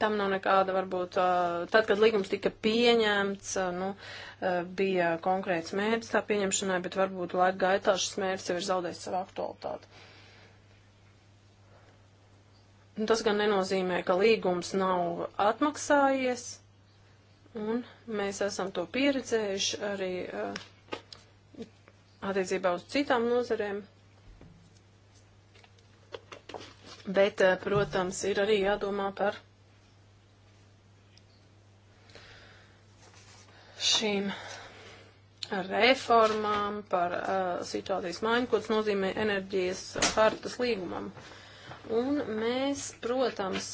tam nav nekāda varbūt, eh, tad, kad līgums tika pieņemts, nu, bija konkrēts mērķis tā pieņemšanai, bet varbūt laika gaitā šis mērķis jau ir zaudējis savu aktualitāti. Nu, tas gan nenozīmē, ka līgums nav atmaksājies, un mēs esam to pieredzējuši arī uh, attiecībā uz citām nozarēm. Bet, uh, protams, ir arī jādomā par šīm reformām, par uh, situācijas maiņu, ko tas nozīmē enerģijas hartas līgumam. Uh, Un mēs, protams,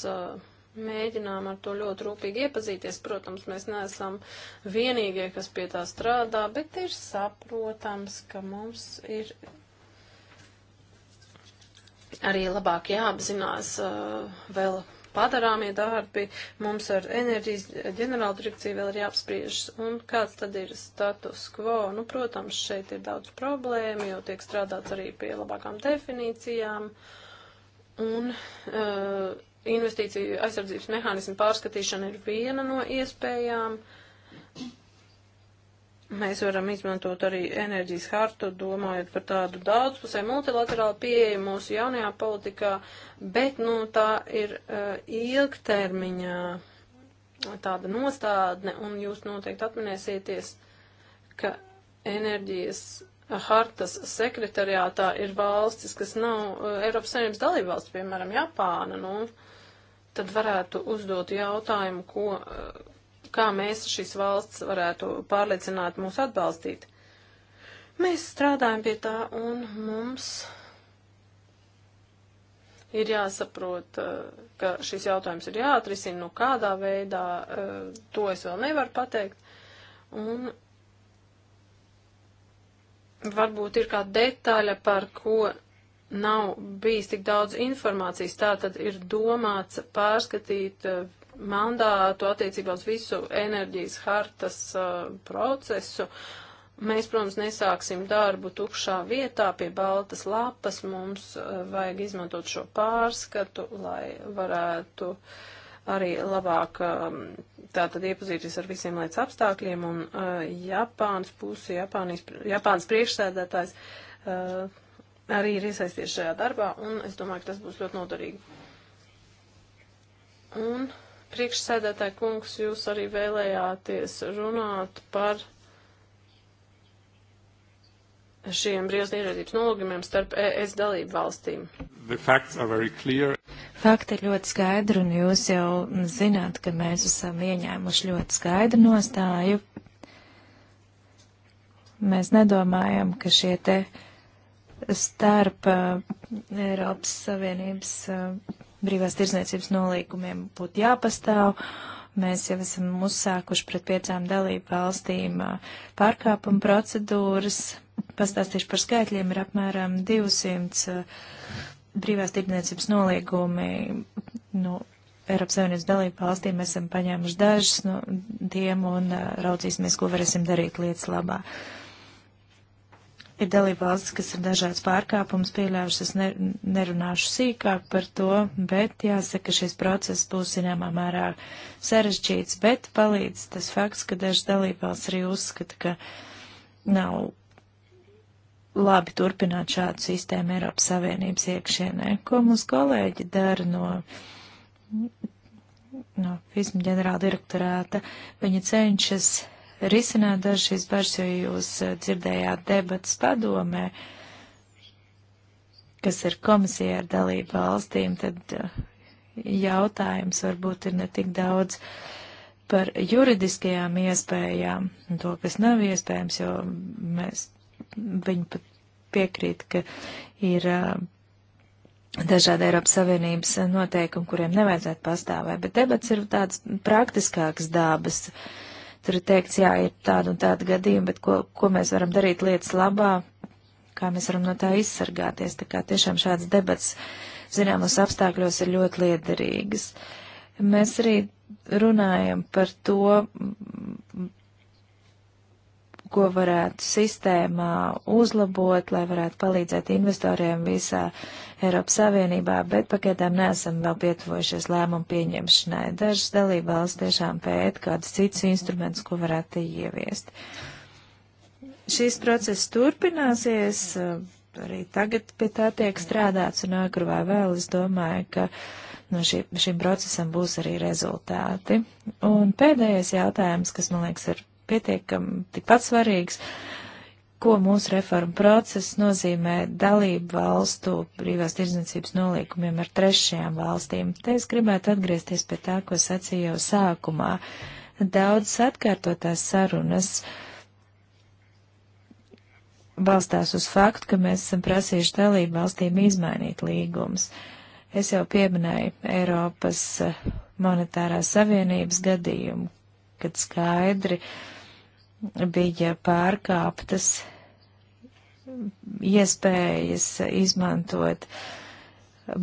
mēģinām ar to ļoti rūpīgi iepazīties. Protams, mēs neesam vienīgie, kas pie tā strādā, bet ir saprotams, ka mums ir arī labāk jāapzinās vēl padarāmie darbi, mums ar enerģijas ģenerāla direkciju vēl ir jāapspriežas, un kāds tad ir status quo. Nu, protams, šeit ir daudz problēmu, jo tiek strādāts arī pie labākām definīcijām. Uh, Un uh, investīciju aizsardzības mehānismu pārskatīšana ir viena no iespējām. Mēs varam izmantot arī enerģijas hartu, domājot par tādu daudzpusē multilaterālu pieeju mūsu jaunajā politikā, bet, nu, tā ir uh, ilgtermiņā tāda nostādne, un jūs noteikti atminēsieties, ka enerģijas hartas sekretariātā ir valstis, kas nav eh, Eiropas Savienības dalībvalsts, piemēram, Japāna, nu, tad varētu uzdot jautājumu, ko, eh, kā mēs šīs valsts varētu pārliecināt mūs atbalstīt. Mēs strādājam pie tā un mums ir jāsaprot, eh, ka šis jautājums ir jāatrisina, nu kādā veidā, to es vēl nevaru pateikt. Un varbūt ir kāda detaļa, par ko nav bijis tik daudz informācijas. Tā tad ir domāts pārskatīt eh, mandātu attiecībā uz visu enerģijas hartas uh, procesu. Mēs, protams, nesāksim darbu tukšā vietā pie baltas lapas. Mums uh, vajag izmantot šo pārskatu, lai varētu uh, arī labāk um, tātad iepazīties ar visiem lietas apstākļiem, un uh, Japānas pusi, Japānijas, Japānas priekšsēdētājs uh, arī ir iesaistīts šajā darbā, un es domāju, ka tas būs ļoti noderīgi. Un priekšsēdētāji kungs, jūs arī vēlējāties runāt par šiem brīvsniedarbības nolūgumiem starp ES dalību valstīm. Fakti ir ļoti skaidri, un jūs jau zināt, ka mēs esam ieņēmuši ļoti skaidru nostāju. Mēs nedomājam, ka šie te starp uh, Eiropas Savienības uh, brīvās tirzniecības nolīgumiem būtu jāpastāv. Uh, Mēs jau esam uzsākuši pret piecām dalību valstīm uh, pārkāpuma procedūras. Pastāstīšu par skaitļiem, ir apmēram 200 uh, brīvās tirdzniecības noliegumi nu, Eiropas Savienības dalību valstīm. Mēs esam paņēmuši dažus no tiem un uh, raudzīsimies, ko varēsim darīt lietas labā. Uh, Ir dalībvalstis, kas ir dažādas pārkāpumas pieļaujušas, es nerunāšu sīkāk par to, bet jāsaka, šis process būs zināmā mērā sarežģīts, bet palīdz tas fakts, ka dažas dalībvalstis arī uzskata, ka nav labi turpināt šādu sistēmu Eiropas Savienības iekšienē. Ko mūsu kolēģi dara no, no FISM ģenerāla direktorāta? Viņa cenšas risināt dažas šīs bažas, jo jūs eh, dzirdējāt debatas padomē, kas ir komisija ar dalību valstīm, tad eh, jautājums varbūt ir ne tik daudz par juridiskajām iespējām un to, kas nav iespējams, jo mēs viņi pat piekrīt, ka ir eh, dažādi Eiropas Savienības noteikumi, kuriem nevajadzētu pastāvēt, bet debats ir tāds praktiskāks dabas. Uh, Tur ir teikts, jā, ir tāda un tāda gadījuma, bet ko, ko mēs varam darīt lietas labā, kā mēs varam no tā izsargāties. Tā kā tiešām šāds debats zināmos apstākļos ir ļoti liederīgas. Mēs arī runājam par to, ko varētu sistēmā uzlabot, lai varētu palīdzēt investoriem visā Eiropas Savienībā, bet pagaidām neesam vēl pietuvojušies lēmumu pieņemšanai. Dažas dalībvalsts tiešām pēt kādus citus instrumentus, ko varētu ieviest. Šis process turpināsies, arī tagad pie tā tiek strādāts, un agru vai vēl es domāju, ka no nu, šī, šim procesam būs arī rezultāti. Un pēdējais jautājums, kas man liekas ir pietiekami tikpat svarīgs, ko mūsu reforma process nozīmē dalību valstu brīvās tirdzniecības nolīkumiem ar trešajām valstīm. Te es gribētu atgriezties pie tā, ko sacīju jau sākumā. Daudzas atkārtotās sarunas balstās uz faktu, ka mēs esam prasījuši dalību valstīm izmainīt līgumus. Es jau pieminēju Eiropas monetārās savienības gadījumu, kad skaidri uh, bija pārkāptas iespējas izmantot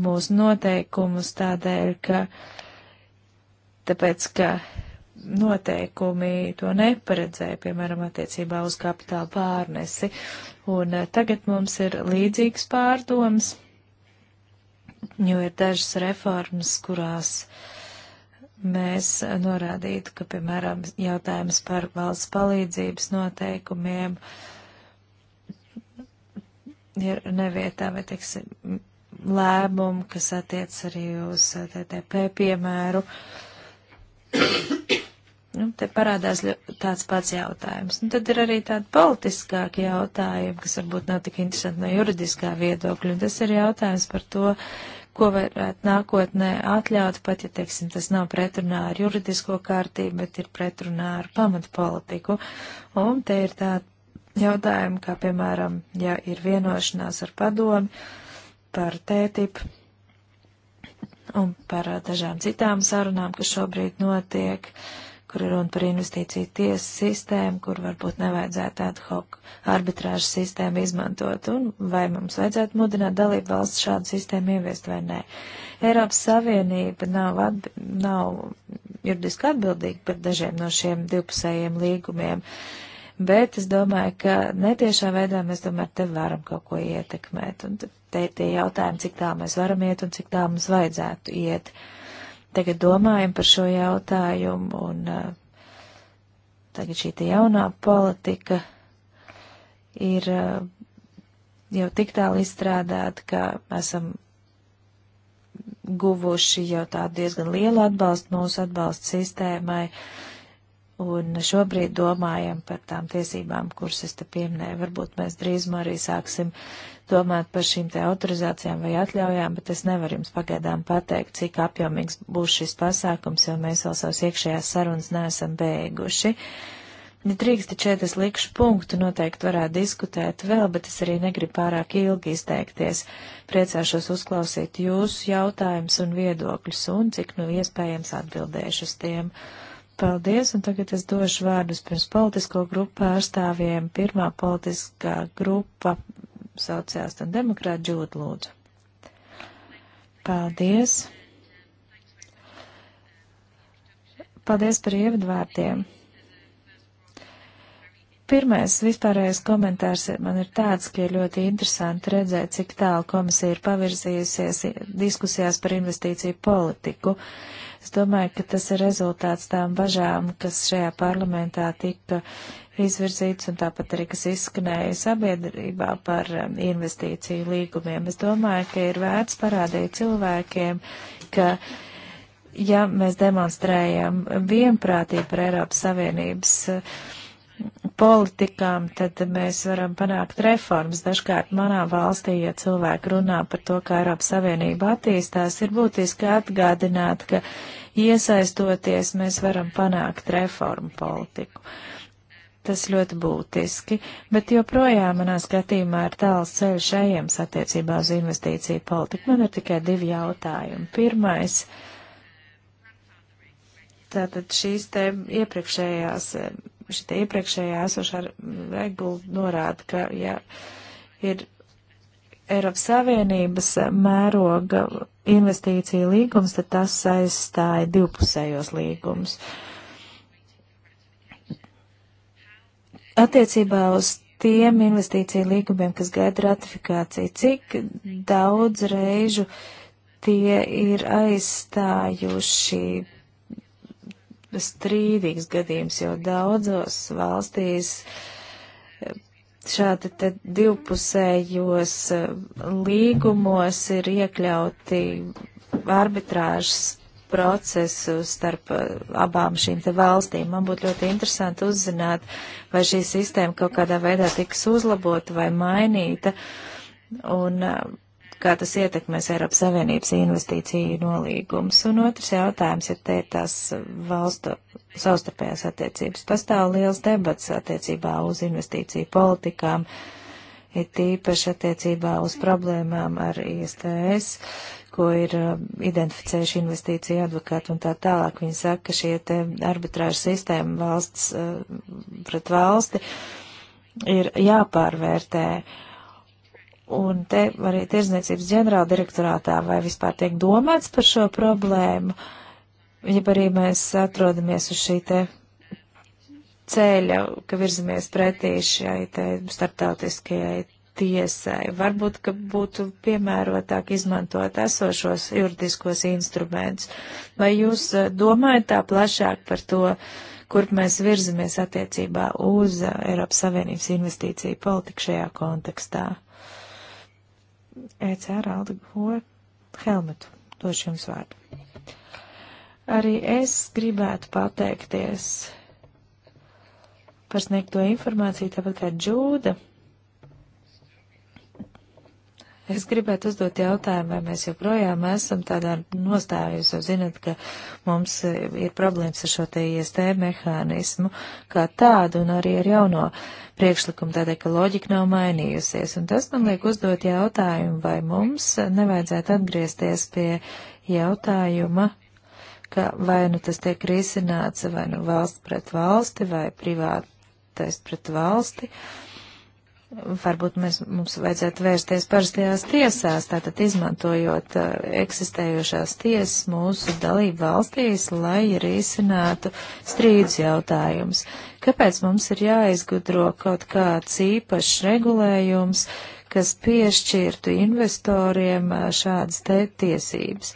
mūsu noteikumus tādēļ, ka tāpēc, ka noteikumi to neparedzēja, piemēram, attiecībā uz kapitāla pārnesi. Un eh, tagad mums ir līdzīgs pārdoms, jo ir dažas reformas, kurās uh, mēs norādītu, ka, piemēram, jautājums par valsts palīdzības noteikumiem ir nevietā, vai, teiksim, lēmumu, kas attiec arī uz TTP piemēru. Nu, te parādās tāds pats jautājums. Nu, tad ir arī tādi politiskāki jautājumi, kas varbūt nav tik interesanti no juridiskā viedokļa. Un tas ir jautājums par to, uh, ko varētu nākotnē atļaut, pat ja, teiksim, tas nav pretrunā ar juridisko kārtību, bet ir pretrunā ar pamatpolitiku. Un te ir tādi jautājumi, kā, piemēram, ja ir vienošanās ar padomi par tētipu un par dažām citām sarunām, kas šobrīd notiek. Uh, kur ir runa par investīciju tiesu sistēmu, kur varbūt nevajadzētu ad hoc arbitrāžu sistēmu izmantot, un vai mums vajadzētu mudināt dalību valsts šādu sistēmu ieviest vai nē. Eiropas Savienība nav, atb nav juridiski atbildīga par dažiem no šiem divpusējiem līgumiem, bet es domāju, ka netiešā veidā mēs tomēr te varam kaut ko ietekmēt, un te ir tie jautājumi, cik tā mēs varam iet un cik tā mums vajadzētu iet. Uh, tagad domājam par šo jautājumu, un uh, tagad šī te jaunā politika ir uh, jau tik tālu izstrādāta, ka esam guvuši jau tādu diezgan lielu atbalstu mūsu atbalstu sistēmai, un šobrīd domājam par tām tiesībām, kuras es te pieminēju. Varbūt mēs drīzumā arī sāksim uh, domāt par šīm te autorizācijām vai atļaujām, bet es nevaru jums pagaidām pateikt, cik apjomīgs būs šis pasākums, jo mēs vēl savus iekšējās sarunas neesam beiguši. Ja drīksti šeit es likšu punktu, noteikti varētu diskutēt vēl, bet es arī negribu pārāk ilgi izteikties. Priecāšos uzklausīt jūsu jautājumus un viedokļus un cik nu iespējams atbildēšu uz tiem. Paldies, un tagad es došu vārdus pirms politisko grupu pārstāvjiem. Pirmā politiskā grupa sociālistu un demokrātu džūtu lūdzu. Paldies! Paldies par ievadvārdiem! Pirmais vispārējais komentārs man ir tāds, ka ir ļoti interesanti redzēt, cik tālu komisija ir pavirzījusies diskusijās par investīciju politiku. Es domāju, ka tas ir rezultāts tām bažām, kas šajā parlamentā tika uh, izvirzīts un tāpat arī, kas izskanēja sabiedrībā par um, investīciju līgumiem. Es domāju, ka ir vērts parādīt cilvēkiem, ka ja mēs demonstrējam vienprātību par Eiropas Savienības uh, politikām, tad mēs varam panākt reformas. Dažkārt manā valstī, ja cilvēki runā par to, kā Eiropas Savienība attīstās, ir būtiski atgādināt, ka iesaistoties mēs varam panākt reformu politiku. Uh, tas ļoti būtiski, bet joprojām manā skatījumā ir tāls ceļš ejams attiecībā uz investīciju politiku. Man ir tikai divi jautājumi. Pirmais, tātad šīs te iepriekšējās, šī te iepriekšējā esošā regula norāda, ka, ja ir Eiropas Savienības mēroga investīcija līgums, tad tas aizstāja divpusējos līgumus. Uh, Attiecībā uz tiem investīciju līgumiem, kas gaida ratifikāciju, cik daudz reižu tie ir aizstājuši strīdīgs gadījums, jo daudzos valstīs eh, šādi te divpusējos eh, līgumos ir iekļauti arbitrāžas procesu starp uh, abām šīm te valstīm. Man būtu ļoti interesanti uzzināt, vai šī sistēma kaut kādā veidā tiks uzlabota vai mainīta, un uh, kā tas ietekmēs Eiropas Savienības investīciju nolīgums. Un otrs jautājums, ja te ir tās valstu savstarpējās attiecības, pastāv liels debats attiecībā uz investīciju politikām ir tīpaši attiecībā uz problēmām ar ISTS, ko ir um, identificējuši investīcija advokāti un tā tālāk. Viņi saka, ka šie te arbitrāža sistēma valsts uh, pret valsti ir jāpārvērtē. Un te arī tirzniecības ģenerāla direktorātā vai vispār tiek domāts par šo problēmu, ja arī mēs atrodamies uz šī te ceļa, ka virzamies pretī šai te starptautiskajai tiesai. Varbūt, ka būtu piemērotāk izmantot esošos juridiskos instrumentus. Vai jūs eh, domājat tā plašāk par to, kur mēs virzamies attiecībā uz eh, Eiropas Savienības investīciju politiku šajā kontekstā? ECR Alda Gor Helmetu, došu jums vārdu. Arī es gribētu pateikties par sniegto informāciju, tāpat kā Džūda Es gribētu uzdot jautājumu, vai mēs joprojām esam tādā nostājā, jūs jau zinat, ka mums ir problēmas ar šo te IST mehānismu kā tādu un arī ar jauno priekšlikumu, tādēļ, ka loģika nav mainījusies. Un tas man liek uzdot jautājumu, vai mums nevajadzētu atgriezties pie jautājuma, ka vai nu tas tiek risināts vai nu valsts pret valsti vai privātais pret valsti. Uh, varbūt mēs, mums vajadzētu vērsties parastajās tiesās, tātad izmantojot uh, eksistējošās tiesas mūsu dalību valstīs, lai risinātu strīdus jautājumus. Kāpēc mums ir jāizgudro kaut kāds īpašs regulējums, kas piešķirtu investoriem uh, šādas te tiesības?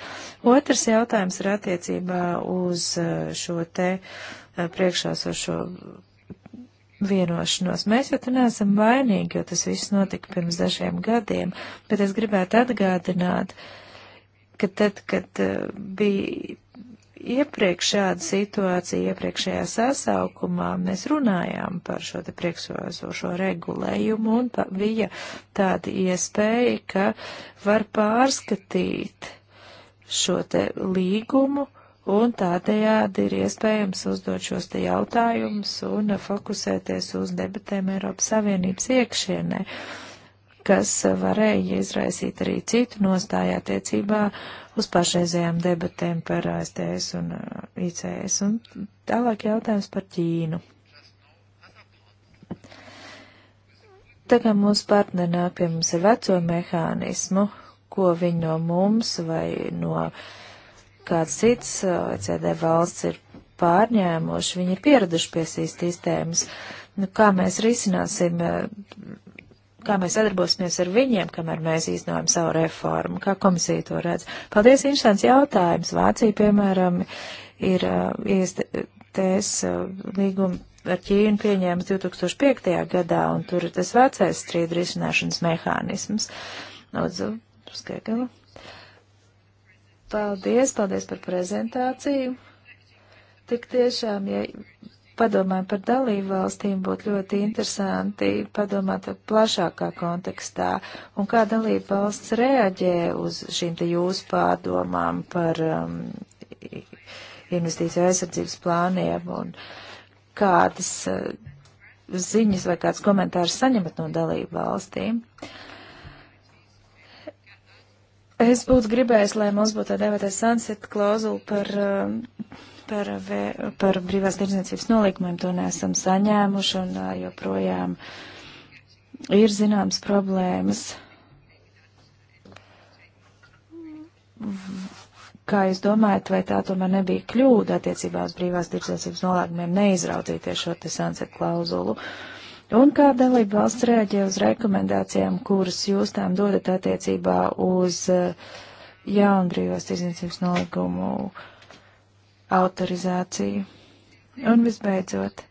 Otrs jautājums ir attiecībā uz uh, šo te uh, priekšā sošo vienošanos. Mēs jau te neesam vainīgi, jo tas viss notika pirms dažiem gadiem, bet es gribētu atgādināt, ka tad, kad eh, bija iepriekš šāda situācija, iepriekšējā sasaukumā, mēs runājām par šo te priekšsojošo regulējumu un bija tāda iespēja, ka var pārskatīt šo te līgumu un tādējādi ir iespējams uzdot šos te jautājumus un fokusēties uz debatēm Eiropas Savienības iekšienē, kas varēja izraisīt arī citu nostāju attiecībā uz pašreizējām debatēm par ASTS un uh, ICS. Un tālāk jautājums par Ķīnu. Tā kā mūsu partneri nāk pie mums ar veco mehānismu, ko viņi no mums vai no uh, kāds cits OECD valsts ir pārņēmuši, viņi ir pieraduši pie šīs sistēmas. Nu, kā mēs risināsim, kā mēs sadarbosimies ar viņiem, kamēr mēs īstenojam savu reformu, kā komisija to redz. Paldies, interesants jautājums. Vācija, piemēram, ir iestēs līgumu ar Ķīnu pieņēma 2005. gadā, un tur ir tas vecais strīdu risināšanas mehānisms. Lūdzu, skaidri. Paldies, paldies par prezentāciju. Tik tiešām, ja padomājam par dalību valstīm, būtu ļoti interesanti padomāt plašākā kontekstā un kā dalību valsts reaģē uz šīm te jūsu pārdomām par um, investīciju aizsardzības plāniem un kādas uh, ziņas vai kāds komentārs saņemat no dalību valstīm. Uh, Es būtu gribējis, lai mums būtu tāda devētais sunset klauzula par, eh, par, vē, par brīvās tirdzniecības nolīkumiem. To neesam saņēmuši un eh, joprojām ir zināmas problēmas. Kā jūs domājat, vai tā tomēr nebija kļūda attiecībā uz brīvās tirdzniecības nolīkumiem neizraudzīties šo te sunset klauzulu? Uh, Un kā dalība valsts rēģē uz rekomendācijām, kuras jūs tām dodat attiecībā uz eh, jaunu brīvās tirdzniecības nolikumu autorizāciju? Un visbeidzot,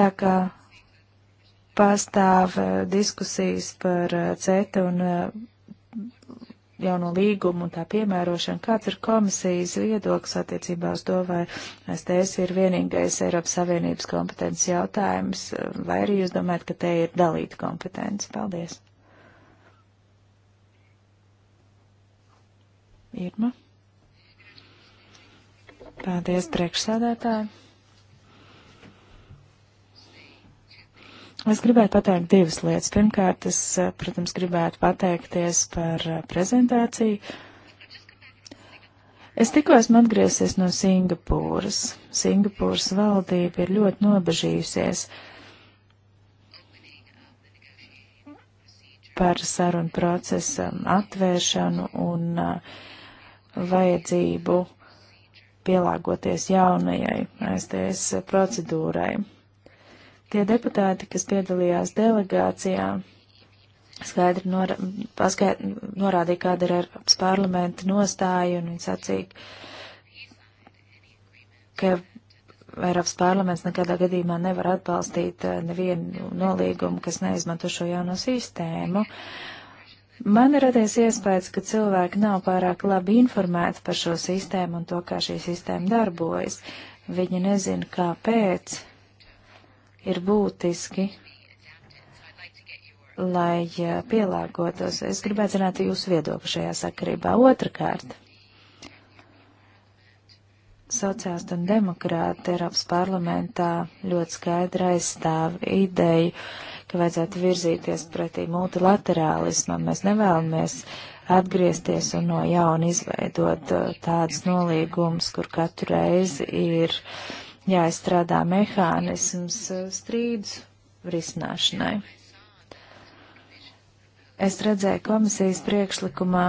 tā kā pastāv eh, diskusijas par eh, CETA un jauno līgumu un tā piemērošanu. Kāds ir komisijas viedoklis attiecībā uz to, vai STS ir vienīgais Eiropas Savienības kompetences jautājums, vai arī jūs domājat, ka te ir dalīta kompetence? Paldies! Irma. Paldies, priekšsādātāji. Es gribētu pateikt divas lietas. Pirmkārt, es, eh, protams, gribētu pateikties par eh, prezentāciju. Es tikko esmu atgriezies no Singapūras. Singapūras valdība ir ļoti nobežījusies par sarunu procesa atvēršanu un eh, vajadzību pielāgoties jaunajai STS procedūrai. Tie deputāti, kas piedalījās delegācijā, skaidri nora, paskaid, norādīja, kāda ir Eiropas parlamenta nostāja, un viņi sacīja, ka Eiropas parlaments nekādā gadījumā nevar atbalstīt eh, nevienu nolīgumu, kas neizmanto šo jauno sistēmu. Man ir radies iespējas, ka cilvēki nav pārāk labi informēti par šo sistēmu un to, kā šī sistēma darbojas. Viņi nezina, kāpēc ir būtiski, lai pielāgotos. Es gribētu zināt jūsu viedokli šajā sakarībā. Otrakārt, sociālisti un demokrāti Eiropas parlamentā ļoti skaidri aizstāv ideju, ka vajadzētu virzīties pretī multilaterālismam. Mēs nevēlamies atgriezties un no jauna izveidot uh, tādus nolīgumus, kur katru reizi ir uh, jāizstrādā mehānisms eh, strīdus risināšanai. Es redzēju komisijas priekšlikumā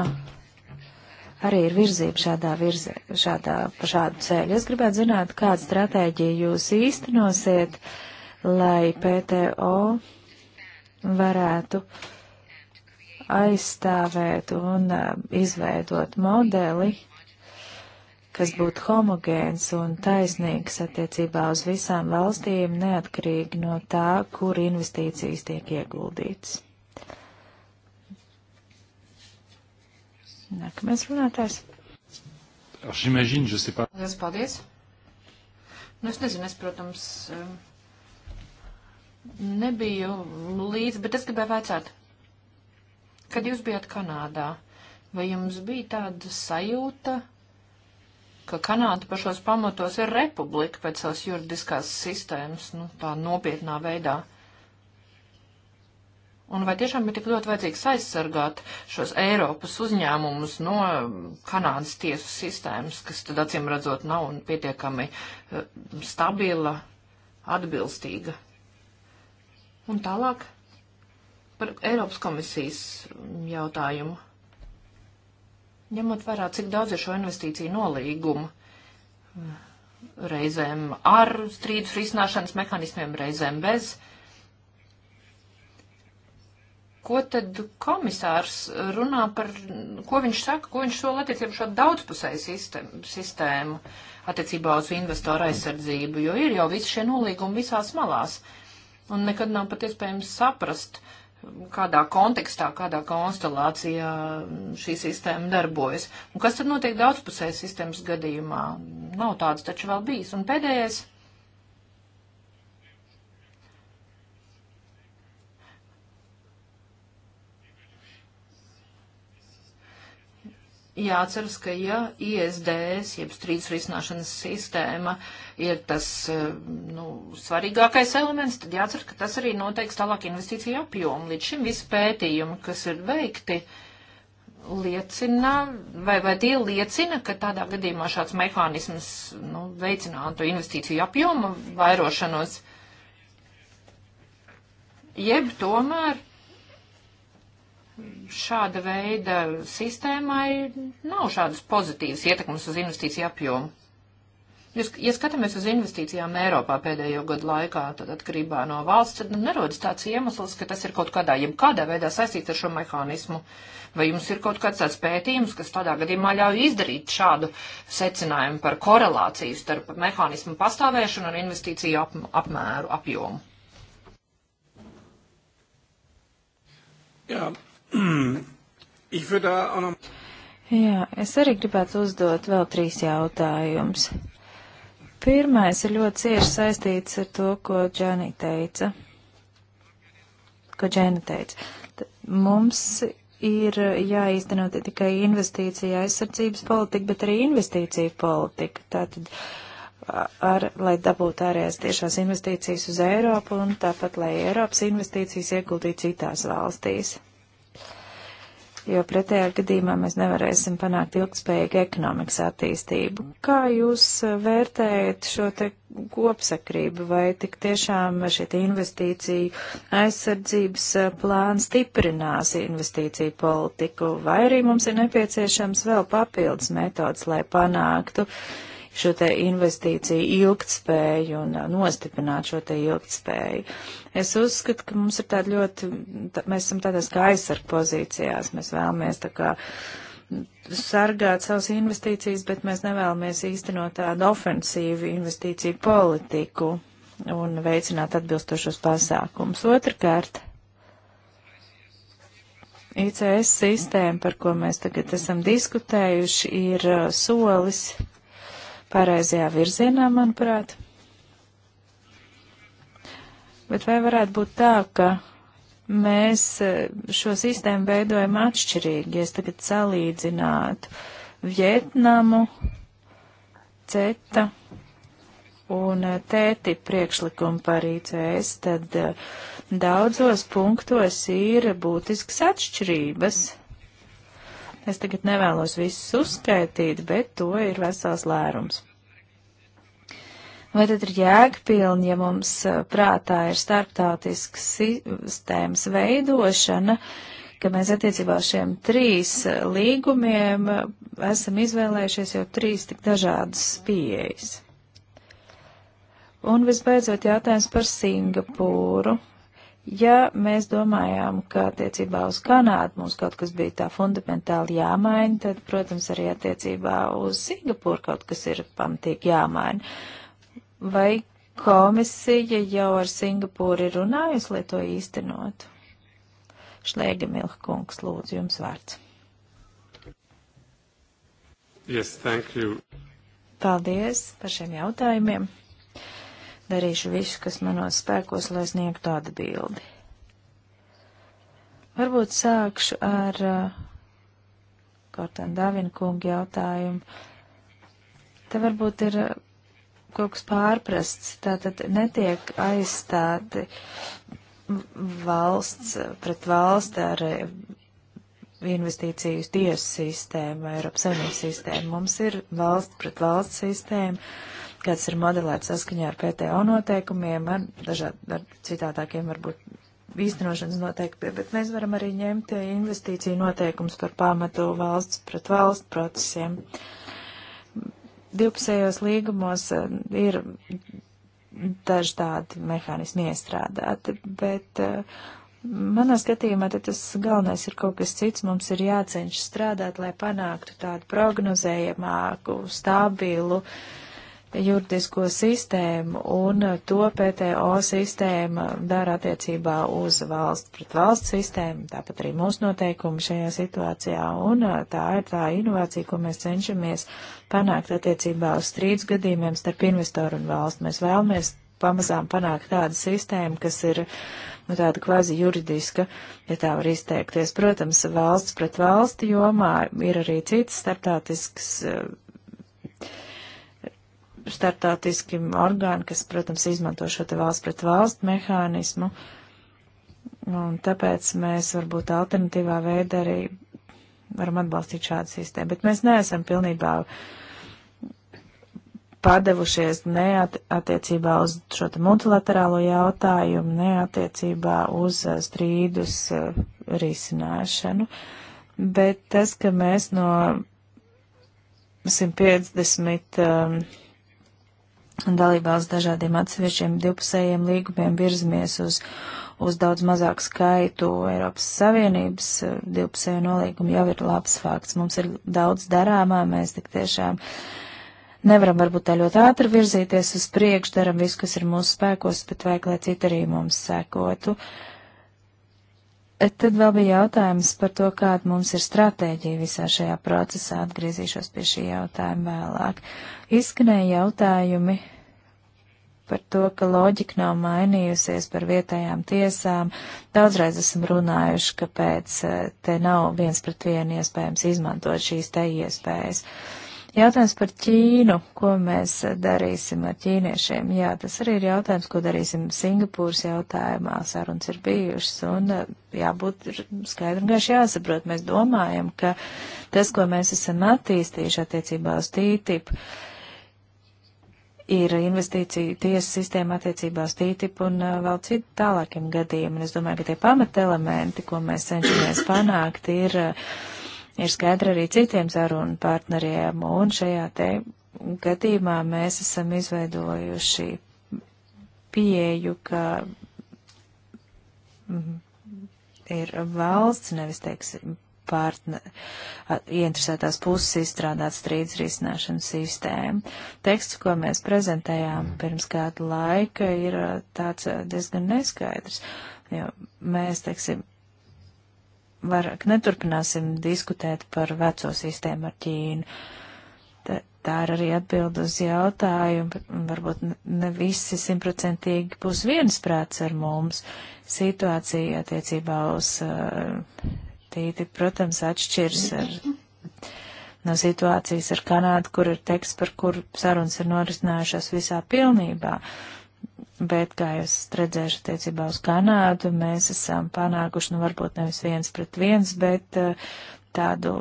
arī ir virzība šādā virzē, šādā, pa šādu ceļu. Es gribētu zināt, kādu stratēģiju jūs īstenosiet, lai PTO varētu aizstāvēt un uh, izveidot modeli, kas būtu homogēns un taisnīgs attiecībā uz visām valstīm, neatkarīgi no tā, kur investīcijas tiek ieguldīts. Nākamais runātājs. Lielas paldies. Nu, es nezinu, es, protams, eh, nebiju līdz, bet es gribēju vaicāt, kad jūs bijat Kanādā, vai jums bija tāda sajūta, ka Kanāda pašos pamatos ir republika pēc savas juridiskās sistēmas, nu, tā nopietnā veidā. Un vai tiešām ir tik ļoti vajadzīgs aizsargāt šos Eiropas uzņēmumus no um, Kanādas tiesu sistēmas, kas tad acīm redzot nav un pietiekami uh, stabila, atbilstīga? Un tālāk par Eiropas komisijas jautājumu. Ņemot vērā, cik daudz ir šo investīciju nolīgumu, reizēm ar strīdus risināšanas mehānismiem, reizēm bez. Ko tad komisārs runā par, ko viņš saka, ko viņš sola attiecībā šo daudzpusēju sistēmu, sistēmu attiecībā uz investoru aizsardzību, jo ir jau visi šie nolīgumi visās malās, un nekad nav pat iespējams saprast, uh, kādā kontekstā, kādā konstelācijā šī sistēma darbojas. Un kas tad notiek daudzpusējas sistēmas gadījumā? Nav tāds taču vēl bijis. Un pēdējais jāatceras, ka ja ISDS, jeb strīdus risināšanas sistēma, ir tas eh, nu, svarīgākais elements, tad jāatceras, ka tas arī noteiks tālāk investīciju apjomu. Līdz šim visi pētījumi, kas ir veikti, liecina, vai, vai tie liecina, ka tādā gadījumā šāds mehānisms nu, veicinātu investīciju apjomu vairošanos. Jeb tomēr šāda veida sistēmai nav šādas pozitīvas ietekmes uz investīciju apjomu. Jūs, ja skatāmies uz investīcijām Eiropā pēdējo gadu laikā, tad atkarībā no valsts, tad nu, nerodas tāds iemesls, ka tas ir kaut kādā, jeb kādā veidā saistīts ar šo mehānismu. Vai jums ir kaut kāds tāds pētījums, kas tādā gadījumā ļauj izdarīt šādu secinājumu par korelāciju starp mehānismu pastāvēšanu un investīciju ap, apmēru, apjomu? Jā, yeah. [clears throat] Jā, es arī gribētu uzdot vēl trīs jautājumus. Pirmais ir ļoti cieši saistīts ar to, ko Džani teica. Ko Džani teica. T mums ir jāīsteno tikai investīcija aizsardzības politika, bet arī investīcija politika. Tātad, ar, lai dabūtu ārējās tiešās investīcijas uz Eiropu un tāpat, lai Eiropas investīcijas ieguldītu citās valstīs jo pretējā gadījumā mēs nevarēsim panākt ilgspējīgu ekonomikas attīstību. Kā jūs eh, vērtējat šo te kopsakrību vai tik tiešām šie investīciju aizsardzības eh, plāni stiprinās investīciju politiku vai arī mums ir nepieciešams vēl papildus metodas, lai panāktu uh, šo te investīciju ilgtspēju un uh, nostiprināt šo te ilgtspēju. Es uzskatu, ka mums ir tāda ļoti, tā, mēs esam tādās kā aizsarg pozīcijās, mēs vēlamies tā kā sargāt savas investīcijas, bet mēs nevēlamies īstenot tādu ofensīvu investīciju politiku un veicināt atbilstošos pasākumus. Otrakārt, ICS sistēma, par ko mēs tagad esam diskutējuši, ir uh, solis pareizajā virzienā, manuprāt. Bet vai varētu būt tā, ka mēs e, šo sistēmu veidojam atšķirīgi, ja es tagad salīdzinātu Vietnamu, CETA un e, tēti e priekšlikumu par ICS, tad daudzos punktos ir būtisks atšķirības. Mm. Es tagad nevēlos visus uzskaitīt, bet to ir vesels lērums. Vai tad ir jēgpilni, ja mums eh, prātā ir starptautisks sistēmas veidošana, ka mēs attiecībā uz šiem trīs eh, līgumiem eh, esam izvēlējušies jau trīs tik dažādas pieejas? Un visbeidzot jautājums par Singapūru. Ja mēs domājām, ka attiecībā uz Kanādu mums kaut kas bija tā fundamentāli jāmaina, tad, protams, arī attiecībā uz Singapūru kaut kas ir pamatīgi jāmaina. Vai komisija jau ar Singapūru ir runājusi, lai to īstenot? Šlēga Milha kungs, lūdzu, jums vārds. Yes, thank you. Paldies par šiem jautājumiem. Darīšu visu, kas manos spēkos, lai sniegtu atbildi. Varbūt sākšu ar uh, Kortana Davina kunga jautājumu. Te varbūt ir uh, kaut kas pārprasts, tātad netiek aizstāti valsts pret valsts ar uh, investīciju tiesu sistēmu, Eiropas Savienības sistēmu. Mums ir valsts pret valsts sistēma, kāds ir modelēts saskaņā ar PTO noteikumiem, ar, dažād, ar citādākiem varbūt īstenošanas noteikumiem, bet mēs varam arī ņemt eh, investīciju noteikums par pamatu valsts pret valsts procesiem. Divpusējos līgumos eh, ir daži tādi mehānismi iestrādāti, bet eh, manā skatījumā tas galvenais ir kaut kas cits. Mums ir jācenšas strādāt, lai panāktu tādu prognozējamāku, stabilu, uh, juridisko sistēmu un to PTO sistēma dara attiecībā uz valsts pret valsts sistēmu, tāpat arī mūsu noteikumi šajā situācijā. Un uh, tā ir tā inovācija, ko mēs cenšamies panākt attiecībā uz strīdus gadījumiem starp investoru un valsts. Mēs vēlamies pamazām panākt tādu sistēmu, kas ir nu, tāda kvazi juridiska, ja tā var izteikties. Protams, valsts pret valsti jomā ir arī citas starptautiskas uh, startautiski orgāni, kas, protams, izmanto šo te valsts pret valstu mehānismu, un tāpēc mēs varbūt alternatīvā veidā arī varam atbalstīt šādu sistēmu, bet mēs neesam pilnībā padevušies ne attiecībā uz šo te multilaterālo jautājumu, ne attiecībā uz uh, strīdus uh, risināšanu, bet tas, ka mēs no 150 dalībās dažādiem atsevišķiem divpusējiem līgumiem virzamies uz, uz daudz mazāku skaitu Eiropas Savienības eh, divpusēju nolīgumu jau ir labs fakts. Mums ir daudz darāmā, mēs tik tiešām nevaram varbūt tā ļoti ātri virzīties uz priekšu, daram visu, kas ir mūsu spēkos, bet vajag, lai citi arī mums sekotu. Uh, Tad vēl bija jautājums par to, kāda mums ir stratēģija visā šajā procesā. Atgriezīšos pie šī jautājuma vēlāk. Izskanēja jautājumi par to, ka loģika nav mainījusies par vietējām tiesām. Daudzreiz esam runājuši, kāpēc eh, te nav viens pret vienu iespējams izmantot šīs te iespējas. Uh, Jautājums par Ķīnu, ko mēs darīsim ar ķīniešiem. Jā, tas arī ir jautājums, ko darīsim Singapūras jautājumā. Sarunas ir bijušas un eh, jābūt skaidri un gaiši jāsaprot. Mēs domājam, ka tas, ko mēs esam attīstījuši attiecībā uz TTIP, ir investīcija tiesas sistēma attiecībā uz TTIP un eh, vēl citu tālākiem gadījumiem. Es domāju, ka tie pamatelementi, ko mēs cenšamies panākt, ir uh, ir skaidra arī citiem sarunu partneriem, un šajā te gadījumā mēs esam izveidojuši pieju, ka mhm, ir valsts, nevis, teiksim, partner, ieinteresētās puses izstrādāt strīdus risināšanas sistēmu. Teksts, ko mēs prezentējām pirms kādu laika, ir tāds diezgan neskaidrs, jo mēs, teiksim, vairāk neturpināsim diskutēt par veco sistēmu ar Ķīnu. Tā, tā ir arī atbilda uz jautājumu, varbūt ne visi simtprocentīgi būs viensprāts ar mums. Situācija attiecībā uz uh, tīti, protams, atšķirs ar, no situācijas ar Kanādu, kur ir teksts, par kuru sarunas ir norisinājušās visā pilnībā. Uh, bet, kā jūs redzēšu, attiecībā uz Kanādu, mēs esam panākuši, nu, varbūt nevis viens pret viens, bet eh, tādu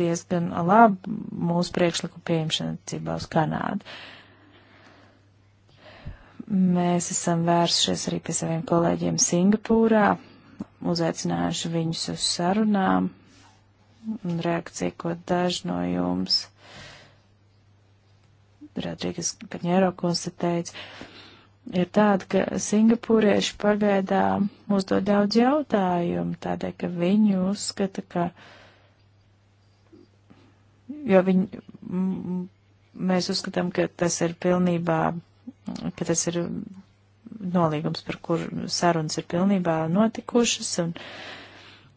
diezgan labu mūsu priekšliku pieņemšanu attiecībā uz Kanādu. Mēs esam vērsušies arī pie saviem kolēģiem Singapūrā, uzaicinājuši viņus uz sarunām, un reakcija, ko daži no jums, Rodrīgas Paņēro konstatēja, ir tāda, ka singapūrieši pagaidām uzdod daudz jautājumu, tādēļ, ka viņi uzskata, ka, jo viņi, mēs uzskatām, ka tas ir pilnībā, ka tas ir nolīgums, par kur sarunas ir pilnībā notikušas, un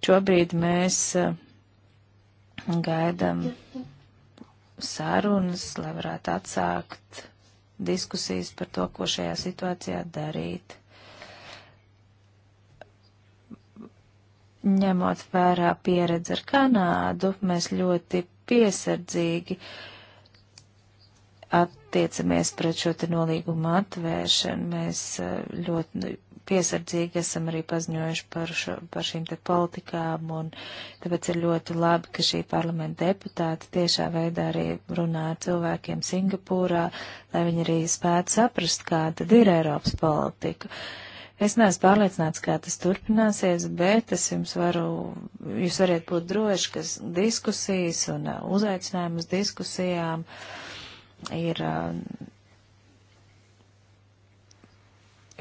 šobrīd mēs gaidām sarunas, lai varētu atsākt diskusijas par to, ko šajā situācijā darīt. Ņemot vērā pieredzi ar Kanādu, mēs ļoti piesardzīgi attiecamies pret šo te nolīgumu atvēršanu. Mēs eh, ļoti piesardzīgi esam arī paziņojuši par, šo, par šīm te politikām, un tāpēc ir ļoti labi, ka šī parlamenta deputāta tiešā veidā arī runā ar cilvēkiem Singapūrā, lai viņi arī spētu saprast, kāda ir Eiropas politika. Es neesmu pārliecināts, kā tas turpināsies, bet es jums varu, jūs varat būt droši, ka diskusijas un uh, uzaicinājums diskusijām ir uh,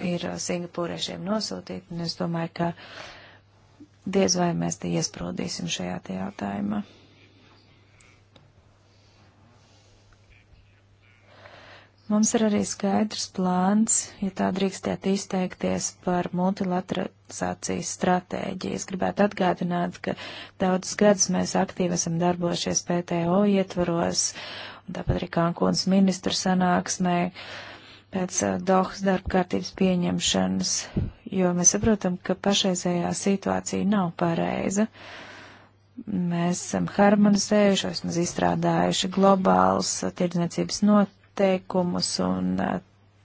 ir singapūriešiem nosūtīti, un es domāju, ka diez vai mēs te iesprūdīsim šajā te jautājumā. Mums ir arī skaidrs plāns, ja tā drīkstēt izteikties par multilateralizācijas stratēģiju. Es gribētu atgādināt, ka daudzus gadus mēs aktīvi esam darbojušies PTO ietvaros, un tāpat arī Kankūnas ministru sanāksmē. Uh, pēc Dohas darba kārtības pieņemšanas, jo mēs saprotam, ka pašreizējā situācija nav pareiza. Mēs esam harmonizējuši, vismaz izstrādājuši globālus tirdzniecības noteikumus un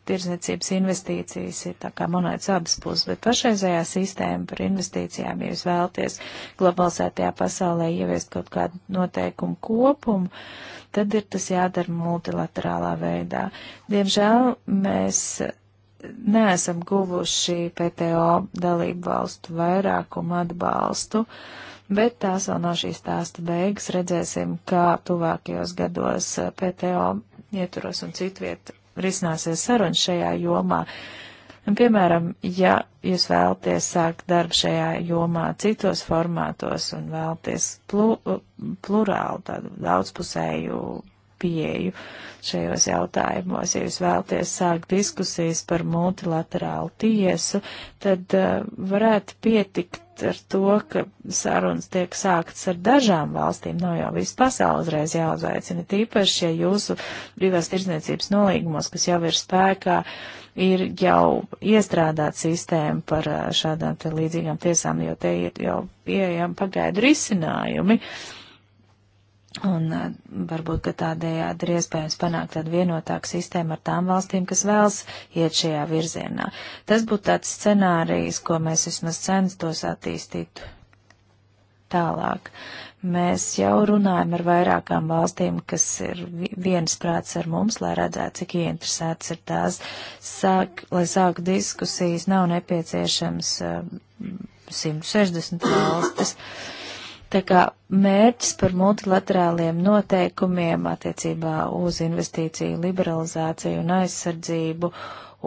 tirdzniecības investīcijas ir tā kā monētas abas puses, bet pašreizējā sistēma par investīcijām, ja jūs vēlaties globalizētajā pasaulē ieviest kaut kādu noteikumu kopumu, uh, tad ir tas jādara multilaterālā veidā. Diemžēl mēs neesam guvuši PTO dalību valstu vairākumu atbalstu, bet tās vēl nav no šīs stāsta beigas. Redzēsim, kā tuvākajos gados PTO ietvaros un citviet risināsies sarunas šajā jomā. Uh, Un, piemēram, ja jūs vēlaties sākt darbu šajā jomā citos formātos un vēlaties plu, plurālu, tādu daudzpusēju pieeju šajos jautājumos, ja jūs vēlaties sākt diskusijas par multilaterālu tiesu, tad uh, varētu pietikt ar to, ka sarunas tiek sāktas ar dažām valstīm, nav jau visu pasauli uzreiz jāuzveicina, tīpaši, ja jūsu brīvās tirdzniecības nolīgumos, kas jau ir spēkā, uh, ir jau iestrādāta sistēma par šādām te līdzīgām tiesām, jo te ir jau pieejami pagaidu risinājumi. Un varbūt, ka tādējādi ir iespējams panākt tādu vienotāku sistēmu ar tām valstīm, kas vēlas iet šajā virzienā. Tas būtu tāds scenārijs, ko mēs vismaz censtos attīstīt tālāk. Mēs jau runājam ar vairākām valstīm, kas ir viensprāts ar mums, lai redzētu, cik ieinteresēts ir tās. Sāk, lai sāku diskusijas, nav nepieciešams uh, 160 valstis. Tā kā mērķis par multilaterāliem noteikumiem attiecībā uz investīciju liberalizāciju un aizsardzību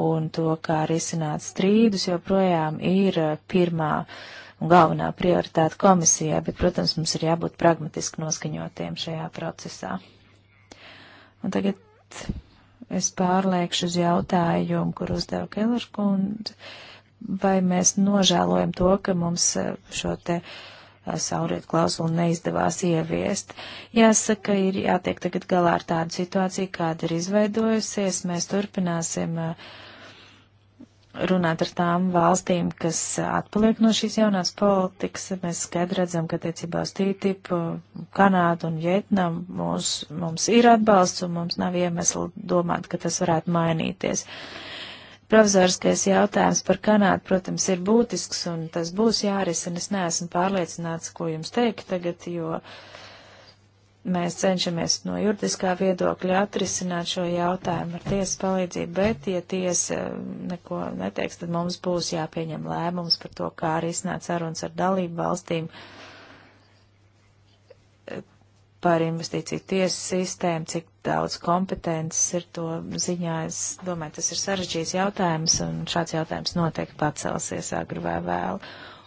un to, kā risināt strīdus, joprojām ir pirmā. Uh, un galvenā prioritāte komisijai, bet, protams, mums ir jābūt pragmatiski noskaņotiem šajā procesā. Un tagad es pārliekšu uz jautājumu, kur uzdeva Kellerkund, vai mēs nožēlojam to, ka mums eh, šo te eh, sauriet klausulu neizdevās ieviest. Jāsaka, ir jātiek tagad galā ar tādu situāciju, kāda ir izveidojusies. Mēs turpināsim uh, runāt ar tām valstīm, kas atpaliek no šīs jaunās politikas. Mēs skaidri redzam, ka attiecībā uz TTIP, Kanādu un Vietnam mums, mums ir atbalsts un mums nav iemesli domāt, ka tas varētu mainīties. Provizoriskais jautājums par Kanādu, protams, ir būtisks un tas būs jārisina. Es neesmu pārliecināts, ko jums teikt tagad, jo. Uh, mēs cenšamies no juridiskā viedokļa atrisināt šo jautājumu ar tiesas palīdzību, bet, ja tiesa eh, neko neteiks, tad mums būs jāpieņem lēmums par to, kā arī iznāca sarunas ar dalību valstīm eh, par investīciju tiesas sistēmu, cik daudz kompetences ir to ziņā. Es domāju, tas ir sarežģīts jautājums, un šāds jautājums noteikti pacelsies agri vai vēl.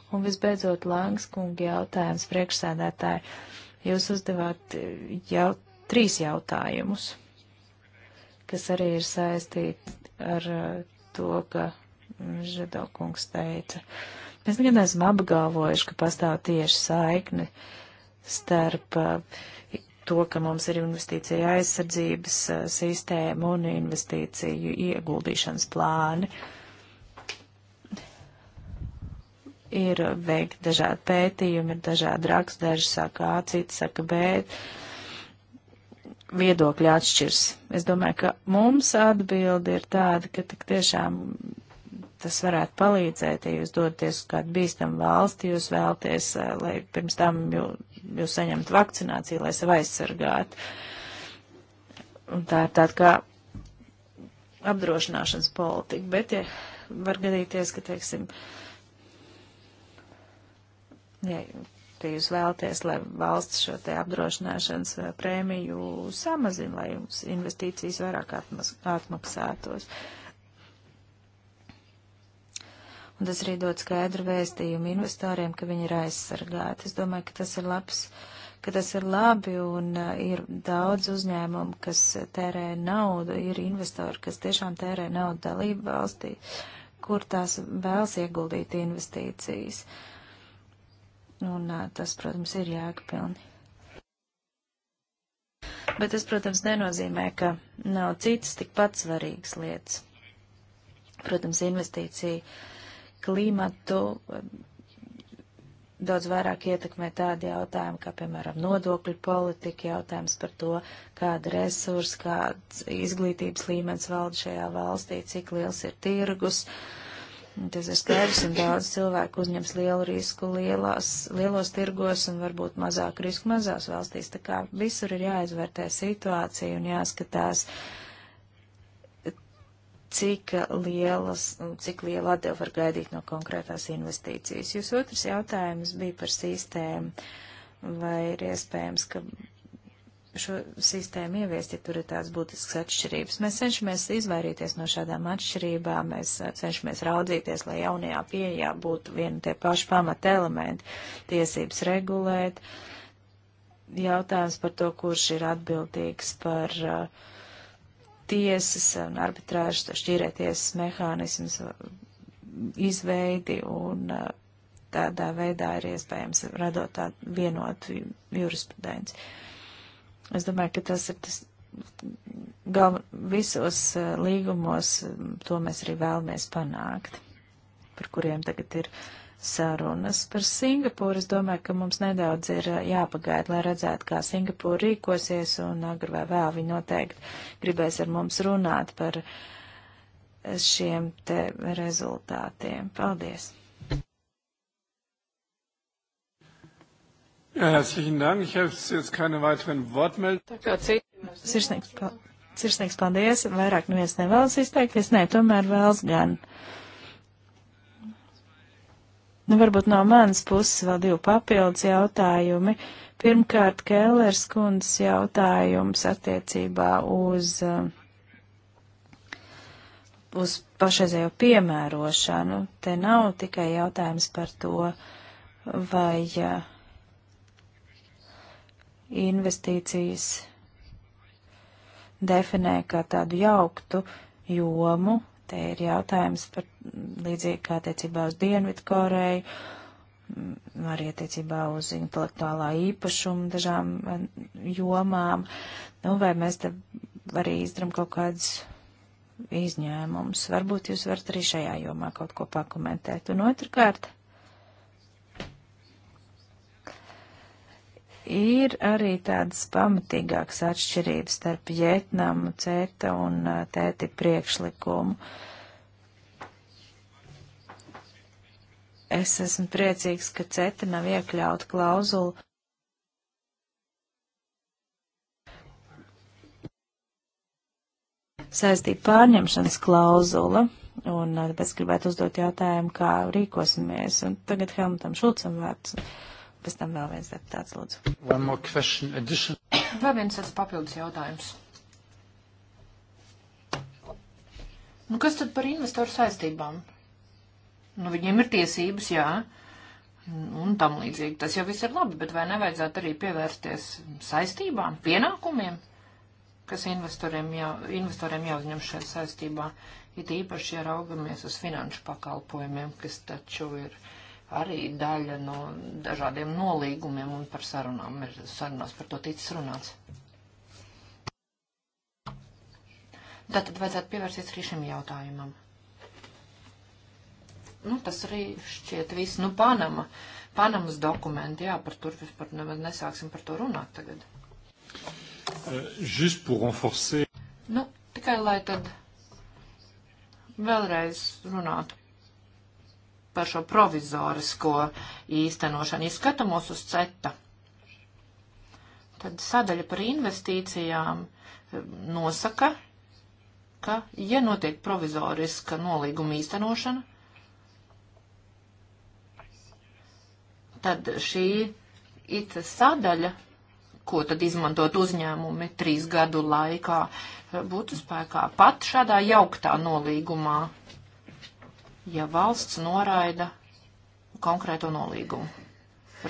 Un visbeidzot, Langskunga jautājums priekšsēdētāji Jūs uzdevāt e, jau trīs jautājumus, kas arī ir saistīti ar e, to, ka mm, Židokungs teica. Mēs nekad neesam apgalvojuši, ka pastāv tieši saikne starp e, to, ka mums ir investīcija aizsardzības sistēma un investīciju ieguldīšanas plāni. Uh, ir veikti dažādi pētījumi, ir dažādi raksts, daži saka A, citi saka B. Viedokļi atšķirs. Es domāju, ka mums atbildi ir tāda, ka tik tiešām tas varētu palīdzēt, ja jūs dodaties uz kādu bīstamu valsti, jūs vēlties, eh, lai pirms tam jūs, jūs saņemtu vakcināciju, lai sev aizsargātu. Un tā ir tāda kā apdrošināšanas politika, bet ja var gadīties, ka, teiksim, uh, Ja jūs vēlaties, lai valsts šo te apdrošināšanas eh, prēmiju samazina, lai jums investīcijas vairāk atmas, atmaksātos. Un tas arī dod skaidru vēstījumu investoriem, ka viņi ir aizsargāti. Es domāju, ka tas ir labs, ka tas ir labi un eh, ir daudz uzņēmumu, kas tērē naudu, ir investori, kas tiešām tērē naudu dalību valstī, kur tās vēlas ieguldīt investīcijas. Uh, Un tas, protams, ir jēgpilni. Bet tas, protams, nenozīmē, ka nav citas tikpat svarīgas lietas. Protams, investīcija klimatu daudz vairāk ietekmē tādi jautājumi, kā, piemēram, nodokļu politika, jautājums par to, kāda resursa, kāds izglītības līmenis valda šajā valstī, cik liels ir tirgus. Uh, Nu, tas ir skaidrs, un daudz cilvēku uzņems lielu risku lielās, lielos tirgos un varbūt mazāku risku mazās valstīs. Tā kā visur ir jāizvērtē situācija un jāskatās, cik, lielas, cik liela atdeva var gaidīt no konkrētās investīcijas. Jūs otrs jautājums bija par sistēmu. Vai ir iespējams, ka šo sistēmu ieviest, ja tur ir tās būtiskas atšķirības. Mēs cenšamies izvairīties no šādām atšķirībām, mēs cenšamies raudzīties, lai jaunajā pieejā būtu viena tie paši pamata elementi - tiesības regulēt, jautājums par to, kurš ir atbildīgs par uh, tiesas un arbitrāžas, šķīrēties mehānismus uh, izveidi un uh, tādā veidā ir iespējams radot tādu vienotu jurisprudenci. Uh, Es domāju, ka tas ir tas galv, visos eh, līgumos, mm, to mēs arī vēlamies panākt, par kuriem tagad ir sarunas par Singapūru. Es domāju, ka mums nedaudz ir eh, jāpagaida, lai redzētu, kā Singapūra rīkosies, un agri vai vēl viņi noteikti gribēs ar mums runāt par eh, šiem te rezultātiem. Paldies! Ja, herzlichen Dank. Ich habe jetzt keine weiteren Wortmeldungen. Sirsnīgs, pa, sirsnīgs paldies. Vairāk neviens nevēlas izteikties. Nē, tomēr vēlas gan. Nu, varbūt no manas puses vēl divi papildus jautājumi. Pirmkārt, Kēlers kundzes jautājums attiecībā uz, eh, uz pašreizējo piemērošanu. Te nav tikai jautājums par to, vai uh, investīcijas definē kā tādu jauktu jomu. Te ir jautājums par līdzīgi kā attiecībā uz Dienvidu Koreju, mm, arī attiecībā uz intelektuālā īpašuma dažām eh, jomām. Nu, vai mēs te arī izdaram kaut kādus izņēmumus? Varbūt jūs varat arī šajā jomā kaut ko pakomentēt. Un otrkārt, ir arī tādas pamatīgākas atšķirības starp Vietnamu, CETA un uh, tēti priekšlikumu. Es esmu priecīgs, ka CETA nav iekļauta klauzulu. Saistība pārņemšanas klauzula, un uh, tāpēc gribētu uzdot jautājumu, kā rīkosimies, un tagad Helmutam Šulcam vārds. Uh, pēc tam vēl viens deputāts, lūdzu. One more question addition. [coughs] Vēl viens tāds papildus jautājums. Nu, kas tad par investoru saistībām? Nu, viņiem ir tiesības, jā, un tam līdzīgi. Tas jau viss ir labi, bet vai nevajadzētu arī pievērsties saistībām, pienākumiem, kas investoriem, jā, investoriem jāuzņem šajā saistībā? It īpaši, ja raugamies uz finanšu pakalpojumiem, kas taču ir. Uh, arī daļa no dažādiem nolīgumiem un par sarunām ir sarunās par to ticis runāts. Tātad vajadzētu pievērsties arī šim jautājumam. Nu, tas arī šķiet viss. Nu, Panama. Panamas dokumenti, jā, par tur vispār nemaz nesāksim par to runāt tagad. Euh, Just pour renforcer. Nu, tikai lai tad vēlreiz runātu par šo provizorisko īstenošanu. Ja skatāmies uz CETA, tad sadaļa par investīcijām eh, nosaka, ka, ja notiek provizoriska nolīguma īstenošana, tad šī it sadaļa, ko tad izmantot uzņēmumi trīs gadu laikā, eh, būtu spēkā pat šādā jauktā nolīgumā ja valsts noraida konkrēto nolīgumu.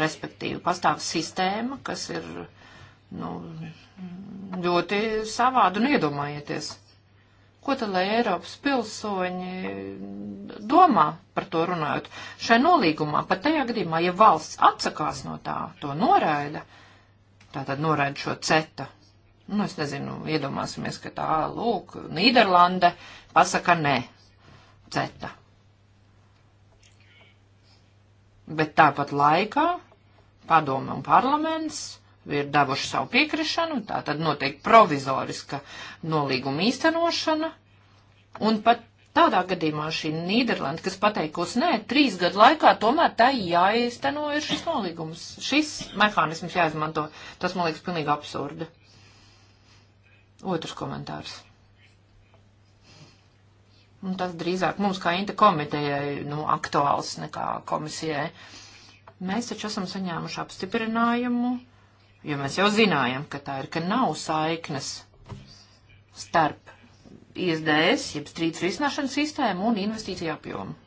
Respektīvi, pastāv sistēma, kas ir nu, ļoti savāda un iedomājieties. Ko tad, lai Eiropas pilsoņi domā par to runājot? Šai nolīgumā, pat tajā gadījumā, ja valsts atsakās no tā, to noraida, tā tad noraida šo ceta. Nu, es nezinu, iedomāsimies, ka tā, lūk, Nīderlande pasaka nē, ceta bet tāpat laikā padome un parlaments ir devuši savu piekrišanu, tā tad notiek provizoriska nolīguma īstenošana, un pat tādā gadījumā šī Nīderlanda, kas pateikusi nē, trīs gadu laikā tomēr tai jāizteno ir šis nolīgums, šis mehānisms jāizmanto, tas man liekas pilnīgi absurdi. Otrs komentārs. Un tas drīzāk mums kā Inta komitejai nu, aktuāls nekā komisijai. Mēs taču esam saņēmuši apstiprinājumu, jo mēs jau zinājām, ka tā ir, ka nav saiknes starp ISDS, jeb strīdus risināšanas sistēmu un investīciju apjomu.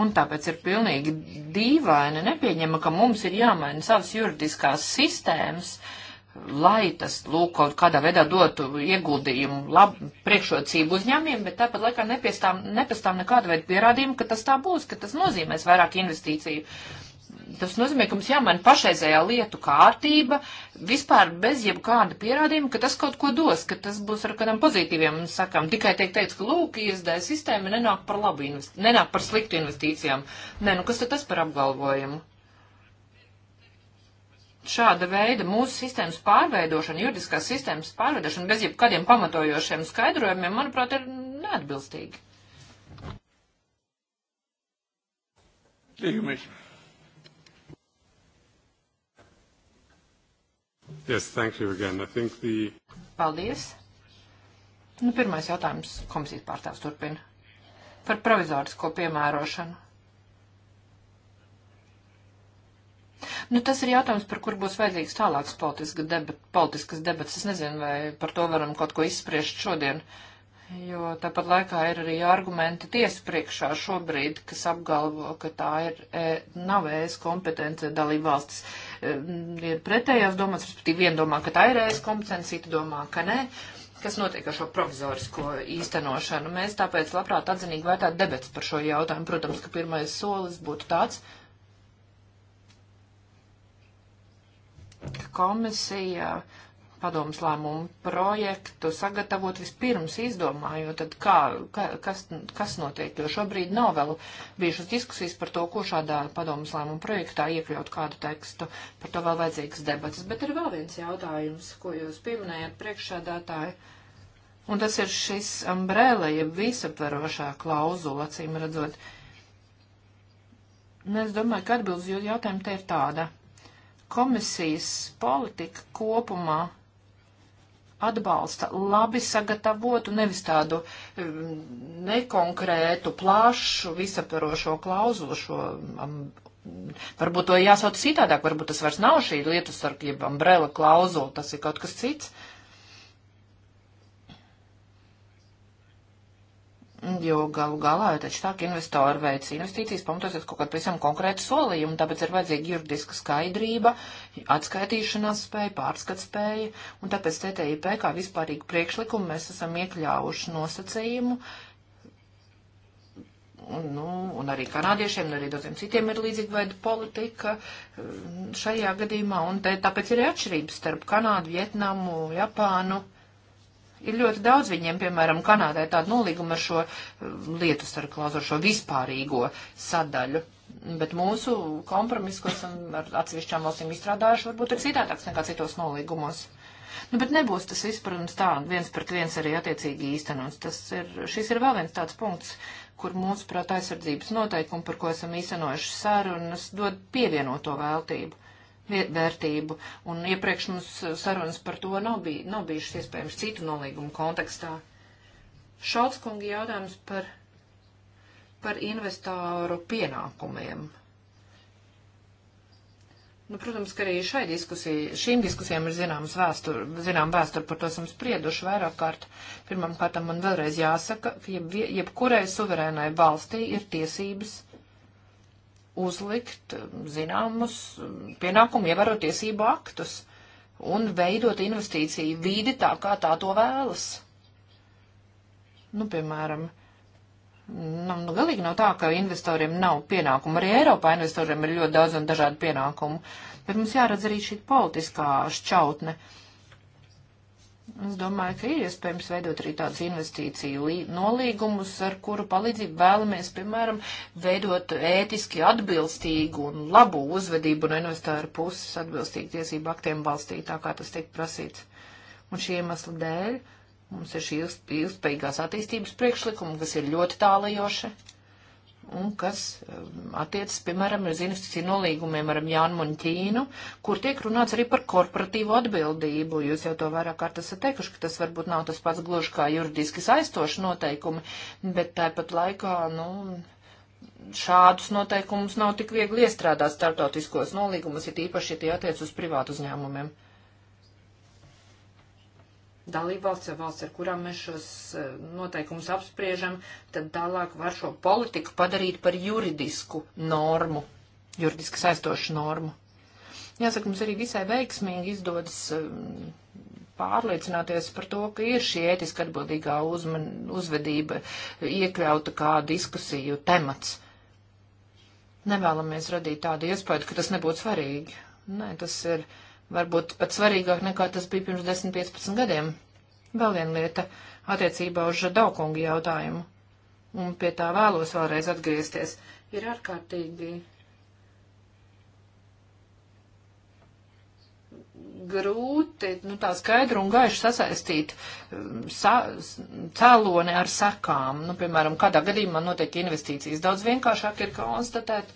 Un tāpēc ir pilnīgi dīvaini, nepieņemama, ka mums ir jāmaina savas juridiskās sistēmas, uh, lai tas lūk kaut kādā veidā dotu ieguldījumu lab, priekšrocību uzņēmiem, bet tāpat laikā nepastāv, nepastāv nekāda veida pierādījuma, ka tas tā būs, ka tas nozīmēs vairāk investīciju. Tas nozīmē, ka mums jāmaina pašreizējā lietu kārtība vispār bez jebkāda pierādījuma, ka tas kaut ko dos, ka tas būs ar kādām pozitīviem sakām. Tikai tiek teikts, ka lūk, iesdēja sistēma nenāk par, labu, nenāk par sliktu investīcijām. Nē, nu kas tad tas par apgalvojumu? šāda veida mūsu sistēmas pārveidošana, juridiskās sistēmas pārveidošana bez jebkādiem pamatojošiem skaidrojumiem, manuprāt, ir neatbilstīgi. Liege mich. Yes, thank you again. I think the... Paldies. Nu, pirmais jautājums komisijas pārstāvs turpina. Par provizorisko piemērošanu. Nu, tas ir jautājums, par kur būs vajadzīgs tālāks politiskas, debat, politiskas debats. Es nezinu, vai par to varam kaut ko izspriest šodien, jo tāpat laikā ir arī argumenti tiesa priekšā šobrīd, kas apgalvo, ka tā ir, e, nav ēs e kompetence dalība valstis. E, ir pretējās domās, respektīvi viena domā, ka tā ir ēs e kompetence, cita domā, ka nē kas notiek ar šo provizorisko īstenošanu. Mēs tāpēc labprāt atzinīgi vērtētu debats par šo jautājumu. Protams, ka pirmais solis būtu tāds, uh, komisija padomas lēmumu projektu sagatavot vispirms izdomājot, tad kā, ka, kas, kas notiek, jo šobrīd nav vēl bijušas diskusijas par to, ko šādā padomas lēmumu projektā iekļaut kādu tekstu, par to vēl vajadzīgas debatas. Bet ir vēl viens jautājums, ko jūs pieminējat priekšsēdētāji. Un tas ir šis ambrēle, jeb visaptverošā klauzula, acīm redzot. Nu, es domāju, ka atbildes jautājumu te ir tāda Komisijas politika kopumā atbalsta labi sagatavotu, nevis tādu mm, nekonkrētu, plašu, visaptvarošo klauzulu, šo, um, varbūt to jāsauc citādāk, varbūt tas vairs nav šī lietu sarkība, umbrella klauzula, tas ir kaut kas cits. jo galu galā jau taču tā, ka investori veic investīcijas pamatosies kaut kādu pavisam konkrētu solījumu, tāpēc ir vajadzīga juridiska skaidrība, atskaitīšanās spēja, pārskat spēja, un tāpēc TTIP kā vispārīgu priekšlikumu mēs esam iekļāvuši nosacījumu, un, nu, un arī kanādiešiem, un arī daudziem citiem ir līdzīga veida politika uh, šajā gadījumā, un te, tāpēc ir atšķirības starp Kanādu, Vietnamu, Japānu. Uh, Ir ļoti daudz viņiem, piemēram, Kanādai tādu nolīgumu ar šo eh, lietu sarklāzu, ar šo vispārīgo sadaļu. Bet mūsu kompromisu, ko esam ar atsevišķām valstīm izstrādājuši, varbūt ir citādāks nekā citos nolīgumos. Nu, bet nebūs tas izpratums tā, viens pret viens arī attiecīgi īstenots. Tas ir, šis ir vēl viens tāds punkts, kur mūsu prāt aizsardzības noteikumi, par ko esam īstenojuši sarunas, dod pievienoto vēltību vērtību. Un iepriekš mums sarunas par to nav, bij, nav bijušas iespējams citu nolīgumu kontekstā. Šaltskungi jautājums par, par investoru pienākumiem. Nu, protams, ka arī šai diskusijai, šīm diskusijām ir zināms vēstur, zinām vēstur, par to esam sprieduši vairāk kārt. Pirmam kārtam man vēlreiz jāsaka, jeb, jebkurai suverēnai valstī ir tiesības uzlikt um, zināmus um, pienākumu ievērot tiesību aktus un veidot investīciju vīdi tā, kā tā to vēlas. Nu, piemēram, nu, nu, galīgi nav tā, ka investoriem nav pienākumu. Arī Eiropā investoriem ir ļoti daudz un dažādu pienākumu. Bet mums jāredz arī šī politiskā šķautne. Uh, Es domāju, ka ir iespējams veidot arī tādus investīciju nolīgumus, ar kuru palīdzību vēlamies, piemēram, veidot ētiski atbilstīgu un labu uzvedību no investāru puses atbilstīgu tiesību aktiem balstīt, tā kā tas tiek prasīts. Un šī iemesla dēļ mums ir šī ilgspējīgās attīstības priekšlikuma, kas ir ļoti tālajoša un kas um, attiecas, piemēram, uz investīciju nolīgumiem ar Mjānmu un Ķīnu, kur tiek runāts arī par korporatīvu atbildību. Jūs jau to vairāk kārt esat teikuši, ka tas varbūt nav tas pats gluži kā juridiski saistoši noteikumi, bet tāpat laikā, nu, šādus noteikumus nav tik viegli iestrādāt starptautiskos nolīgumus, it īpaši, ja tie attiec uz privātu uzņēmumiem dalībvalsts vai valsts, ar kurām mēs šos eh, noteikumus apspriežam, tad tālāk var šo politiku padarīt par juridisku normu, juridiski saistošu normu. Jāsaka, mums arī visai veiksmīgi izdodas eh, pārliecināties par to, ka ir šī ētiski atbildīgā uzman, uzvedība iekļauta kā diskusiju temats. Nevēlamies radīt tādu iespēju, ka tas nebūtu svarīgi. Nē, tas ir. Uh, varbūt pat svarīgāk nekā tas bija pirms 10-15 gadiem. Vēl viena lieta attiecībā uz Žadaukungu jautājumu, un pie tā vēlos vēlreiz atgriezties, ir ārkārtīgi grūti, nu tā skaidri un gaiši sasaistīt um, sa, cēloni ar sekām. Nu, piemēram, kādā gadījumā notiek investīcijas. Daudz vienkāršāk ir konstatēt,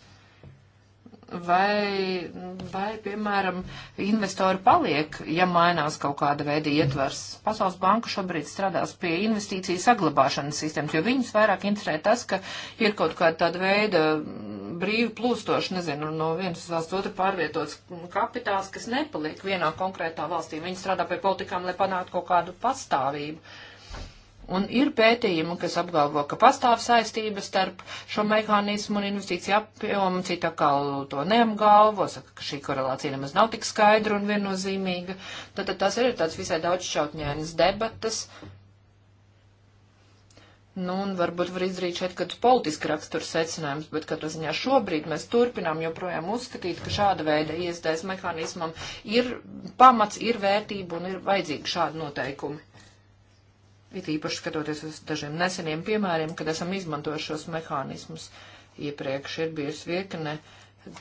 vai, vai, piemēram, investori paliek, ja mainās kaut kāda veida ietvers. Pasaules banka šobrīd strādās pie investīciju saglabāšanas sistēmas, jo viņus vairāk interesē tas, ka ir kaut kāda tāda veida brīvi plūstoši, nezinu, no vienas valsts otru pārvietots kapitāls, kas nepaliek vienā konkrētā valstī. Viņi strādā pie politikām, lai panāktu kaut kādu pastāvību. Un ir pētījumi, kas apgalvo, ka pastāv saistība starp šo mehānismu un investīciju apjomu, cita atkal to neapgalvo, saka, ka šī korelācija nemaz nav tik skaidra un viennozīmīga. Tad, tad tās ir tāds visai daudzšķautņēnas debatas. Nu, un varbūt var izdarīt šeit kādus politiski raksturu secinājumus, bet katrā ziņā šobrīd mēs turpinām joprojām uzskatīt, ka šāda veida iestājas mehānismam ir pamats, ir vērtība un ir vajadzīgi šādi noteikumi. It īpaši skatoties uz dažiem neseniem piemēriem, kad esam izmantojuši šos mehānismus. Iepriekš ir bijusi virkne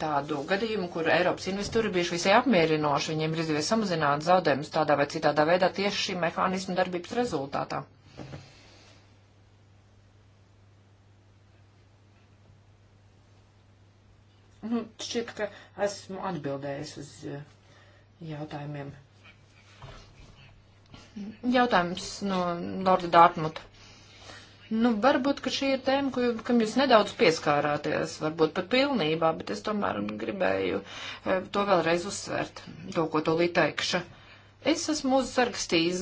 tādu gadījumu, kur Eiropas investori bijuši visai apmierinoši, viņiem ir izdevies samazināt zaudējumus tādā vai citādā veidā tieši šī mehānisma darbības rezultātā. Nu, šķiet, ka esmu atbildējis uz eh, jautājumiem. Jautājums no Lorda Dārtmuta. Nu, varbūt, ka šī ir tēma, ko, kam jūs nedaudz pieskārāties, varbūt pat pilnībā, bet es tomēr gribēju eh, to vēlreiz uzsvērt, to, ko to līteikšu. Es esmu uzrakstījis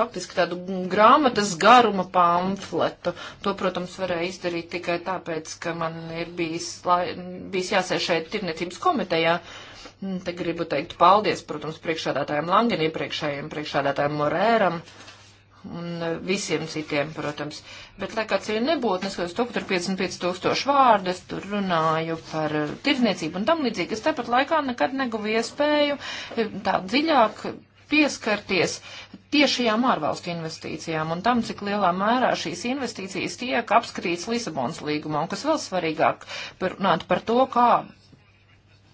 faktiski tādu grāmatas garuma pamfletu. To, protams, varēju izdarīt tikai tāpēc, ka man ir bijis, lai, bijis jāsēž šeit tirniecības komitejā. Uh, Mm, te gribu teikt paldies, protams, priekšādātājiem Langen, iepriekšējiem priekšādātājiem Morēram un e, visiem citiem, protams. Bet, lai kāds ir nebūtu, neskatoties to, ka tur 55 tūkstoši vārdu, es tur runāju par e, tirdzniecību un tam līdzīgi, es tepat laikā nekad neguvu iespēju e, tā dziļāk pieskarties tiešajām ārvalstu investīcijām un tam, cik lielā mērā šīs investīcijas tiek apskatīts Lisabonas līgumā, un kas vēl svarīgāk, runāt par to, kā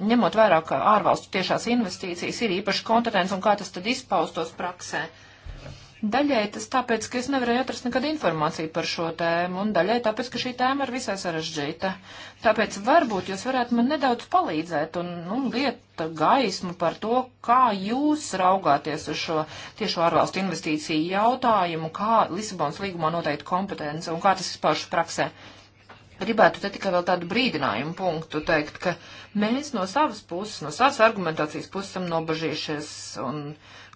ņemot vairāk, ka ārvalstu tiešās investīcijas ir īpaši kontinents un kā tas tad izpaustos praksē. Daļai tas tāpēc, ka es nevarēju atrast nekad informāciju par šo tēmu, un daļai tāpēc, ka šī tēma ir visai sarežģīta. Tāpēc varbūt jūs varētu man nedaudz palīdzēt un nu, lieta gaismu par to, kā jūs raugāties uz šo tiešo ārvalstu investīciju jautājumu, kā Lisabonas līgumā noteikti kompetence un kā tas izpaužas praksē. Uh, Gribētu te tikai vēl tādu brīdinājumu punktu teikt, ka mēs no savas puses, no savas argumentācijas puses esam nobažījušies un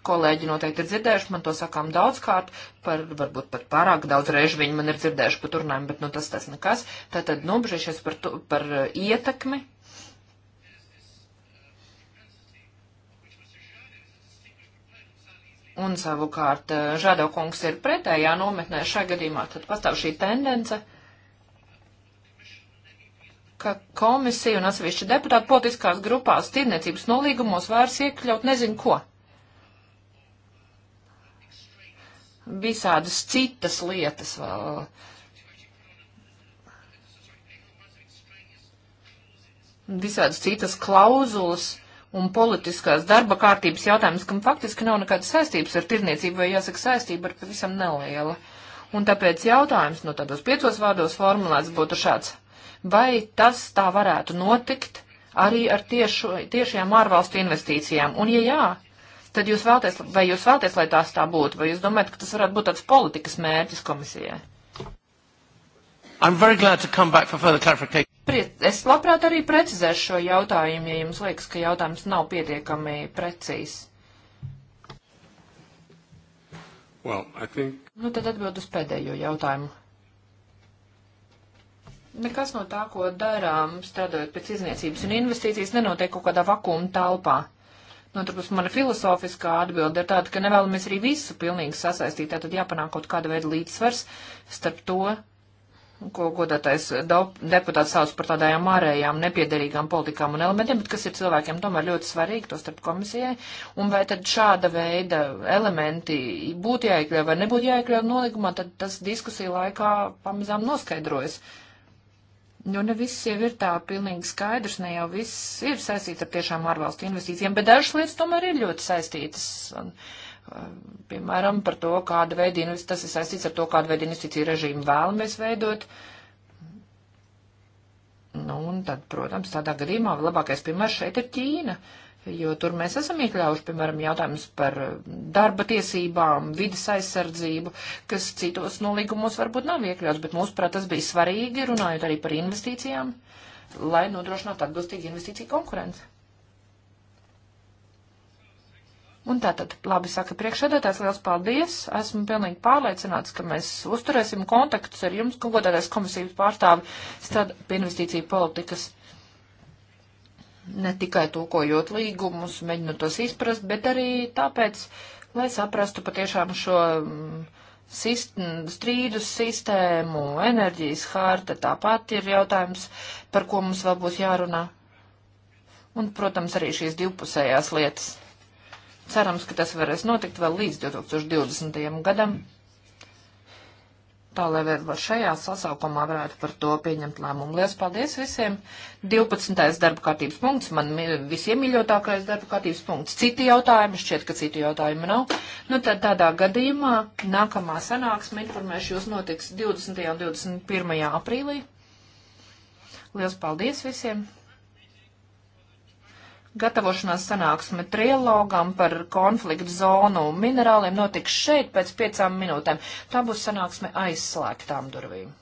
kolēģi noteikti ir dzirdējuši, man to sakām daudzkārt, par, varbūt pat pārāk daudz reižu viņi man ir dzirdējuši par turnēm, bet nu tas tas nekas. Tātad nobežījušies par, tu, par eh, ietekmi. Un savukārt eh, Žado kungs ir pretējā nometnē šajā gadījumā, tad pastāv šī tendence ka komisija un atsevišķi deputāti politiskās grupās tirniecības nolīgumos vairs iekļaut nezinu ko. Visādas citas lietas vēl. Visādas citas klauzulas un politiskās darba kārtības jautājums, kam faktiski nav nekādas saistības ar tirniecību, vai jāsaka saistība ar pavisam neliela. Un tāpēc jautājums no tādos piecos vārdos formulēts būtu šāds vai tas tā varētu notikt arī ar tiešu, tiešajām ārvalstu investīcijām. Un, ja jā, tad jūs vēlaties, vai jūs vēlaties, lai tās tā būtu, vai jūs domājat, ka tas varētu būt tāds politikas mērķis komisijai? Es labprāt arī precizēšu šo jautājumu, ja jums liekas, ka jautājums nav pietiekami precīzs. Well, think... Nu, tad atbild uz pēdējo jautājumu nekas no tā, ko darām, strādājot pēc izniecības un investīcijas, nenotiek kaut kādā vakuma telpā. Nu, turpus mana filozofiskā atbilde ir tāda, ka nevēlamies arī visu pilnīgi sasaistīt, tātad jāpanāk kaut kāda veida līdzsvars starp to, ko godātais deputāts sauc par tādām ārējām nepiederīgām politikām un elementiem, bet kas ir cilvēkiem tomēr ļoti svarīgi, to starp komisijai, un vai tad šāda veida elementi būtu jāiekļauj vai nebūtu jāiekļauj nolikumā, tad tas diskusija laikā pamazām noskaidrojas. Uh, Nu, ne viss jau ir tā pilnīgi skaidrs, ne jau viss ir saistīts ar tiešām ārvalstu investīcijiem, bet dažas lietas tomēr ir ļoti saistītas. Un, uh, piemēram, par to, kāda veida investīcija, tas ir saistīts ar to, kādu veidu investīciju režīmu vēlamies veidot. Nu, un tad, protams, tādā gadījumā labākais piemērs šeit ir Ķīna. Uh, jo tur mēs esam iekļaujuši, piemēram, jautājumus par darba tiesībām, vidas aizsardzību, kas citos nolīgumos varbūt nav iekļauts, bet mūsuprāt tas bija svarīgi, runājot arī par investīcijām, lai nodrošinātu atbilstīgu investīciju konkurenci. Un tātad, labi saka priekšsēdētājs, liels paldies. Esmu pilnīgi pārliecināts, ka mēs uzturēsim kontaktus ar jums, ko godātais komisijas pārstāvi strādā pie investīciju politikas ne tikai tulkojot līgumus, mēģinot tos izprast, bet arī tāpēc, lai saprastu patiešām šo mm, sist strīdus sistēmu, enerģijas harta, tāpat ir jautājums, par ko mums vēl būs jārunā. Un, protams, arī šīs divpusējās lietas. Cerams, ka tas varēs notikt vēl līdz 2020. gadam. Mm tā lai vēl šajā sasaukumā varētu par to pieņemt lēmumu. Lielas paldies visiem! 12. darba kārtības punkts, man visiem mīļotākais darba kārtības punkts. Citi jautājumi, šķiet, ka citi jautājumi nav. Nu, tad tādā gadījumā nākamā sanāksme informēšu jūs notiks 20. un 21. aprīlī. Lielas paldies visiem! Gatavošanās sanāksme trilogam par konfliktu zonu minerāliem notiks šeit pēc piecām minūtēm. Tā būs sanāksme aizslēgtām durvīm.